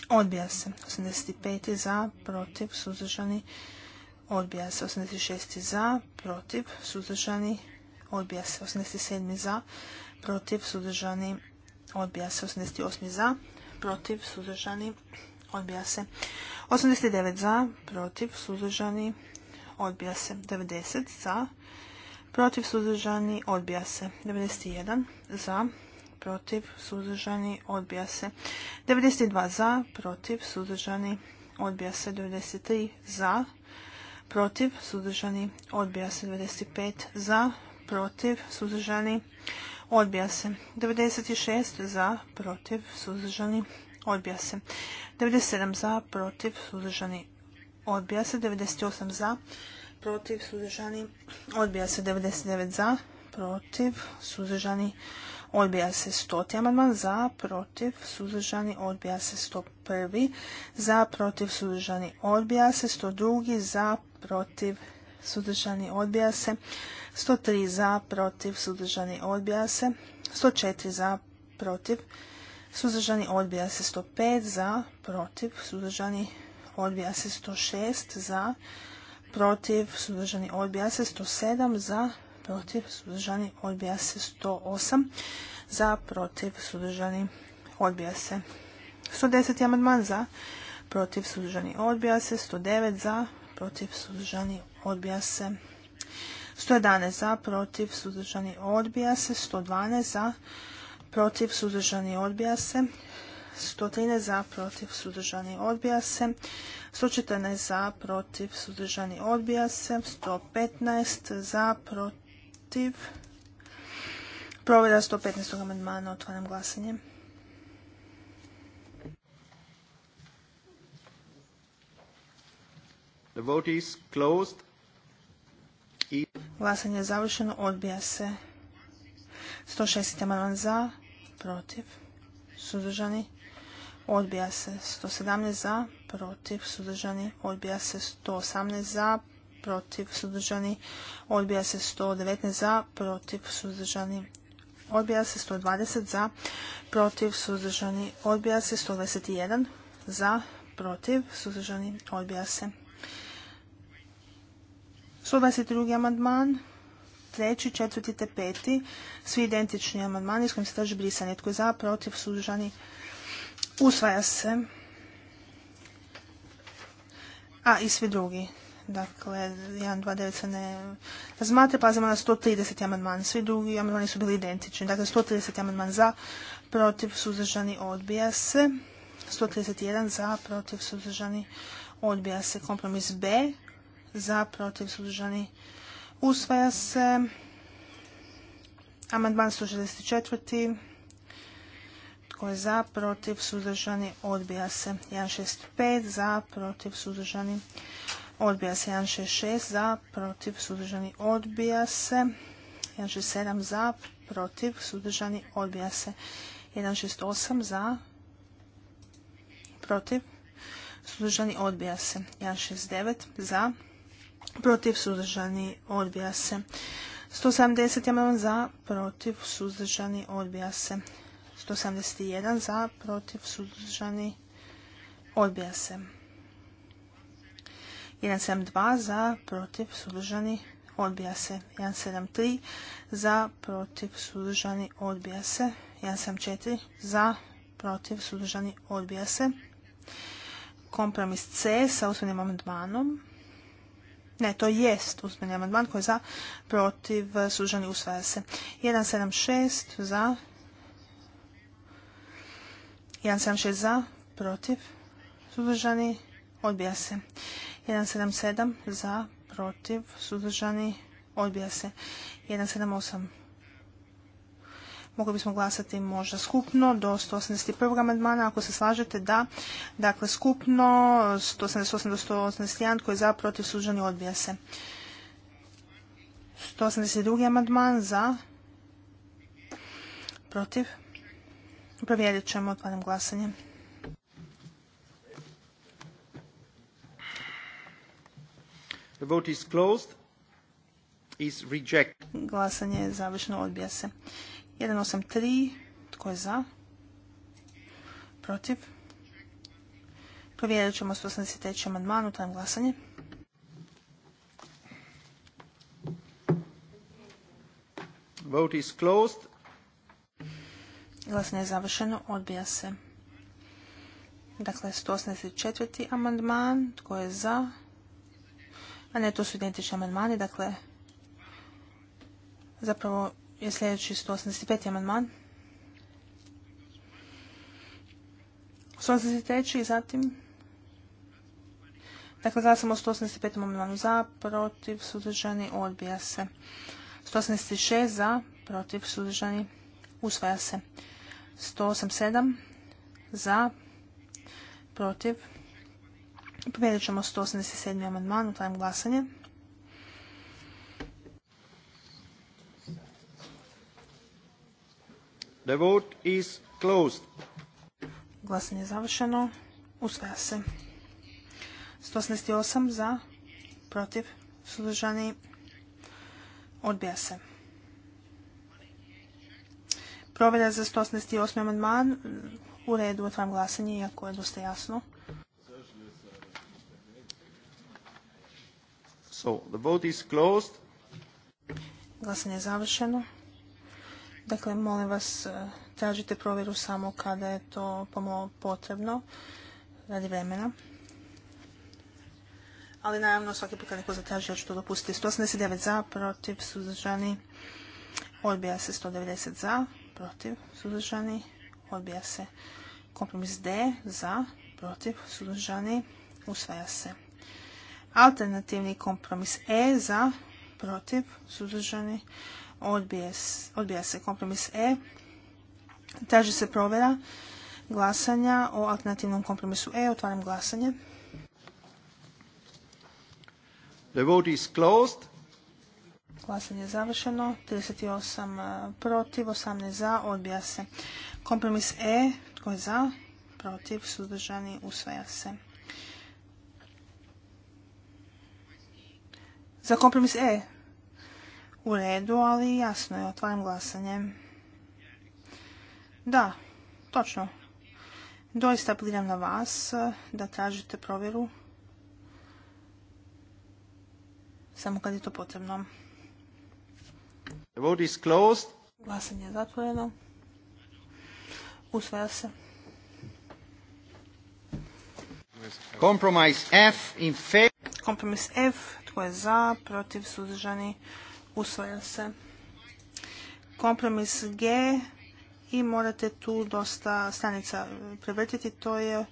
S2: Odbija se. 85. za, protiv, suzdržani. Odbija se. 86. za, protiv, suzdržani. Odbija se. 87. za, protiv, suzdržani, odbija se. 88 za, protiv, suzdržani, odbija se. 89 za, protiv, suzdržani, odbija se. 90 za, protiv, suzdržani, odbija se. 91 za, protiv, suzdržani, odbija se. 92 za, protiv, suzdržani, odbija se. 93 za, protiv, suzdržani, odbija se. 95 za, protiv, suzdržani, odbija se. 96 za, protiv, suzdržani, odbija se. 97 za, protiv, suzdržani, odbija se. 98 za, protiv, suzdržani, odbija se. 99 za, protiv, suzdržani, odbija se 100. amandman, za, protiv, suzdržani, odbija se 101. Za, protiv, suzdržani, odbija se 102. Za, protiv, suzdržani, odbija se 103 za, protiv, suzdržani, odbija se. 104 za, protiv, suzdržani, odbija se. 105 za, protiv, suzdržani, odbija se. 106 za, protiv, suzdržani, odbija se. 107 za, protiv, suzdržani, odbija se. 108 za, protiv, suzdržani, odbija se. 110. amandman za, protiv, suzdržani, odbija se. 109 za, protiv, suzdržani, odbija se. 111 za, protiv, suzdržani, odbija se. 112 za, protiv, suzdržani, odbija se. 113 za, protiv, suzdržani, odbija se. 114 za, protiv, suzdržani, odbija se. 115 za, protiv. Provjera 115. amandmana, otvaram glasanje.
S1: The vote is closed.
S2: Glasanje je završeno. Odbija se. 106. amandman za. Protiv. Suzdržani. Odbija se. 117 za. Protiv. Suzdržani. Odbija se. 118 za. Protiv. Suzdržani. Odbija se. 119 za. Protiv. Suzdržani. Odbija se. 120 za. Protiv. Suzdržani. Odbija se. 121 za. Protiv. Suzdržani. Odbija se. 122. amandman, treći, četvrti te peti, svi identični amandmani s kojim se traži brisanje. Tko je za, protiv, suzdržani, usvaja se. A, i svi drugi. Dakle, 1, 2, 9 se ne razmatra. Pazimo na 130. amandman. Svi drugi amandmani su bili identični. Dakle, 130. amandman za, protiv, suzdržani, odbija se. 131 za, protiv, suzdržani, odbija se. Kompromis B za, protiv, suzdržani, usvaja se. Amandman 164. Tko je za, protiv, suzdržani, odbija se. 165 za, protiv, suzdržani, odbija se. 166 za, protiv, suzdržani, odbija se. 167 za, protiv, suzdržani, odbija se. 168 za, protiv, suzdržani, odbija se. 169 za, protiv, protiv suzdržani odbija se. 170 amandman za, protiv suzdržani odbija se. 171 za, protiv suzdržani odbija se. 172 za, protiv suzdržani odbija se. 173 za, protiv suzdržani odbija se. 174 za, protiv suzdržani odbija se. Kompromis C sa osnovnim amandmanom ne, to jest usmeni amandman koji je za, protiv, sužani usvaja se. 176 za, 176 za, protiv, suzdržani, odbija se. 177 za, protiv, suzdržani, odbija se. 178 Mogli bismo glasati možda skupno do 181. amandmana, ako se slažete da. Dakle, skupno 188 do 181, koji je za, protiv, suđeni odbija se. 182. amandman za, protiv. Provjerit ćemo, otvaram glasanje.
S1: The vote is closed. Is reject.
S2: Glasanje je završeno, odbija se. 183. Tko je za? Protiv? Provjerit ćemo 183. amandman. tajem glasanje.
S1: Vote is closed.
S2: Glasanje je završeno. Odbija se. Dakle, 184. amandman. Tko je za? A ne, to su identični amandmani. Dakle, zapravo je sljedeći 185. amandman. 183. i zatim... Dakle, glasamo 185. amandmanu za, protiv, sudržani, odbija se. 186 za, protiv, sudržani, usvaja se. 187 za, protiv. Provjerit ćemo 187. amandman, utajem glasanje. The Glasanje je završeno. Usvaja se. 188 za, protiv, sudržani odbija se. Provjera za 188. amandman. U redu otvaram glasanje, iako je dosta jasno. So, Glasanje je završeno. Dakle, molim vas, e, tražite provjeru samo kada je to pomalo potrebno radi vremena. Ali naravno svaki put kad neko zatraži ja ću to dopustiti. 189 za, protiv, suzdržani, odbija se 190 za, protiv, suzdržani, odbija se kompromis D za, protiv, suzdržani, usvaja se. Alternativni kompromis E za, protiv, suzdržani, odbija se kompromis E. Traži se provjera glasanja o alternativnom kompromisu E. Otvaram glasanje.
S1: The vote is closed.
S2: Glasanje je završeno. 38 eh, protiv, 18 za. Odbija se. Kompromis E. Tko je za? Protiv. Suzdržani. Usvaja se. Za kompromis E u redu, ali jasno je, otvaram glasanje. Da, točno. Doista apeliram na vas eh, da tražite provjeru samo kad je to potrebno. Glasanje je zatvoreno. Usvaja se. Kompromis F, Kompromis F, tko je za, protiv, suzdržani, usvaja se. Kompromis G i morate tu dosta stranica prevrtiti, to je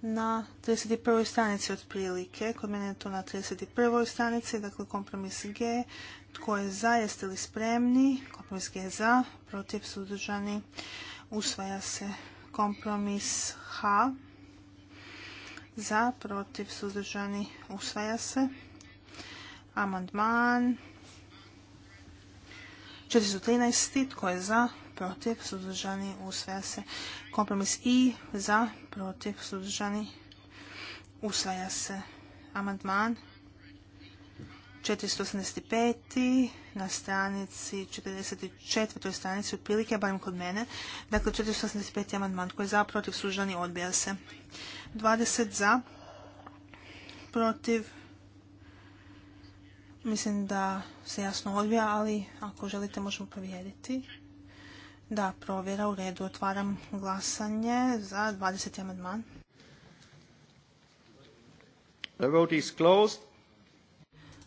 S2: na 31. stranici otprilike, kod mene je to na 31. stranici, dakle kompromis G, tko je za, jeste li spremni, kompromis G je za, protiv suzdržani usvaja se kompromis H, za, protiv, suzdržani, usvaja se. Amandman 413. Tko je za? Protiv. Suzdržani. Usvaja se. Kompromis I. Za. Protiv. Suzdržani. Usvaja se. Amandman 485. na stranici 44. stranici otprilike, barim kod mene. Dakle, 485. amandman koji je za, protiv, suzdržani, odbija se. 20 za, protiv, Mislim da se jasno odvija, ali ako želite možemo provjeriti. Da, provjera u redu. Otvaram glasanje za 20. amandman.
S1: The vote is closed.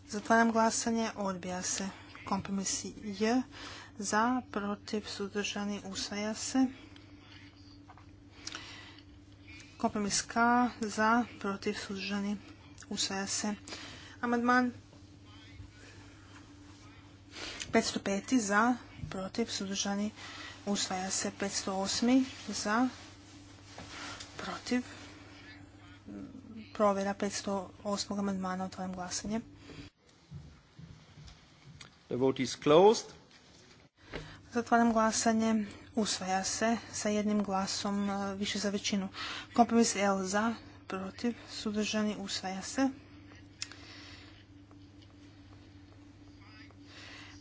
S2: Zatvaram glasanje, odbija se. Kompromis J za, protiv, suzdržani, usvaja se. Kompromis K za, protiv, suzdržani, usvaja se. Amandman 505. za, protiv, suzdržani, usvaja se. 508. za, protiv, provjera 508. amandmana, otvaram glasanje.
S1: The vote is closed.
S2: Zatvaram glasanje. Usvaja se sa jednim glasom e, više za većinu. Kompromis L za, protiv, suzdržani, usvaja se.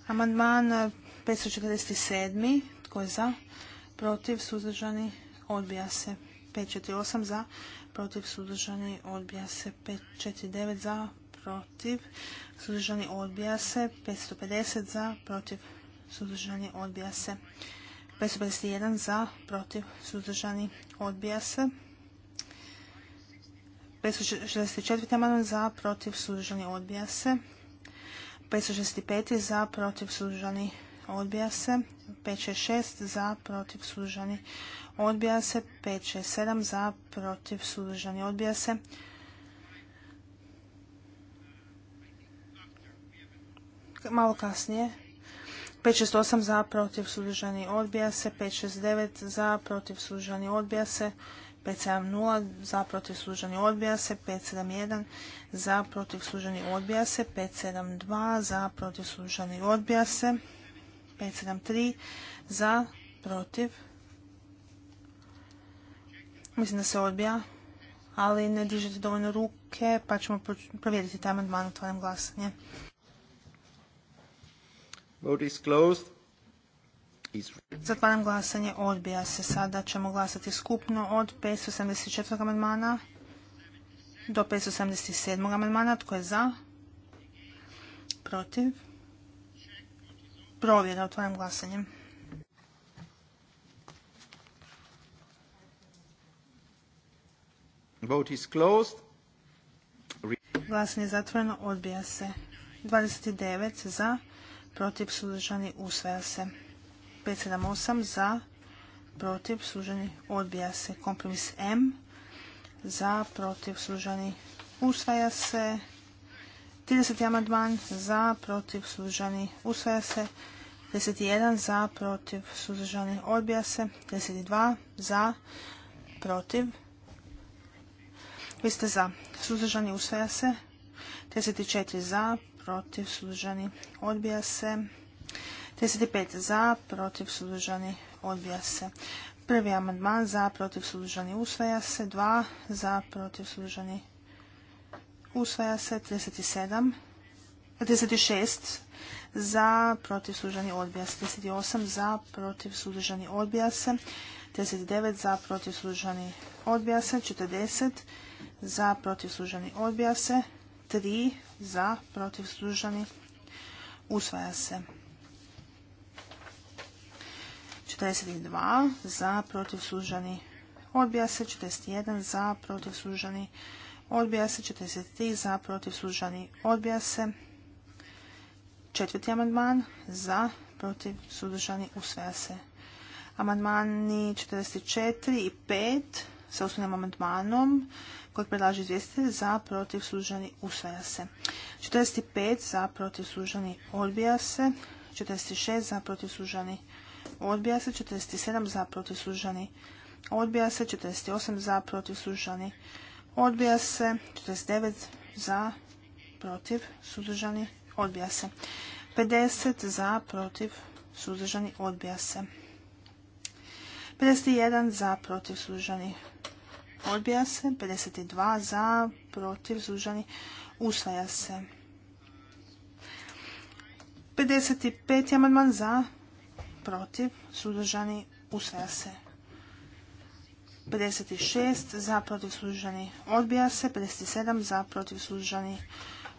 S2: Amandman 547. Eh, Tko je za? Protiv suzdržani odbija se. 548 za. Protiv suzdržani odbija se. 549 za. Protiv suzdržani odbija se. 550 za. Protiv suzdržani odbija se. 551 za. Protiv suzdržani odbija se. 564. amandman za. Protiv suzdržani odbija se. 565 za protiv suzdržani odbija se. 566 za protiv suzdržani odbija se. 567 za protiv suzdržani odbija se. Malo kasnije. 568 za protiv suzdržani odbija se. 569 za protiv suzdržani odbija se. 570 za protiv služeni odbija se, 571 za protiv služeni odbija se, 572 za protiv služeni odbija se, 573 za protiv. Mislim da se odbija, ali ne dižete dovoljno ruke pa ćemo provjeriti taj amandman otvaram glasanje.
S1: Vote is closed.
S2: Zatvaram glasanje. Odbija se. Sada ćemo glasati skupno od 574. amandmana do 577. amandmana. Tko je za? Protiv? Provjera. Otvaram glasanje. Vote Glasanje je zatvoreno. Odbija se. 29 za, protiv, sudržani usvaja se. 578 za, protiv, suženi, odbija se. Kompromis M za, protiv, suženi, usvaja se. 30. amandman za, protiv, suženi, usvaja se. 31 za, protiv, suzdržani, odbija se. 32 za, protiv, vi ste za, suzdržani, usvaja se. 34 za, protiv, suzdržani, odbija se. 35 za, protiv sudržani odbija se. Prvi amandman za, protiv sudržani usvaja se. 2 za, protiv sudržani usvaja se. 37, 36 za, protiv sudržani odbija se. 38 za, protiv sudržani odbija se. 39 za, protiv sudržani odbija se. 40 za, protiv sudržani odbija se. 3 za, protiv sudržani usvaja se. 42 za protiv suzdržani odbija se, 41 za protiv suzdržani odbija se, 43 za protiv suzdržani odbija se, četvrti amandman za protiv suzdržani usvaja se. Amandmani 44 i 5 sa osnovnim amandmanom koji predlaže izvjestitelj za protiv suzdržani usvaja se. 45 za protiv suzdržani odbija se. 46 za protiv suzdržani odbija se 47 za protiv suzdržani, odbija se 48 za protiv suzdržani, odbija se 49 za protiv suzdržani, odbija se 50 za protiv suzdržani, odbija se 51 za protiv suzdržani, odbija se 52 za protiv suzdržani, usvaja se 55. amandman za protiv, suzdržani, usvaja se. 56 za protiv sudržani odbija se, 57 za protiv sudržani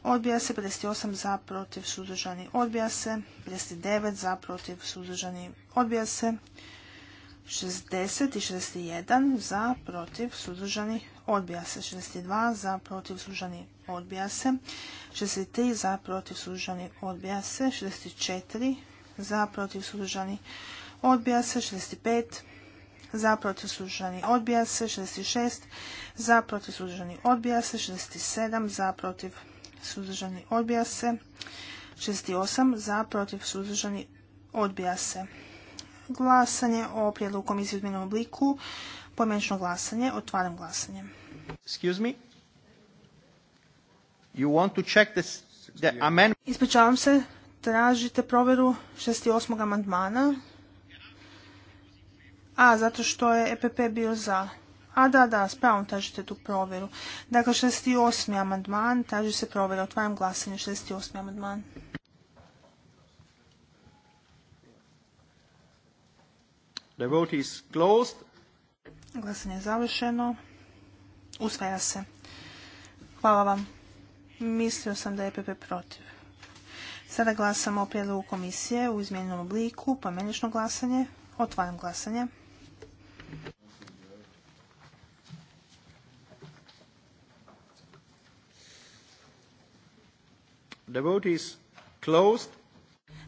S2: odbija se, 58 za protiv suzdržani odbija se, 59 za protiv sudržani odbija se, 60 i 61 za protiv suzdržani odbija se, 62 za protiv sudržani odbija se, 63 za protiv sudržani odbija se, 64 za protiv suzdržani odbija se 65 za protiv suzdržani odbija se 66 za protiv suzdržani odbija se 67 za protiv suzdržani odbija se 68 za protiv suzdržani odbija se glasanje o prijedlogu komisije u izmjenom obliku Pomenično glasanje otvaram glasanje Excuse me You want to check this, the Ispričavam se, tražite provjeru 68. amandmana. A, zato što je EPP bio za. A, da, da, s pravom tražite tu provjeru. Dakle, 68. amandman, traži se provjera. Otvaram glasanje, 68. amandman. The vote Glasanje je završeno. Usvaja se. Hvala vam. Mislio sam da je EPP protiv. Sada glasamo o prijedlogu komisije u izmijenjenom obliku, pomenično glasanje. Otvaram glasanje.
S1: The closed.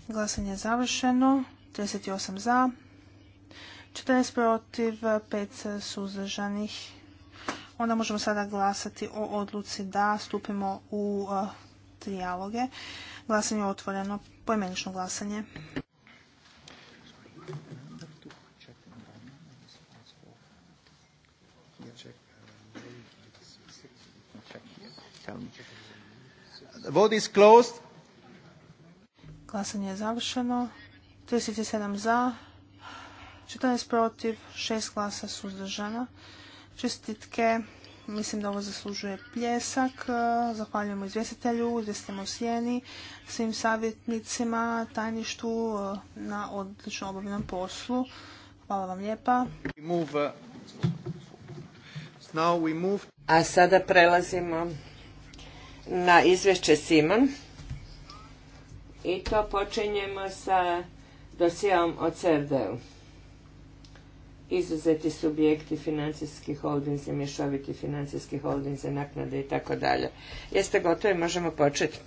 S2: Glasanje je završeno. 38 za, 14 protiv, 5 suzdržanih. Onda možemo sada glasati o odluci da stupimo u eh, trijaloge. Glasanje je otvoreno. Pojmenično glasanje. Glasanje je završeno. 37 za, 14 protiv, 6 glasa suzdržana. Čestitke. Mislim da ovo zaslužuje pljesak. Zahvaljujemo izvjestitelju, izvjestimo sjeni, svim savjetnicima, tajništu e, na odlično obavljenom poslu. Hvala vam lijepa.
S3: Uh, A sada prelazimo na izvješće Simon. I to počinjemo sa dosijom o CRD-u izuzeti subjekti financijski holdinzi, mješoviti financijski holdinzi, naknade i tako dalje. Jeste gotovi, možemo početi.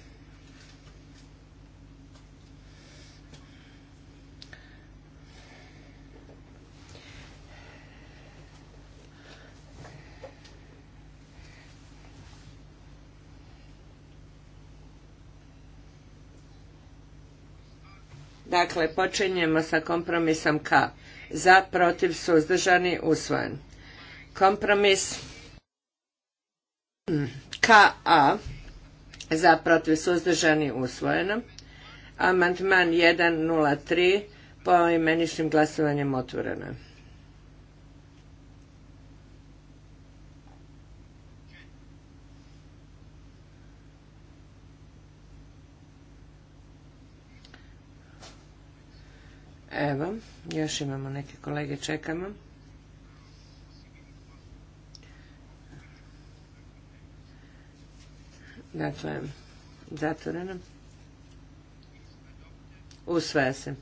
S3: Dakle, počinjemo sa kompromisom K za, protiv, suzdržani, usvojen. Kompromis KA za, protiv, suzdržani, usvojeno. Amandman 103 po imeničnim glasovanjem otvoreno. Evo. Još imamo neke kolege, čekamo. Dakle, zatvoreno. Usvaja se.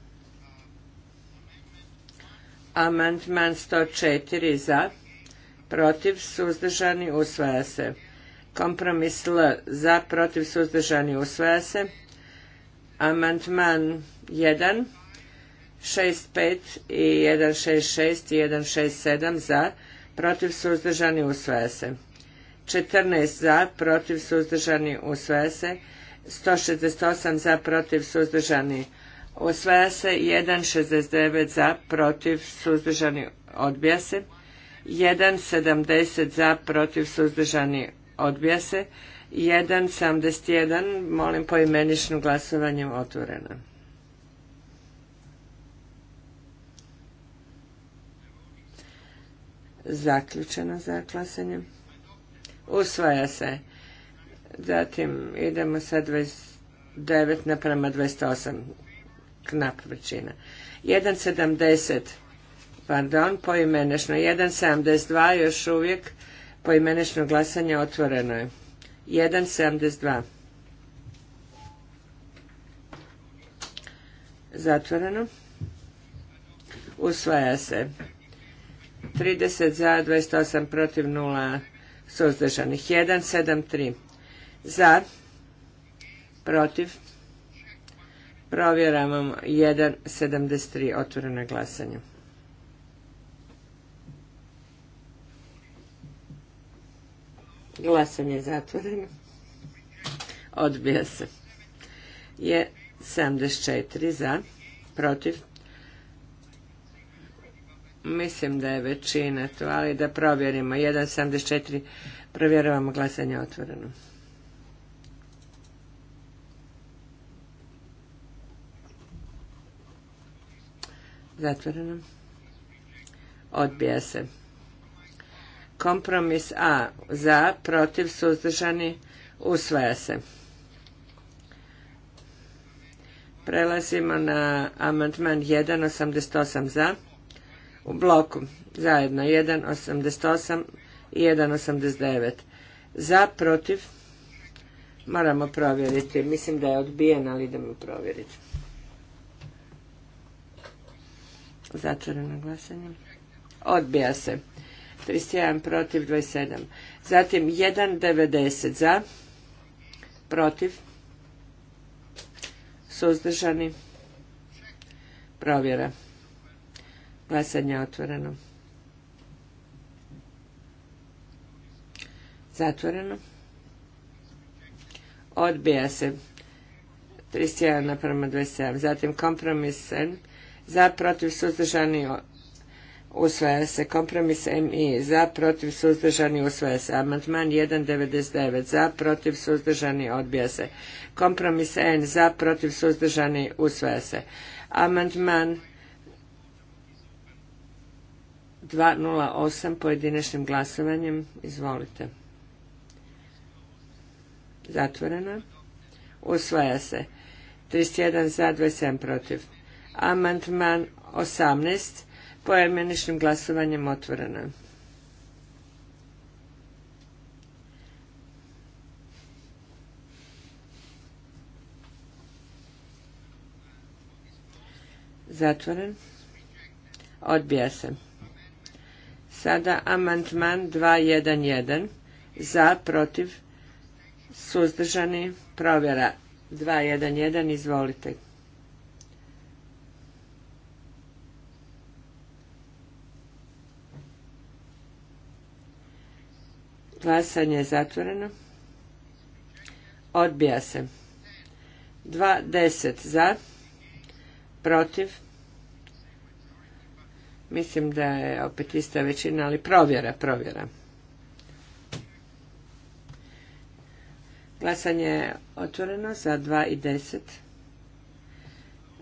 S3: Amandman 104 za, protiv, suzdržani, usvaja se. Kompromis L za, protiv, suzdržani, usvaja se. Amandman 1 65 i 166 i 167 za, protiv suzdržani usvaja se. 14 za, protiv suzdržani usvaja se. 168 za, protiv suzdržani usvaja se. 169 za, protiv suzdržani odbija se. 170 za, protiv suzdržani odbija se. 171, molim imeničnom glasovanjem otvoreno. Zaključeno za glasanje. Usvaja se. Zatim idemo sa 29 naprema 28. Knap većina. 1.70. Pardon, poimenešno. 1.72 još uvijek poimenično glasanje otvoreno je. 1.72. Zatvoreno. Usvaja se. 30 za, 28 protiv, 0 suzdržanih. 1, 7, 3 za, protiv, provjeravam 1, 73, otvoreno glasanje. Glasanje je zatvoreno. Odbija se. Je 74 za, protiv, Mislim da je većina to, ali da provjerimo. 1.74 provjeravamo glasanje otvoreno. Zatvoreno. Odbija se. Kompromis A. Za, protiv, suzdržani, usvaja se. Prelazimo na amandman 1.88 za u bloku zajedno 1.88 i 1.89 za protiv moramo provjeriti mislim da je odbijen ali idemo provjeriti zatvoreno glasanje odbija se 31 protiv 27 zatim 1.90 za protiv suzdržani provjera Glasanje je otvoreno. Zatvoreno. Odbija se. 31 naprema 27. Zatim kompromis N. Za protiv suzdržani usvaja se. Kompromis MI. Za protiv suzdržani usvaja se. Amantman 1.99. Za protiv suzdržani odbija se. Kompromis N. Za protiv suzdržani usvaja se. Amantman 208 pojedinačnim glasovanjem. Izvolite. Zatvoreno. Usvaja se. 31 za, 27 protiv. Amantman 18 pojedinačnim glasovanjem otvoreno. Zatvoren. Odbija se. Sada amantman 211 za, protiv, suzdržani, provjera 211, izvolite. Glasanje je zatvoreno. Odbija se. 2.10 za, protiv, Mislim da je opet ista većina, ali provjera, provjera. Glasanje je otvoreno za 2 i 10.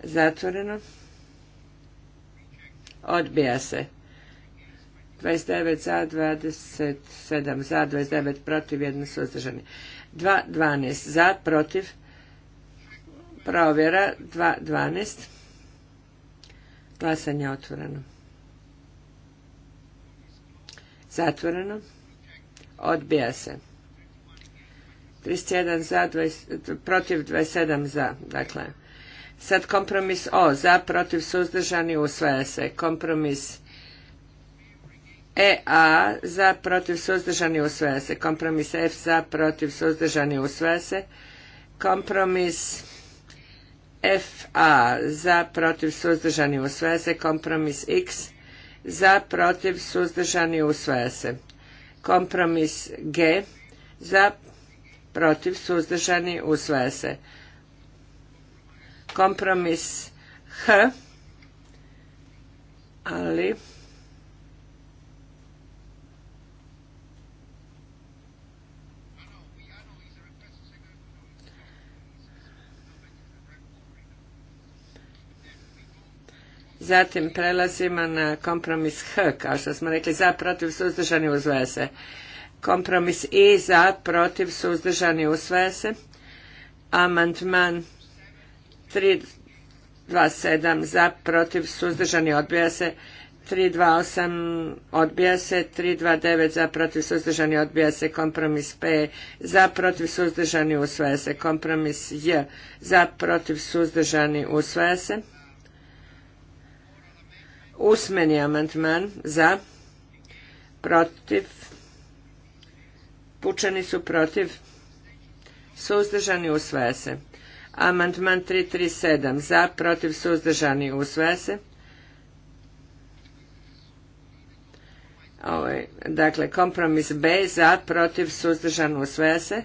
S3: Zatvoreno. Odbija se. 29 za, 27 za, 29 protiv, 1 ozdržani. 2, 12 za, protiv, provjera, 2, 12. Glasanje je otvoreno. Zatvoreno. Odbija se. 31 za, 20, protiv 27 za. Dakle, sad kompromis O. Za, protiv, suzdržani, usvaja se. Kompromis EA. Za, protiv, suzdržani, usvaja se. Kompromis F. Za, protiv, suzdržani, usvaja se. Kompromis FA. Za, protiv, suzdržani, usvaja se. Kompromis X za, protiv, suzdržani, usvaja se. Kompromis G za, protiv, suzdržani, usvaja se. Kompromis H, ali Zatim prelazimo na kompromis H, kao što smo rekli, za, protiv, suzdržani, usvaja se. Kompromis I, za, protiv, suzdržani, usvaja se. Amandman 327, za, protiv, suzdržani, odbija se. 328 odbija se, 329 za protiv suzdržani odbija se, kompromis P za protiv suzdržani usvaja se, kompromis J za protiv suzdržani usvaja se. Usmeni amandman za, protiv, pučani su protiv, suzdržani usvaja se. Amandman 337 za, protiv, suzdržani usvaja se. Ovaj, dakle, kompromis B za, protiv, suzdržan usvaja se.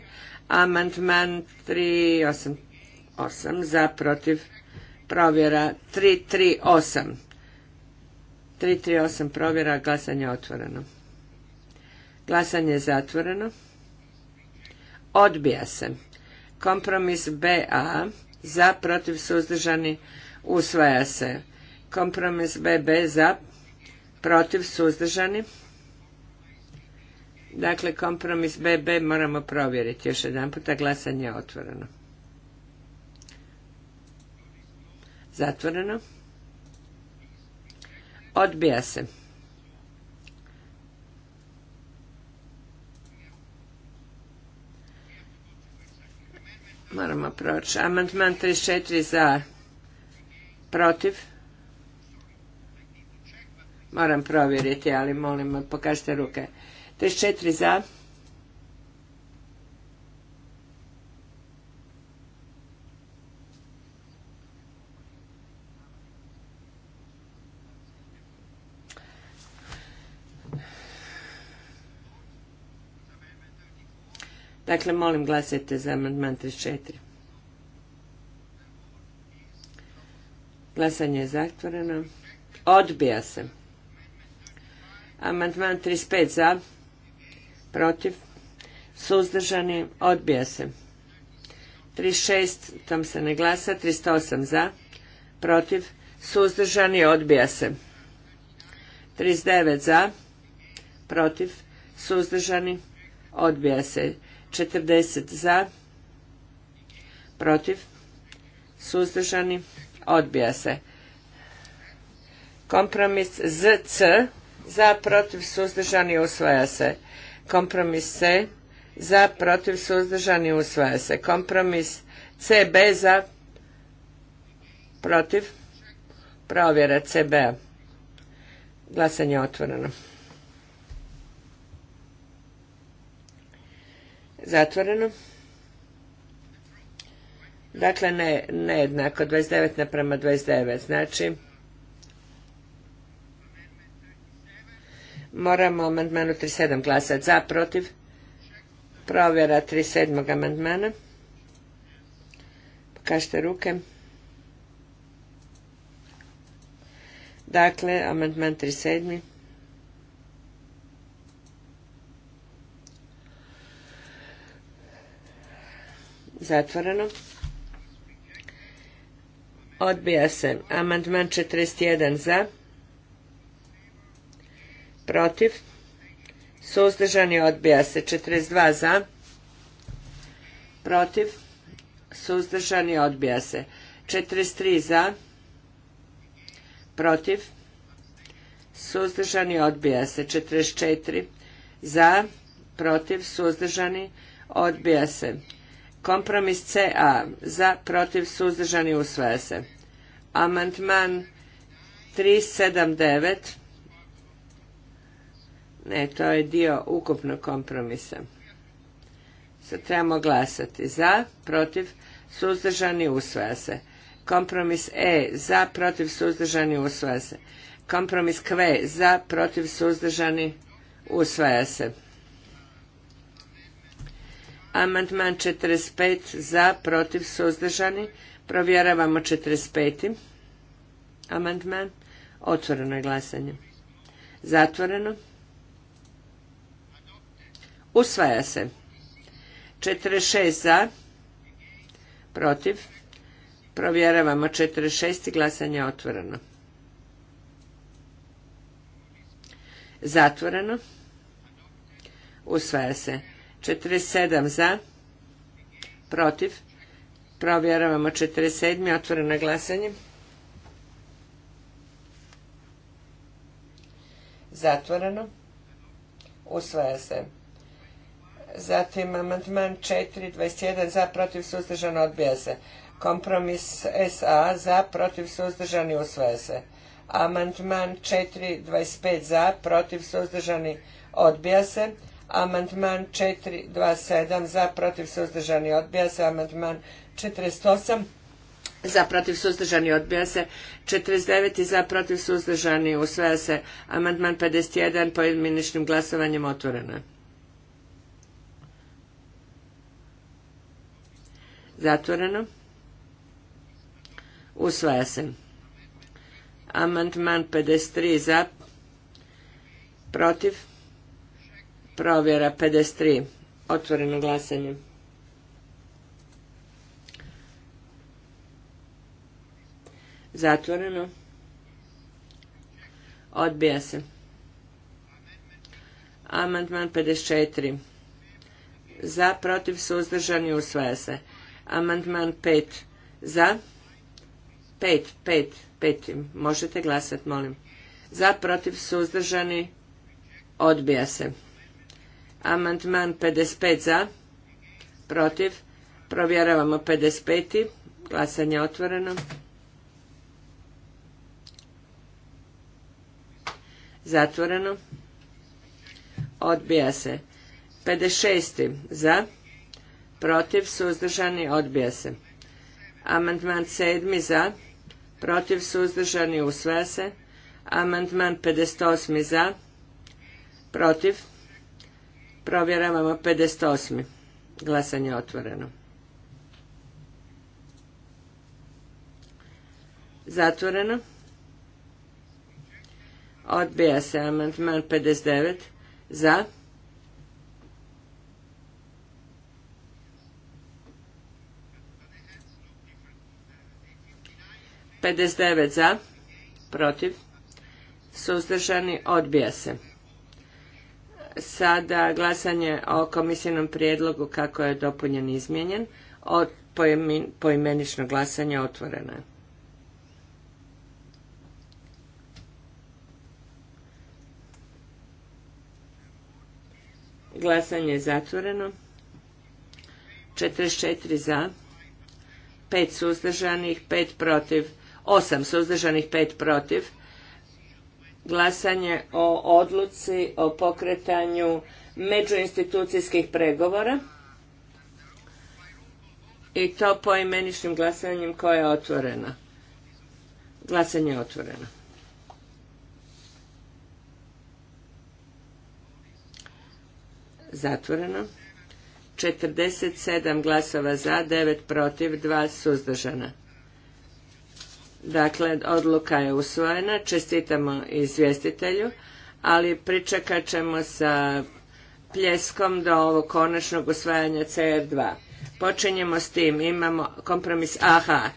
S3: Amandman 388 za, protiv, provjera 338. 338 provjera, glasanje otvoreno. Glasanje je zatvoreno. Odbija se. Kompromis BA za protiv suzdržani usvaja se. Kompromis BB za protiv suzdržani. Dakle, kompromis BB moramo provjeriti još jedan puta. Glasanje je otvoreno. Zatvoreno. Odbija se. Moramo proći. Amantman 34 za. Protiv. Moram provjeriti, ali molim, pokažite ruke. 34 za. Dakle, molim glasajte za amandman 34. Glasanje je zatvoreno. Odbija se. Amandman 35 za, protiv, suzdržani, odbija se. 36, tam se ne glasa, 308 za, protiv, suzdržani, odbija se. 39 za, protiv, suzdržani, odbija se. 40 za, protiv, suzdržani, odbija se. Kompromis ZC za, protiv, suzdržani, usvaja se. Kompromis C za, protiv, suzdržani, usvaja se. Kompromis CB za, protiv, provjera cb Glasanje je otvoreno. Zatvoreno. Dakle, ne, ne jednako, 29 naprema 29, znači moramo o amandmanu 37 glasati za, protiv, provjera 37. amandmana, pokažite ruke. Dakle, amandman 37. Zatvoreno. Odbija se. Amandman 41 za. Protiv. Suzdržani odbija se. 42 za. Protiv. Suzdržani odbija se. 43 za. Protiv. Suzdržani odbija se. 44 za. Protiv. Suzdržani odbija se. Kompromis CA za protiv suzdržani usvaja se. Amandman 379 ne, to je dio ukupnog kompromisa. Sad trebamo glasati za, protiv, suzdržani, usvaja se. Kompromis E, za, protiv, suzdržani, usvaja se. Kompromis Q, za, protiv, suzdržani, usvaja se. Amandman 45 za, protiv, suzdržani. Provjeravamo 45. Amandman. Otvoreno je glasanje. Zatvoreno. Usvaja se. 46 za, protiv. Provjeravamo 46 glasanje je otvoreno. Zatvoreno. Usvaja se. 47 za, protiv, provjeravamo 47. otvoreno glasanje. Zatvoreno. Usvaja se. Zatim amantman 4, 21 za, protiv, suzdržano, odbija se. Kompromis SA za, protiv, suzdržani, usvaja se. Amantman 4, 25 za, protiv, suzdržani, odbija se amandman 427 za protiv suzdržani odbija se, amandman 48 za protiv suzdržani odbija se, 49 za protiv suzdržani usvaja se, amandman 51 pojedinačnim glasovanjem otvoreno. Zatvoreno. Usvaja se. Amandman 53 za, protiv, Provjera 53. Otvoreno glasanje. Zatvoreno. Odbija se. Amandman 54. Za, protiv, suzdržani, usvaja se. Amandman 5. Za. 5, 5, 5. Možete glasati, molim. Za, protiv, suzdržani, odbija se. Amandman 55 za, protiv, provjeravamo 55. Glasanje otvoreno. Zatvoreno. Odbija se. 56. za, protiv, suzdržani, odbija se. Amandman 7. za, protiv, suzdržani, usvaja se. Amandman 58. za, protiv, Provjeravamo 58. Glasanje otvoreno. Zatvoreno. Odbija se amandman 59. Za. Pedeset devet za, protiv, suzdržani, odbija se sada glasanje o komisijenom prijedlogu kako je dopunjen i izmijenjen. poimenično glasanje otvoreno Glasanje je zatvoreno. 44 za, 5 suzdržanih, 5 protiv, 8 suzdržanih, 5 protiv glasanje o odluci o pokretanju međuinstitucijskih pregovora i to poimeničnim glasanjem koje je otvoreno. Glasanje je otvoreno. Zatvoreno. 47 glasova za, 9 protiv, 2 suzdržana. Dakle, odluka je usvojena, čestitamo izvjestitelju, ali pričekat ćemo sa pljeskom do ovog konačnog usvajanja CR2. Počinjemo s tim, imamo kompromis Aha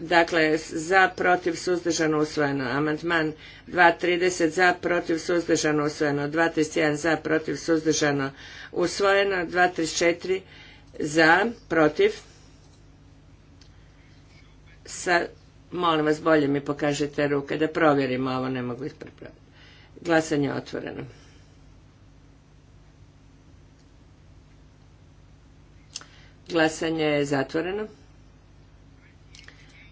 S3: dakle za protiv suzdržano usvojeno, amandman 2.30 za protiv suzdržano usvojeno, 2.31 za protiv suzdržano usvojeno, 2.34 za protiv sa Molim vas, bolje mi pokažete ruke da provjerimo, ovo ne mogu isprepraviti. Glasanje je otvoreno. Glasanje je zatvoreno.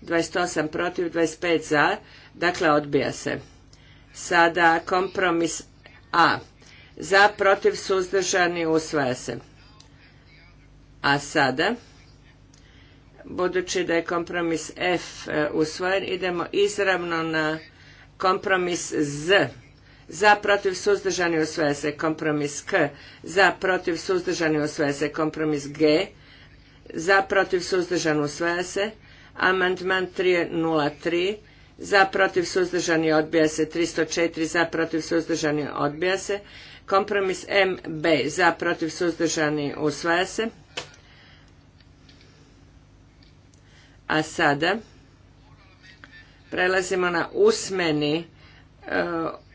S3: 28 protiv, 25 za, dakle odbija se. Sada kompromis A. Za, protiv, suzdržani, usvaja se. A sada budući da je kompromis F e, usvojen, idemo izravno na kompromis Z. Za, protiv, suzdržani, usvaja se kompromis K. Za, protiv, suzdržani, usvaja se kompromis G. Za, protiv, suzdržani usvaja se. Amandman 303. Za, protiv, suzdržani, odbija se. 304. Za, protiv, suzdržani, odbija se. Kompromis MB. Za, protiv, suzdržani, usvaja se. A sada prelazimo na usmeni e,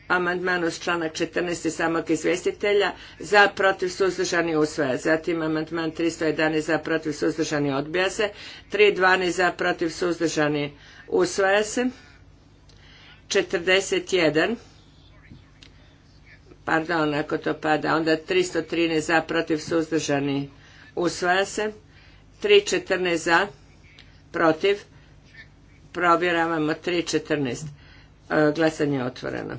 S3: amandman uz članak 14. samog izvjestitelja za protiv suzdržani usvaja. Zatim amandman 311 za protiv suzdržani odbija se. 312 za protiv suzdržani usvaja se. 41 pardon ako to pada, onda 313 za protiv suzdržani usvaja se. 314 za protiv, provjeravamo 3.14. E, glasanje je otvoreno.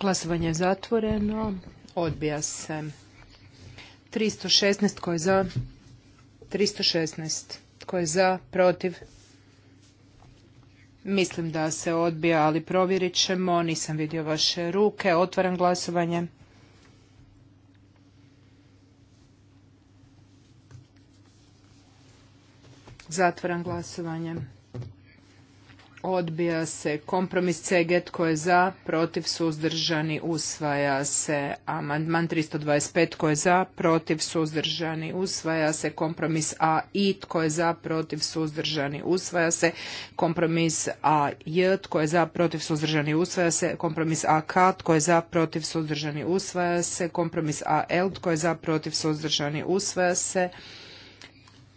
S4: Glasovanje je zatvoreno. Odbija se. 316 tko je za? 316 tko je za? Protiv? Mislim da se odbija, ali provjerit ćemo. Nisam vidio vaše ruke. Otvaram glasovanje. Zatvaram glasovanje. Odbija se kompromis CG tko je za, protiv suzdržani, usvaja se amandman 325 tko je za, protiv suzdržani, usvaja se kompromis A i tko je za, protiv suzdržani, usvaja se kompromis A j tko je za, protiv suzdržani, usvaja se kompromis A k tko je za, protiv suzdržani, usvaja se kompromis A l tko je za, protiv suzdržani, usvaja se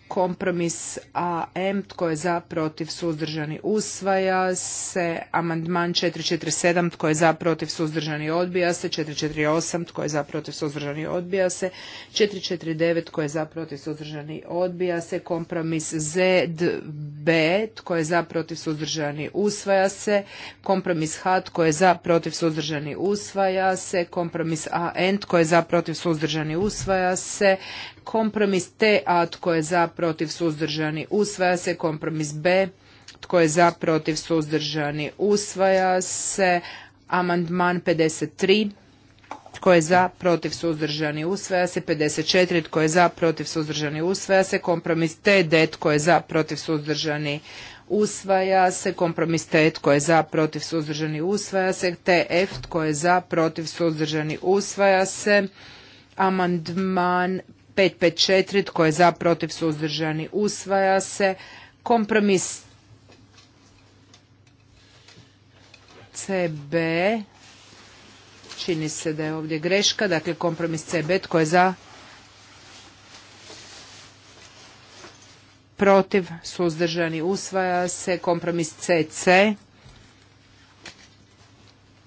S4: kompromis AM, tko je za, protiv, suzdržani, usvaja se. Amandman 447, tko je za, protiv, suzdržani, odbija se. 448, tko je za, protiv, suzdržani, odbija se. 449, tko je za, protiv, suzdržani, odbija se. Kompromis ZB, tko je za, protiv, suzdržani, usvaja se. Kompromis H, tko je za, protiv, suzdržani, usvaja se. Kompromis AN, tko je za, protiv, suzdržani, usvaja se. Kompromis TA, tko je za, protiv suzdržani usvaja se. Kompromis B tko je za protiv suzdržani usvaja se. Amandman 53 tko je za, protiv, suzdržani, usvaja se. 54. Tko je za, protiv, suzdržani, usvaja se. Kompromis TD. Tko je za, protiv, suzdržani, usvaja se. Kompromis T. Tko je za, protiv, suzdržani, usvaja se. TF. Tko je za, protiv, suzdržani, usvaja se. Amandman 554 tko je za protiv suzdržani usvaja se kompromis CB čini se da je ovdje greška dakle kompromis CB tko je za protiv suzdržani usvaja se kompromis CC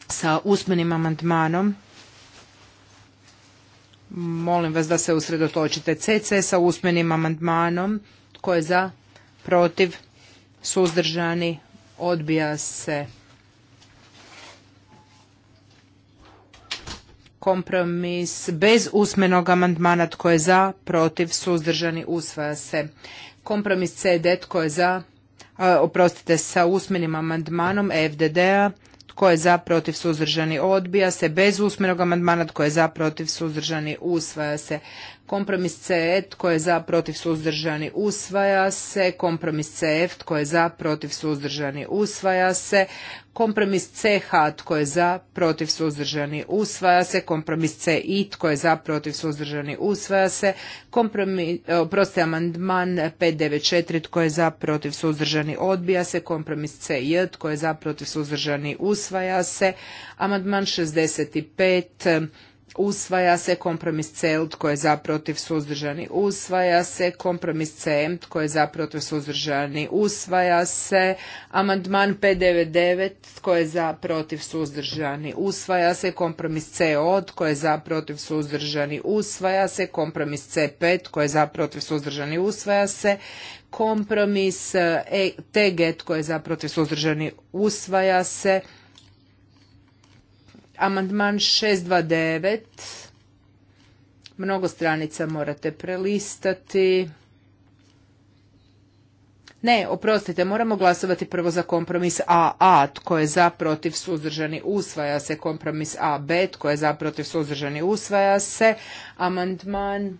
S4: sa usmenim amandmanom Molim vas da se usredotočite. CC sa usmenim amandmanom. Tko je za? Protiv? Suzdržani? Odbija se. Kompromis bez usmenog amandmana. Tko je za? Protiv? Suzdržani? Usvaja se. Kompromis CD. Tko je za? oprostite, sa usmenim amandmanom FDD-a tko je za protiv suzdržani odbija se bez usmenog amandmana tko je za protiv suzdržani usvaja se Kompromis C tko je za protiv suzdržani usvaja se. Kompromis CF tko je za protiv suzdržani usvaja se. Kompromis CH tko je za protiv suzdržani usvaja se. Kompromis CI tko je za protiv suzdržani usvaja se. Kompromis, prosti amandman 594 tko je za protiv suzdržani odbija se. Kompromis CJ tko je za protiv suzdržani usvaja se. Amandman 65 Usvaja se kompromis C, tko je za protiv suzdržani. Usvaja se kompromis C, tko je za protiv suzdržani. Usvaja se amandman 599, tko je za protiv suzdržani. Usvaja se kompromis C, tko je za protiv suzdržani. Usvaja se kompromis C5, tko je za protiv suzdržani. Usvaja se kompromis e, TG, tko je za protiv suzdržani. Usvaja se Amandman 629. Mnogo stranica morate prelistati. Ne, oprostite, moramo glasovati prvo za kompromis AA, tko je za protiv suzdržani usvaja se, kompromis AB, tko je za protiv suzdržani usvaja se, amandman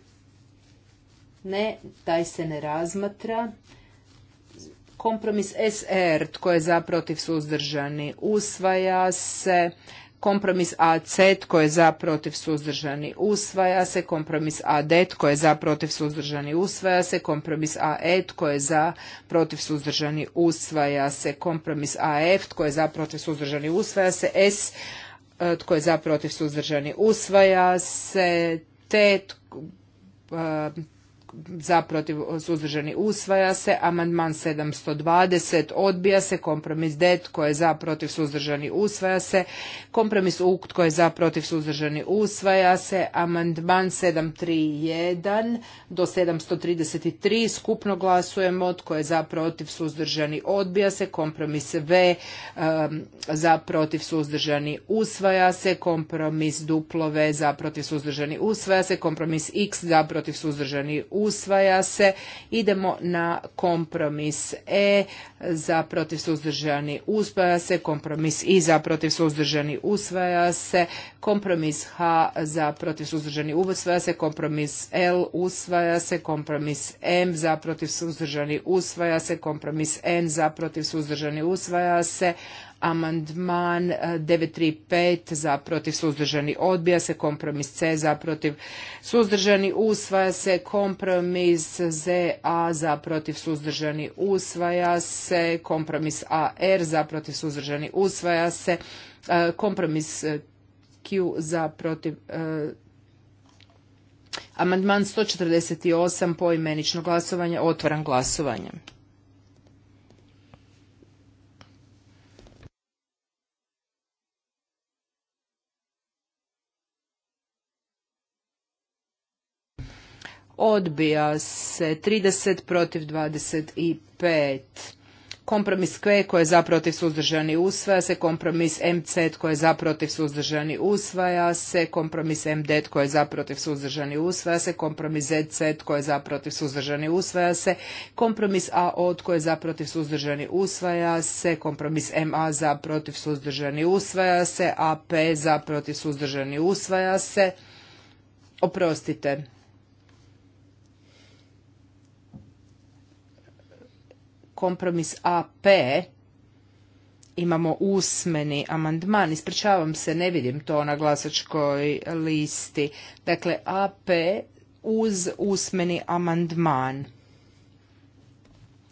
S4: ne, taj se ne razmatra, kompromis SR, tko je za protiv suzdržani usvaja se, kompromis AC tko je za protiv suzdržani usvaja se, kompromis AD tko je za protiv suzdržani usvaja se, kompromis AE tko je za protiv suzdržani usvaja se, kompromis AF tko je za protiv suzdržani usvaja se, S e, tko je za protiv suzdržani usvaja se, T e, za protiv suzdržani usvaja se, amandman 720 odbija se, kompromis D tko je za protiv suzdržani usvaja se, kompromis U tko je za protiv suzdržani usvaja se, amandman 731 do 733 skupno glasujemo tko je za protiv suzdržani odbija se, kompromis V za protiv suzdržani usvaja se, kompromis duplove za protiv suzdržani usvaja se, kompromis X za protiv suzdržani usvaja usvaja se. Idemo na kompromis E za protiv suzdržani usvaja se, kompromis I za protiv suzdržani usvaja se, kompromis H za protiv suzdržani usvaja se, kompromis L usvaja se, kompromis M za protiv suzdržani usvaja se, kompromis N za protiv suzdržani usvaja se, amandman 935 eh, za protiv suzdržani odbija se kompromis C za protiv suzdržani usvaja se kompromis ZA za protiv suzdržani usvaja se kompromis AR za protiv suzdržani usvaja se eh, kompromis eh, Q za protiv Amandman 148 poimenično glasovanje, otvoran glasovanje. odbija se 30 protiv 25. Kompromis Q koji je za protiv suzdržani usvaja se, kompromis MC koji je za protiv suzdržani usvaja se, kompromis MD koji je za protiv suzdržani usvaja se, kompromis ZC koji je za suzdržani usvaja se, kompromis AO koji je za protiv suzdržani usvaja se, kompromis MA za protiv suzdržani usvaja se, AP za protiv suzdržani usvaja se. Oprostite, kompromis AP imamo usmeni amandman. Ispričavam se, ne vidim to na glasačkoj listi. Dakle, AP uz usmeni amandman.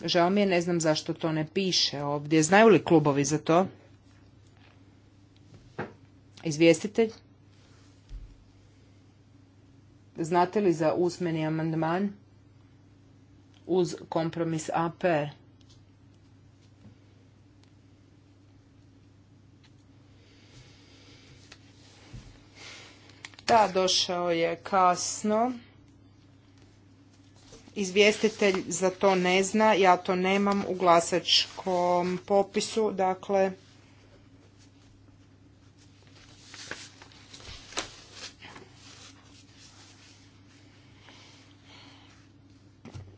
S4: Žao mi je, ne znam zašto to ne piše ovdje. Znaju li klubovi za to? Izvjestitelj? Znate li za usmeni amandman? Uz kompromis AP. Da, došao je kasno. Izvjestitelj za to ne zna, ja to nemam u glasačkom popisu, dakle...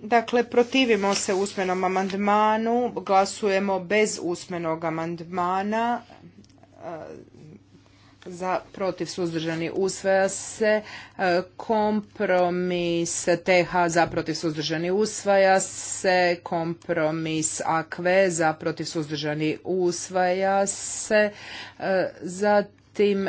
S4: Dakle, protivimo se usmenom amandmanu, glasujemo bez usmenog amandmana. E, za protiv suzdržani usvaja se kompromis TH za protiv suzdržani usvaja se kompromis AQ za protiv suzdržani usvaja se za zatim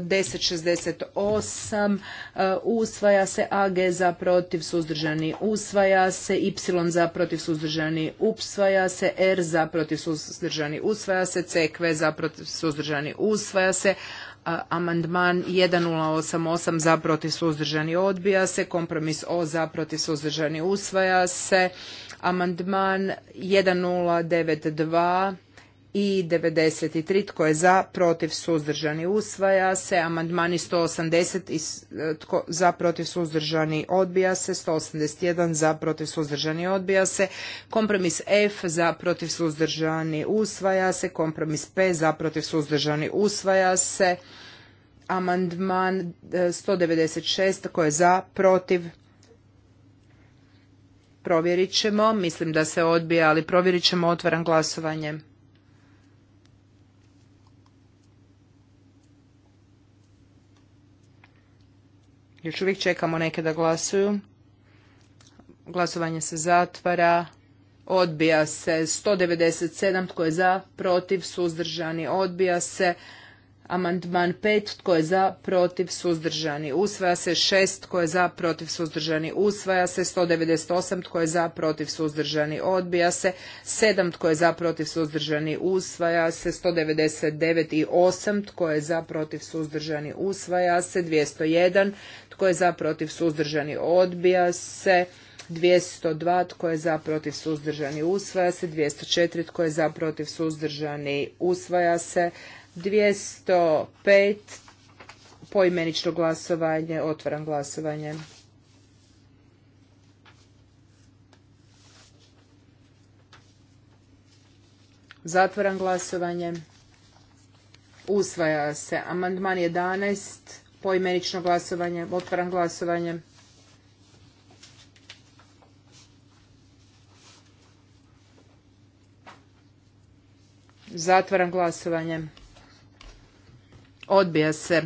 S4: 1068 e, usvaja se, AG za protiv suzdržani usvaja se, Y za protiv suzdržani usvaja se, R za protiv suzdržani usvaja se, CQ za protiv suzdržani usvaja se, amandman 1088 za protiv suzdržani odbija se, kompromis O za protiv suzdržani usvaja se, amandman 1092 i 93. Tko je za, protiv, suzdržani, usvaja se. Amandmani 180 i e, tko za, protiv, suzdržani, odbija se. 181 za, protiv, suzdržani, odbija se. Kompromis F za, protiv, suzdržani, usvaja se. Kompromis P za, protiv, suzdržani, usvaja se. Amandman 196. E, tko je za, protiv, Provjerit ćemo, mislim da se odbija, ali provjerit ćemo, otvaram glasovanje. Još uvijek čekamo neke da glasuju. Glasovanje se zatvara. Odbija se 197. Tko je za? Protiv? Suzdržani? Odbija se. Amandman 5. Tko je za? Protiv? Suzdržani? Usvaja se 6. Tko je za? Protiv? Suzdržani? Usvaja se 198. Tko je za? Protiv? Suzdržani? Odbija se 7. Tko je za? Protiv? Suzdržani? Usvaja se 199. i 8. Tko je za? Protiv? Suzdržani? Usvaja se 201. Tko je za protiv suzdržani odbija se. 202 tko je za protiv suzdržani usvaja se. 204 tko je za protiv suzdržani usvaja se. 205 poimenično glasovanje. Otvaram glasovanje. Zatvaram glasovanje. Usvaja se. Amandman 11 poimenično glasovanje. Otvaram glasovanje. Zatvaram glasovanje. Odbija se.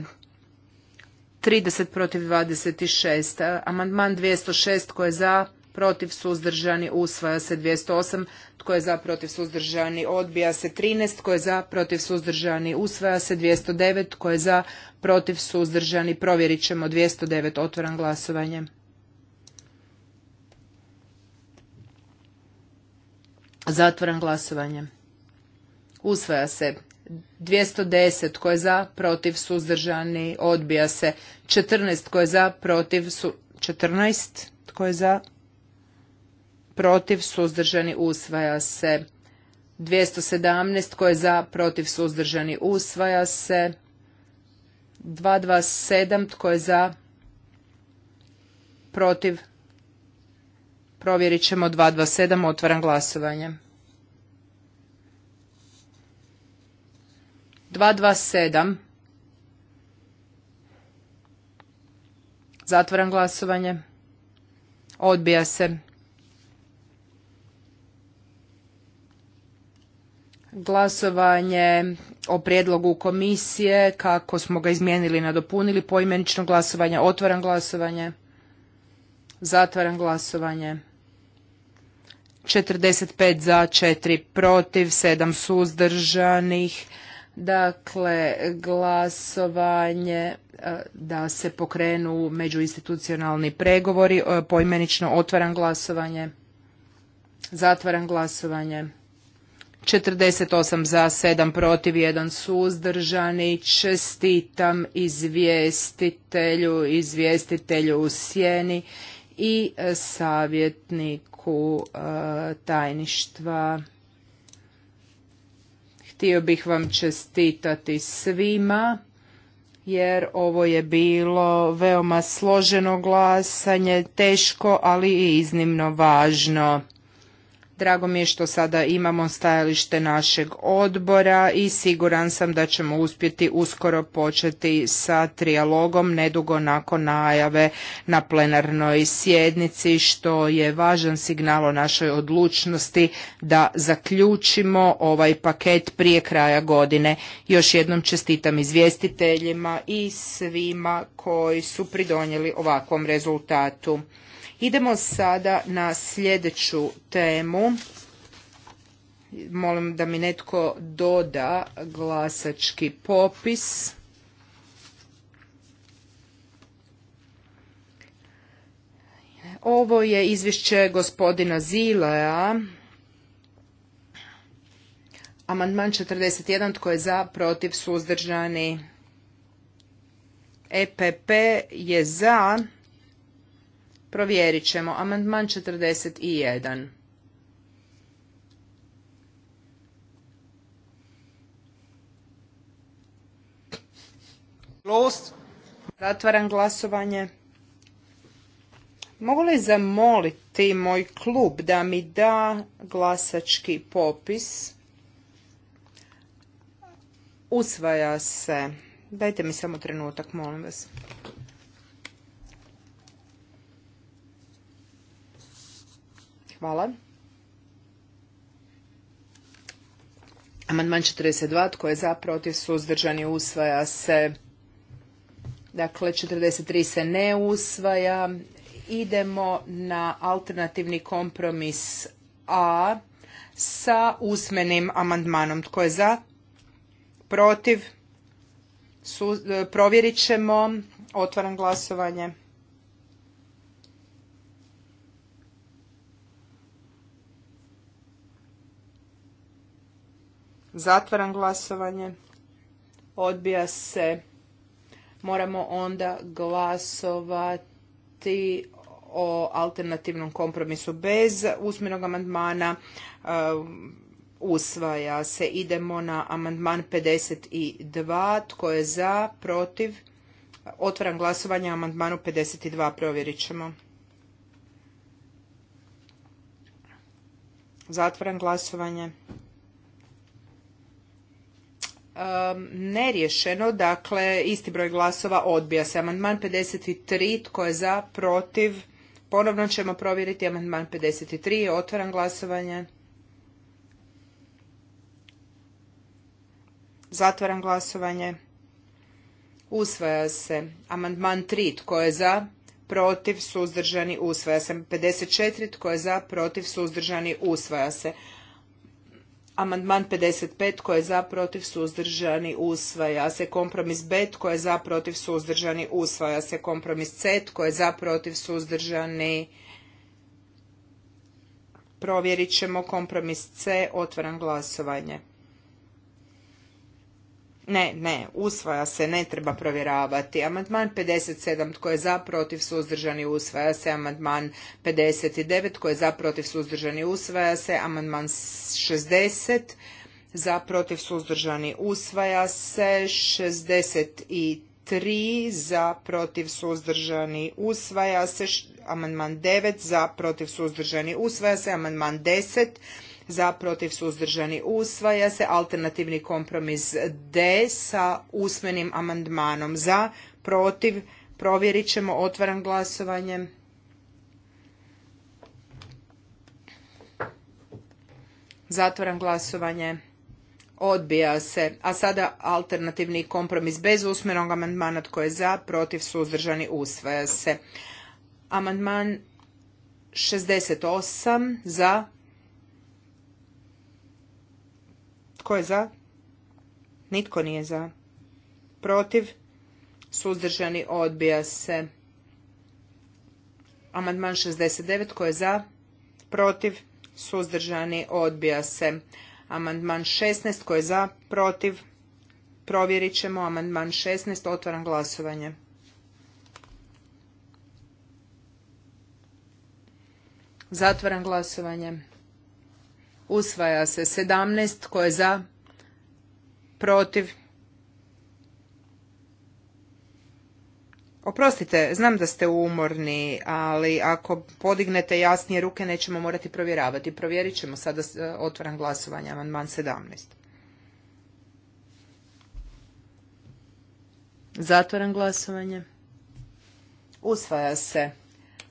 S4: 30 protiv 26. Amandman 206 koji je za, protiv suzdržani usvaja se 208, tko je za protiv suzdržani odbija se 13, tko je za protiv suzdržani usvaja se 209, tko je za protiv suzdržani provjerit ćemo 209, otvoran glasovanje. Zatvoran glasovanje. Usvaja se 210 tko je za, protiv, suzdržani, odbija se. 14 tko je za, protiv, su, 14 tko je za, protiv, suzdržani, usvaja se. 217 koje je za, protiv, suzdržani, usvaja se. 227 tko je za, protiv, provjerit ćemo 227, otvaram glasovanje. 227, zatvaram glasovanje, odbija se. glasovanje o prijedlogu komisije, kako smo ga izmijenili i nadopunili, poimenično glasovanje, otvaram glasovanje, zatvaram glasovanje. 45 za, 4 protiv, 7 suzdržanih. Dakle, glasovanje e, da se pokrenu međuinstitucionalni pregovori, e, poimenično otvaram glasovanje, zatvaram glasovanje. 48 za, 7 protiv, 1 suzdržani. Čestitam izvjestitelju, izvjestitelju u sjeni i e, savjetniku e, tajništva. Htio bih vam čestitati svima jer ovo je bilo veoma složeno glasanje, teško, ali i iznimno važno. Drago mi je što sada imamo stajalište našeg odbora i siguran sam da ćemo uspjeti uskoro početi sa trijalogom nedugo nakon najave na plenarnoj sjednici što je važan signal o našoj odlučnosti da zaključimo ovaj paket prije kraja godine. Još jednom čestitam izvjestiteljima i svima koji su pridonijeli ovakvom rezultatu. Idemo sada na sljedeću temu. Molim da mi netko doda glasački popis. Ovo je izvješće gospodina Zilea. Amandman 41. Tko je za, protiv, suzdržani? EPP je za. Provjerit ćemo. Amandman 41. jedan. Zatvaram glasovanje. Mogu li zamoliti moj klub da mi da glasački popis? Usvaja se. Dajte mi samo trenutak, molim vas. Hvala. Amandman 42. Tko je za, protiv, suzdržani, usvaja se. Dakle, 43 se ne usvaja. Idemo na alternativni kompromis A sa usmenim amandmanom. Tko je za? Protiv? E, provjerit ćemo. Otvaram glasovanje. Zatvaram glasovanje. Odbija se. Moramo onda glasovati o alternativnom kompromisu bez usmenog amandmana. Ehm, usvaja se. Idemo na amandman 52. Tko je za? Protiv? Otvaram glasovanje amandmanu 52. Provjerit ćemo. Zatvaram glasovanje neriješeno, dakle isti broj glasova odbija se. Amandman 53, tko je za, protiv, ponovno ćemo provjeriti amandman 53, otvaram glasovanje. Zatvaram glasovanje. Usvaja se. Amandman 3. Tko je za? Protiv. Suzdržani. Usvaja se. 54. Tko je za? Protiv. Suzdržani. Usvaja se. Amandman 55 tko je za protiv suzdržani usvaja se kompromis B tko je za protiv suzdržani usvaja se kompromis C tko je za protiv suzdržani provjerit ćemo kompromis C otvaram glasovanje ne, ne, usvaja se, ne treba provjeravati. Amandman 57 tko je za, protiv, suzdržani, usvaja se. Amandman 59 tko je za, protiv, suzdržani, usvaja se. Amandman 60 za, protiv, suzdržani, usvaja se. 63 za, protiv, suzdržani, usvaja se. Amandman 9 za, protiv, suzdržani, usvaja se. Amandman 10 za protiv suzdržani usvaja se alternativni kompromis D sa usmenim amandmanom za protiv provjerit ćemo otvaram glasovanje zatvaram glasovanje odbija se a sada alternativni kompromis bez usmenog amandmana tko je za protiv suzdržani usvaja se amandman 68 za Tko je za? Nitko nije za. Protiv? Suzdržani odbija se. Amandman 69. Tko je za? Protiv? Suzdržani odbija se. Amandman 16. Tko je za? Protiv? Provjerit ćemo. Amandman 16. Otvaram glasovanje. Zatvaram glasovanje. Usvaja se 17. Tko je za? Protiv? Oprostite, znam da ste umorni, ali ako podignete jasnije ruke nećemo morati provjeravati. Provjerit ćemo sada e, otvoran glasovanje, amandman 17. Zatvoran glasovanje. Usvaja se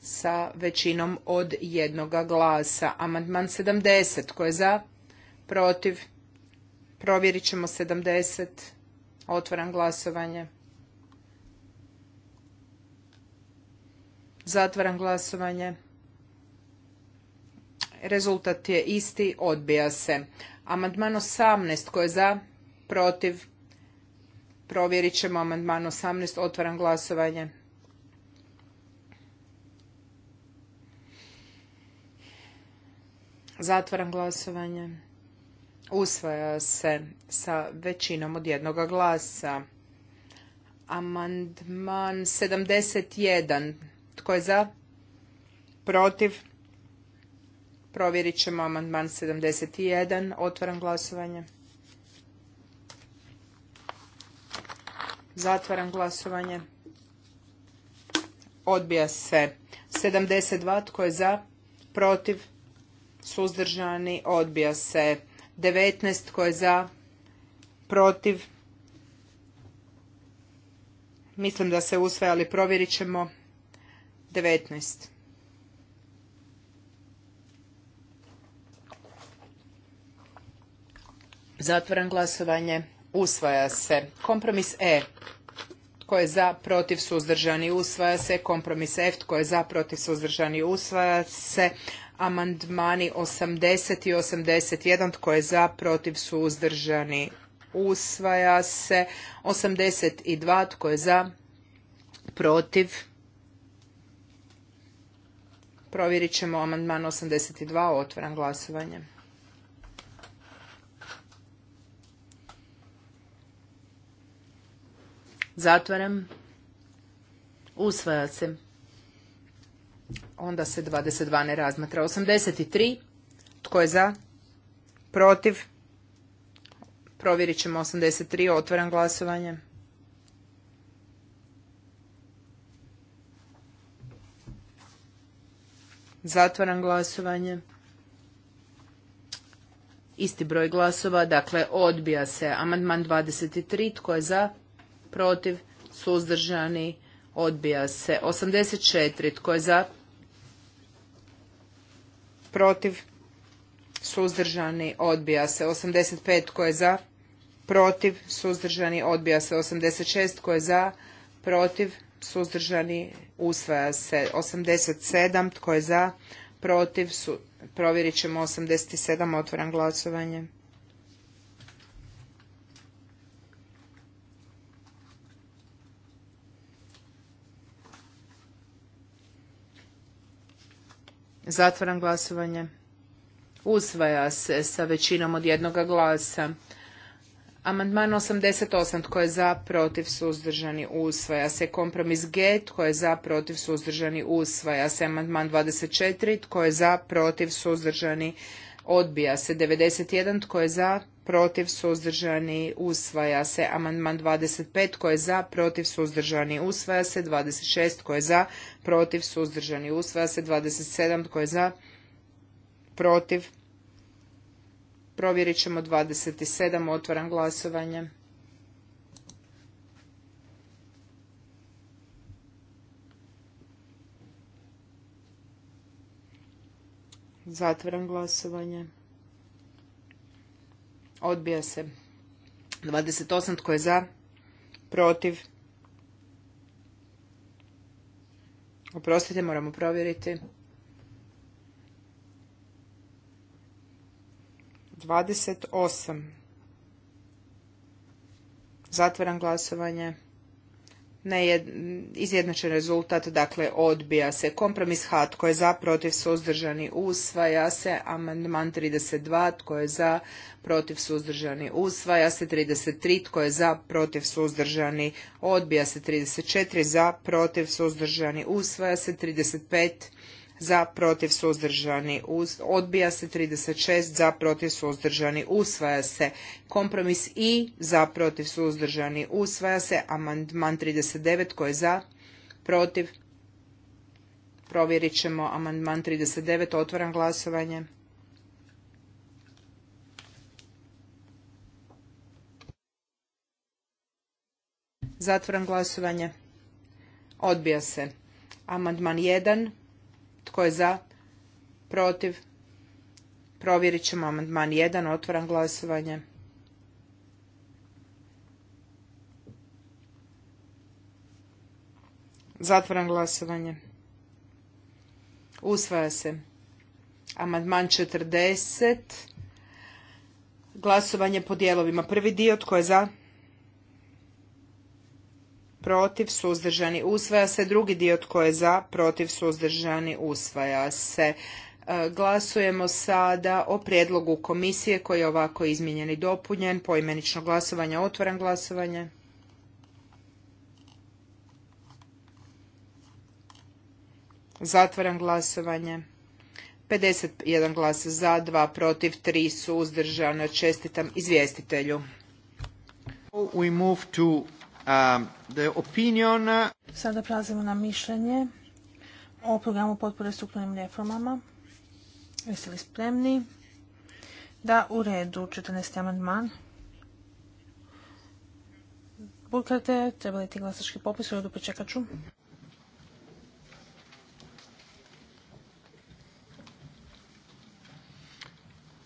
S4: sa većinom od jednoga glasa. Amandman 70. Tko je za? Protiv? Provjerit ćemo 70. Otvaram glasovanje. Zatvaram glasovanje. Rezultat je isti, odbija se. Amandman 18, tko je za? Protiv? Provjerit ćemo amandman 18, otvaram glasovanje. Zatvaram glasovanje. Usvaja se sa većinom od jednoga glasa. Amandman 71. Tko je za? Protiv? Provjerit ćemo amandman 71. Otvaram glasovanje. Zatvaram glasovanje. Odbija se 72. Tko je za? Protiv? suzdržani, odbija se. 19 tko je za, protiv, mislim da se usvaja, ali provjerit ćemo. 19. Zatvoran glasovanje. Usvaja se. Kompromis E. Tko je za, protiv, suzdržani, usvaja se. Kompromis F. Tko je za, protiv, suzdržani, usvaja se. Amandmani 80 i 81 tko je za, protiv, su suzdržani, usvaja se. 82 tko je za, protiv, provjerit ćemo amandman 82, otvoran glasovanje. Zatvaram. Usvaja se. Onda se 22 ne razmatra. 83. Tko je za? Protiv? Provjerit ćemo 83. Otvaram glasovanje. Zatvaram glasovanje. Isti broj glasova, dakle odbija se amandman 23. Tko je za? Protiv? Suzdržani? Odbija se. 84. Tko je za? Protiv? Suzdržani? Odbija se. 85. Tko je za? Protiv? Suzdržani? Odbija se. 86. Tko je za? Protiv? Suzdržani? Usvaja se. 87. Tko je za? Protiv? Provjerit ćemo 87. Otvoram glasovanje. Zatvaram glasovanje. Usvaja se sa većinom od jednoga glasa. Amandman 88. Tko je za, protiv, suzdržani, usvaja se. Kompromis G. Tko je za, protiv, suzdržani, usvaja se. Amandman 24. Tko je za, protiv, suzdržani, odbija se. 91. Tko je za, protiv suzdržani usvaja se. Amandman 25 tko je za, protiv suzdržani usvaja se. 26 tko je za, protiv suzdržani usvaja se. 27 tko je za, protiv. Provjerit ćemo 27, otvaram glasovanje. Zatvaram glasovanje. Odbija se. 28 tko je za? Protiv? Oprostite, moramo provjeriti. 28. Zatvaram glasovanje ne izjednačen rezultat, dakle odbija se. Kompromis H, tko je za, protiv, suzdržani, usvaja se. Amandman 32, tko je za, protiv, suzdržani, usvaja se. 33, tko je za, protiv, suzdržani, odbija se. 34, za, protiv, suzdržani, usvaja se. 35, za protiv suzdržani odbija se 36 za protiv suzdržani usvaja se kompromis i za protiv suzdržani usvaja se amandman 39 koji je za protiv provjerit ćemo amandman 39 otvaram glasovanje zatvaram glasovanje odbija se amandman 1 tko je za? Protiv? Provjerit ćemo amandman 1. Otvoram glasovanje. Zatvoram glasovanje. Usvaja se. Amandman 40. Glasovanje po dijelovima. Prvi dio tko je za? protiv, suzdržani, usvaja se. Drugi dio tko je za, protiv, suzdržani, usvaja se. E, glasujemo sada o prijedlogu komisije koji je ovako izmijenjen i dopunjen. Poimenično glasovanje, otvoran glasovanje. Zatvaram glasovanje. 51 glas za, 2 protiv, 3 suzdržana. Čestitam izvjestitelju.
S2: We move to Um, uh, Sada prelazimo na mišljenje o programu potpore strukturnim reformama. Jeste li spremni? Da, u redu, 14. amandman. bukrate treba li ti glasački popis, u redu počekat ću.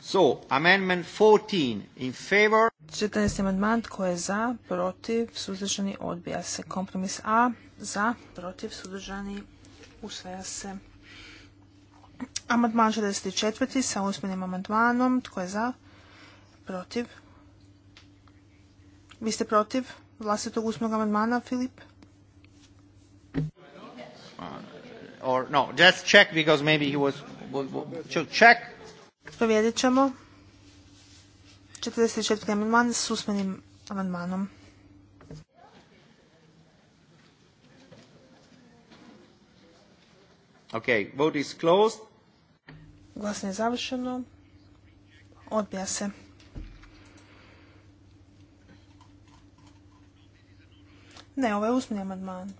S2: So, amendment 14 in favor. 14. amandman tko je za, protiv, suzdržani, odbija se. Kompromis A za, protiv, suzdržani, usvaja se. Amandman 64. sa usmenim amandmanom. Tko je za? Protiv. Vi ste protiv vlastitog usmenog amandmana, Filip?
S1: Or no, just check because maybe he was... Check
S2: Provjerit ćemo. 44. amandman s usmenim amandmanom.
S1: ok vote is closed.
S2: Glasanje je završeno. Odbija se. Ne, ovo je usmeni amandman.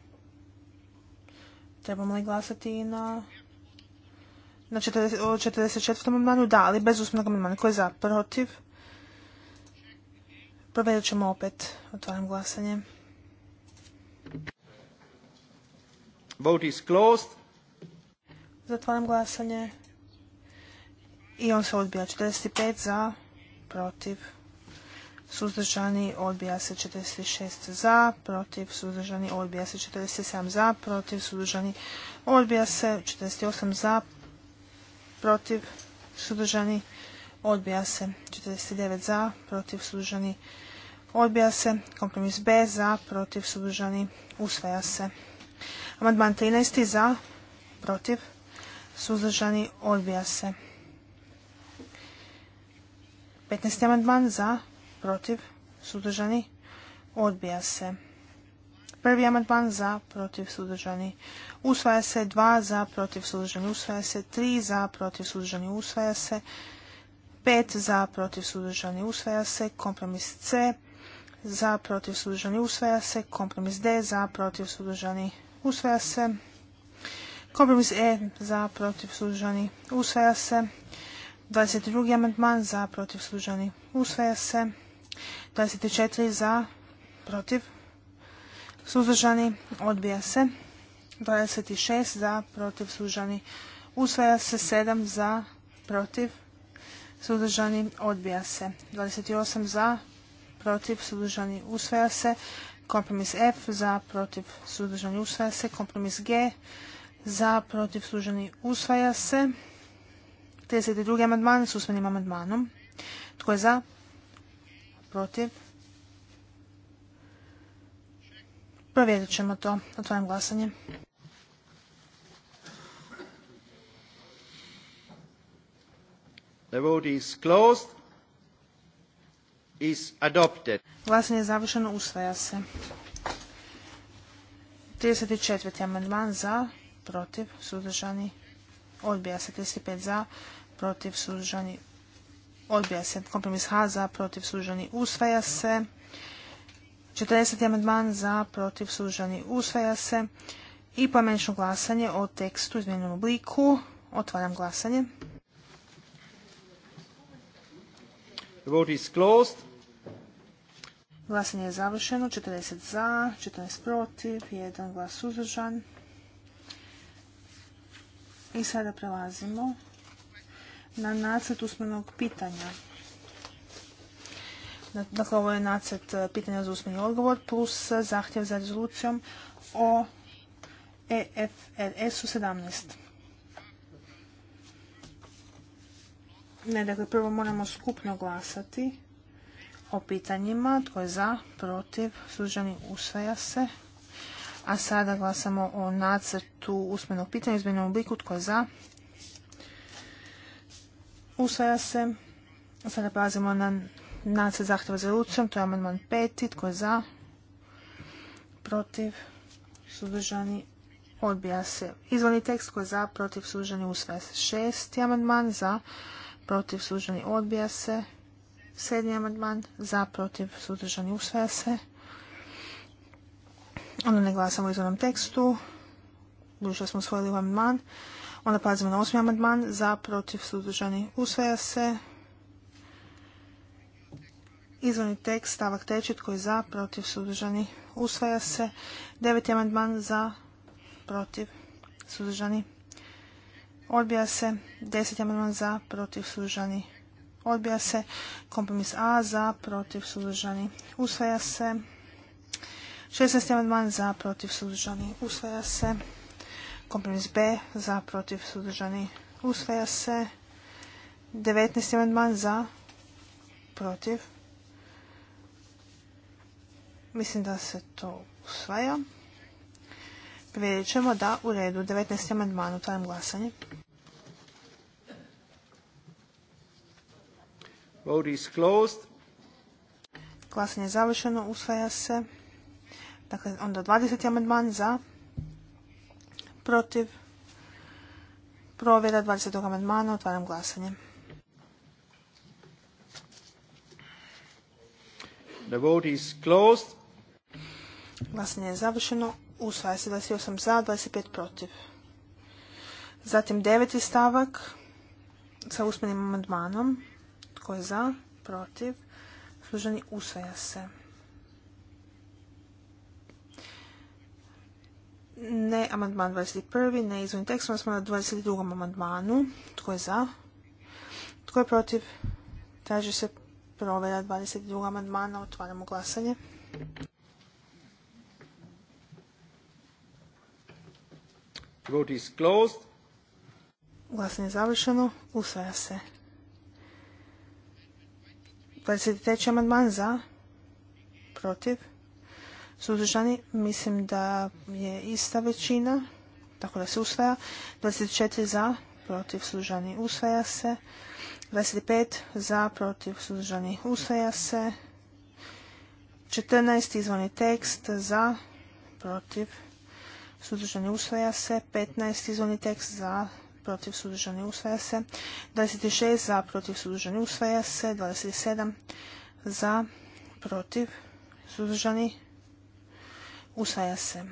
S2: Trebamo li glasati i na na 44. amandmanu da, ali bez usmenog amandmana. Ko je za? Protiv? Provjerit ćemo opet. Otvaram glasanje.
S1: Vote is closed.
S2: Zatvaram glasanje. I on se odbija. 45 za, protiv, suzdržani, odbija se 46 za, protiv, suzdržani, odbija se 47 za, protiv, suzdržani, odbija se 48 za, protiv, suzdržani, odbija se. 49 za, protiv, suzdržani, odbija se. Kompromis B za, protiv, suzdržani, usvaja se. Amandman 13 za, protiv, suzdržani, odbija se. 15. amandman za, protiv, suzdržani, odbija se. Prvi amandman za protiv suzdržani usvaja se, dva za protiv suzdržani usvaja se, tri za protiv suzdržani usvaja se, pet za protiv suzdržani usvaja se, kompromis C za protiv suzdržani usvaja se, kompromis D za protiv suzdržani usvaja se, kompromis E za protiv suzdržani usvaja se, 22. amandman za protiv suzdržani usvaja se, 24 za protiv suzdržani, odbija se. 26 za, protiv, suzdržani, usvaja se. 7 za, protiv, suzdržani, odbija se. 28 za, protiv, suzdržani, usvaja se. Kompromis F za, protiv, suzdržani, usvaja se. Kompromis G za, protiv, suzdržani, usvaja se. 32. amandman s usmenim amandmanom. Tko je za? Protiv? Provjerit ćemo to. Otvaram glasanje.
S1: The vote is closed. Is adopted.
S2: Glasanje je završeno. Usvaja se. 34. amandman za, protiv, suzdržani, odbija se. 35 za, protiv, suzdržani, odbija se. Kompromis H za, protiv, suzdržani, usvaja se. 40. amandman za protiv suzdržani usvaja se i pomenično glasanje o tekstu u obliku. Otvaram glasanje. Glasanje je završeno. 40 za, 14 protiv, 1 glas suzdržan. I sada prelazimo na nacrt usmenog pitanja. Dakle, ovo je nacrt e, pitanja za usmeni odgovor plus e, zahtjev za rezolucijom o EFRS-u 17. Ne, dakle, prvo moramo skupno glasati o pitanjima. Tko je za, protiv, suzdržani, usvaja se. A sada glasamo o nacrtu usmenog pitanja u izmjenom obliku. Tko je za? Usvaja se. Sada prelazimo na se zahtjeva za rezolucijom, to je amandman peti, tko je za, protiv, suzdržani, odbija se. Izvorni tekst koji je za, protiv, sudržani, usvaja se. Šesti amandman za, protiv, sudržani, odbija se. Sedmi amandman za, protiv, suzdržani, usvaja se. Onda ne glasamo u izvornom tekstu. Budući smo usvojili amandman. Onda pazimo na osmi amandman. Za, protiv, suzdržani, usvaja se. Izvorni tekst, stavak 3, koji je za, protiv, suzdržani, usvaja se. Deveti amandman za, protiv, suzdržani, odbija se. Deseti amandman za, protiv, suzdržani, odbija se. Kompromis A za, protiv, suzdržani, usvaja se. 16. amandman za, protiv, suzdržani, usvaja se. Kompromis B za, protiv, suzdržani, usvaja se. 19. amandman za, protiv, Mislim da se to usvaja. Vidjet ćemo da u redu 19. amandman otvaram glasanje.
S1: Vote is closed.
S2: Glasanje je završeno, usvaja se. Dakle, onda 20. amandman za, protiv, provjera 20. amandmana, otvaram glasanje.
S1: The vote is closed.
S2: Glasanje je završeno. Usvaja se 28 za, 25 protiv. Zatim deveti stavak sa usmenim amandmanom. Tko je za? Protiv. Služeni usvaja se. Ne amandman 21. Ne izvojim tekst. smo na 22. amandmanu. Tko je za? Tko je protiv? Traži se provjera 22. amandmana. Otvaramo glasanje. Glasanje je završeno. Usvaja se. 23. amandman za. Protiv. Suzdržani. Mislim da je ista većina. Tako da se usvaja. 24 za. Protiv. Suzdržani. Usvaja se. 25 za. Protiv. Suzdržani. Usvaja se. 14. izvorni tekst za. Protiv suzdržani usvaja se, 15 izvorni tekst za, protiv suzdržani usvaja se, 26 za, protiv suzdržani usvaja se, 27 za, protiv suzdržani usvaja se.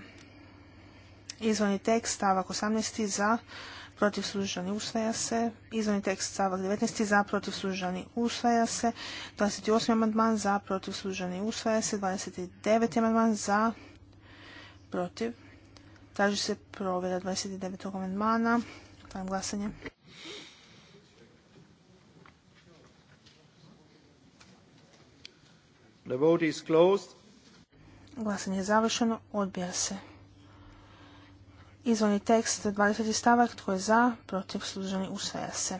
S2: Izvorni tekst stavak 18 za, protiv suzdržani usvaja se, izvorni tekst stavak 19 za, protiv suzdržani usvaja se, 28. amandman za, protiv suzdržani usvaja se, 29. amandman za, protiv Traži se provjera 29. amandmana. Otvaram glasanje.
S1: The vote is closed.
S2: Glasanje je završeno. Odbija se. Izvani tekst 20. stavak. Tko je za? Protiv služeni usvaja se.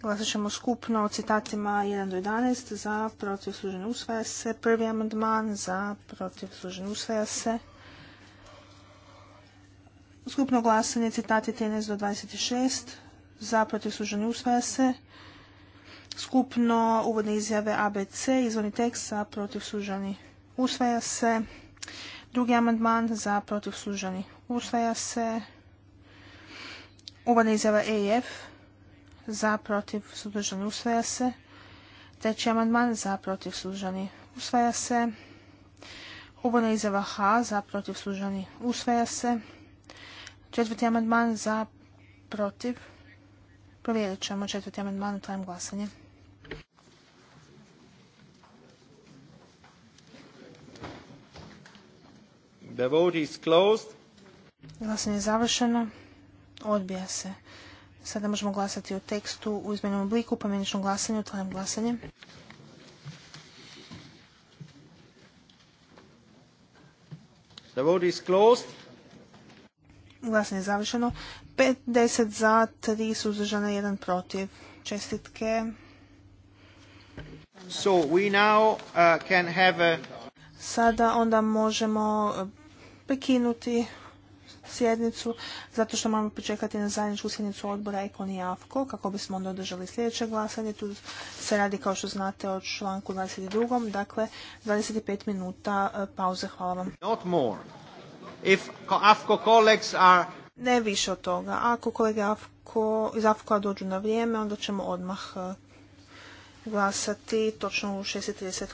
S2: Glasat ćemo skupno o citatima 1 do 11. Za, protiv služeni usvaja se. Prvi amandman za, protiv služeni usvaja se. Skupno glasanje, citati 13 do 26, za protiv suženi usvaja se. Skupno uvodne izjave ABC, izvorni tekst za protiv suženi usvaja se. Drugi amandman za protiv suženi usvaja se. Uvodna izjava EF za protiv suzdržani usvaja se. Treći amandman za protiv suzdržani usvaja se. Uvodna izjava H za protiv suzdržani usvaja se. Četvrti amandman za protiv. Provjerit ćemo četvrti amandman, trajem glasanje.
S1: The vote is closed.
S2: Glasanje je završeno. Odbija se. Sada možemo glasati o tekstu u izmjenom obliku, pomeničnom glasanju, trajem glasanje.
S1: The vote is closed.
S2: Glasanje je završeno. 50 za, 3 suzdržana, 1 protiv. Čestitke.
S1: Uh,
S2: Sada onda možemo uh, prekinuti sjednicu, zato što moramo pričekati na zajedničku sjednicu odbora Ekon i Javko, kako bismo onda održali sljedeće glasanje. Tu se radi, kao što znate, o članku 22. Dakle, 25 minuta uh, pauze. Hvala vam.
S1: If AFCO colleagues are...
S2: Ne više od toga. Ako kolege AFCO, iz AFCO dođu na vrijeme, onda ćemo odmah eh, glasati točno u 6.30.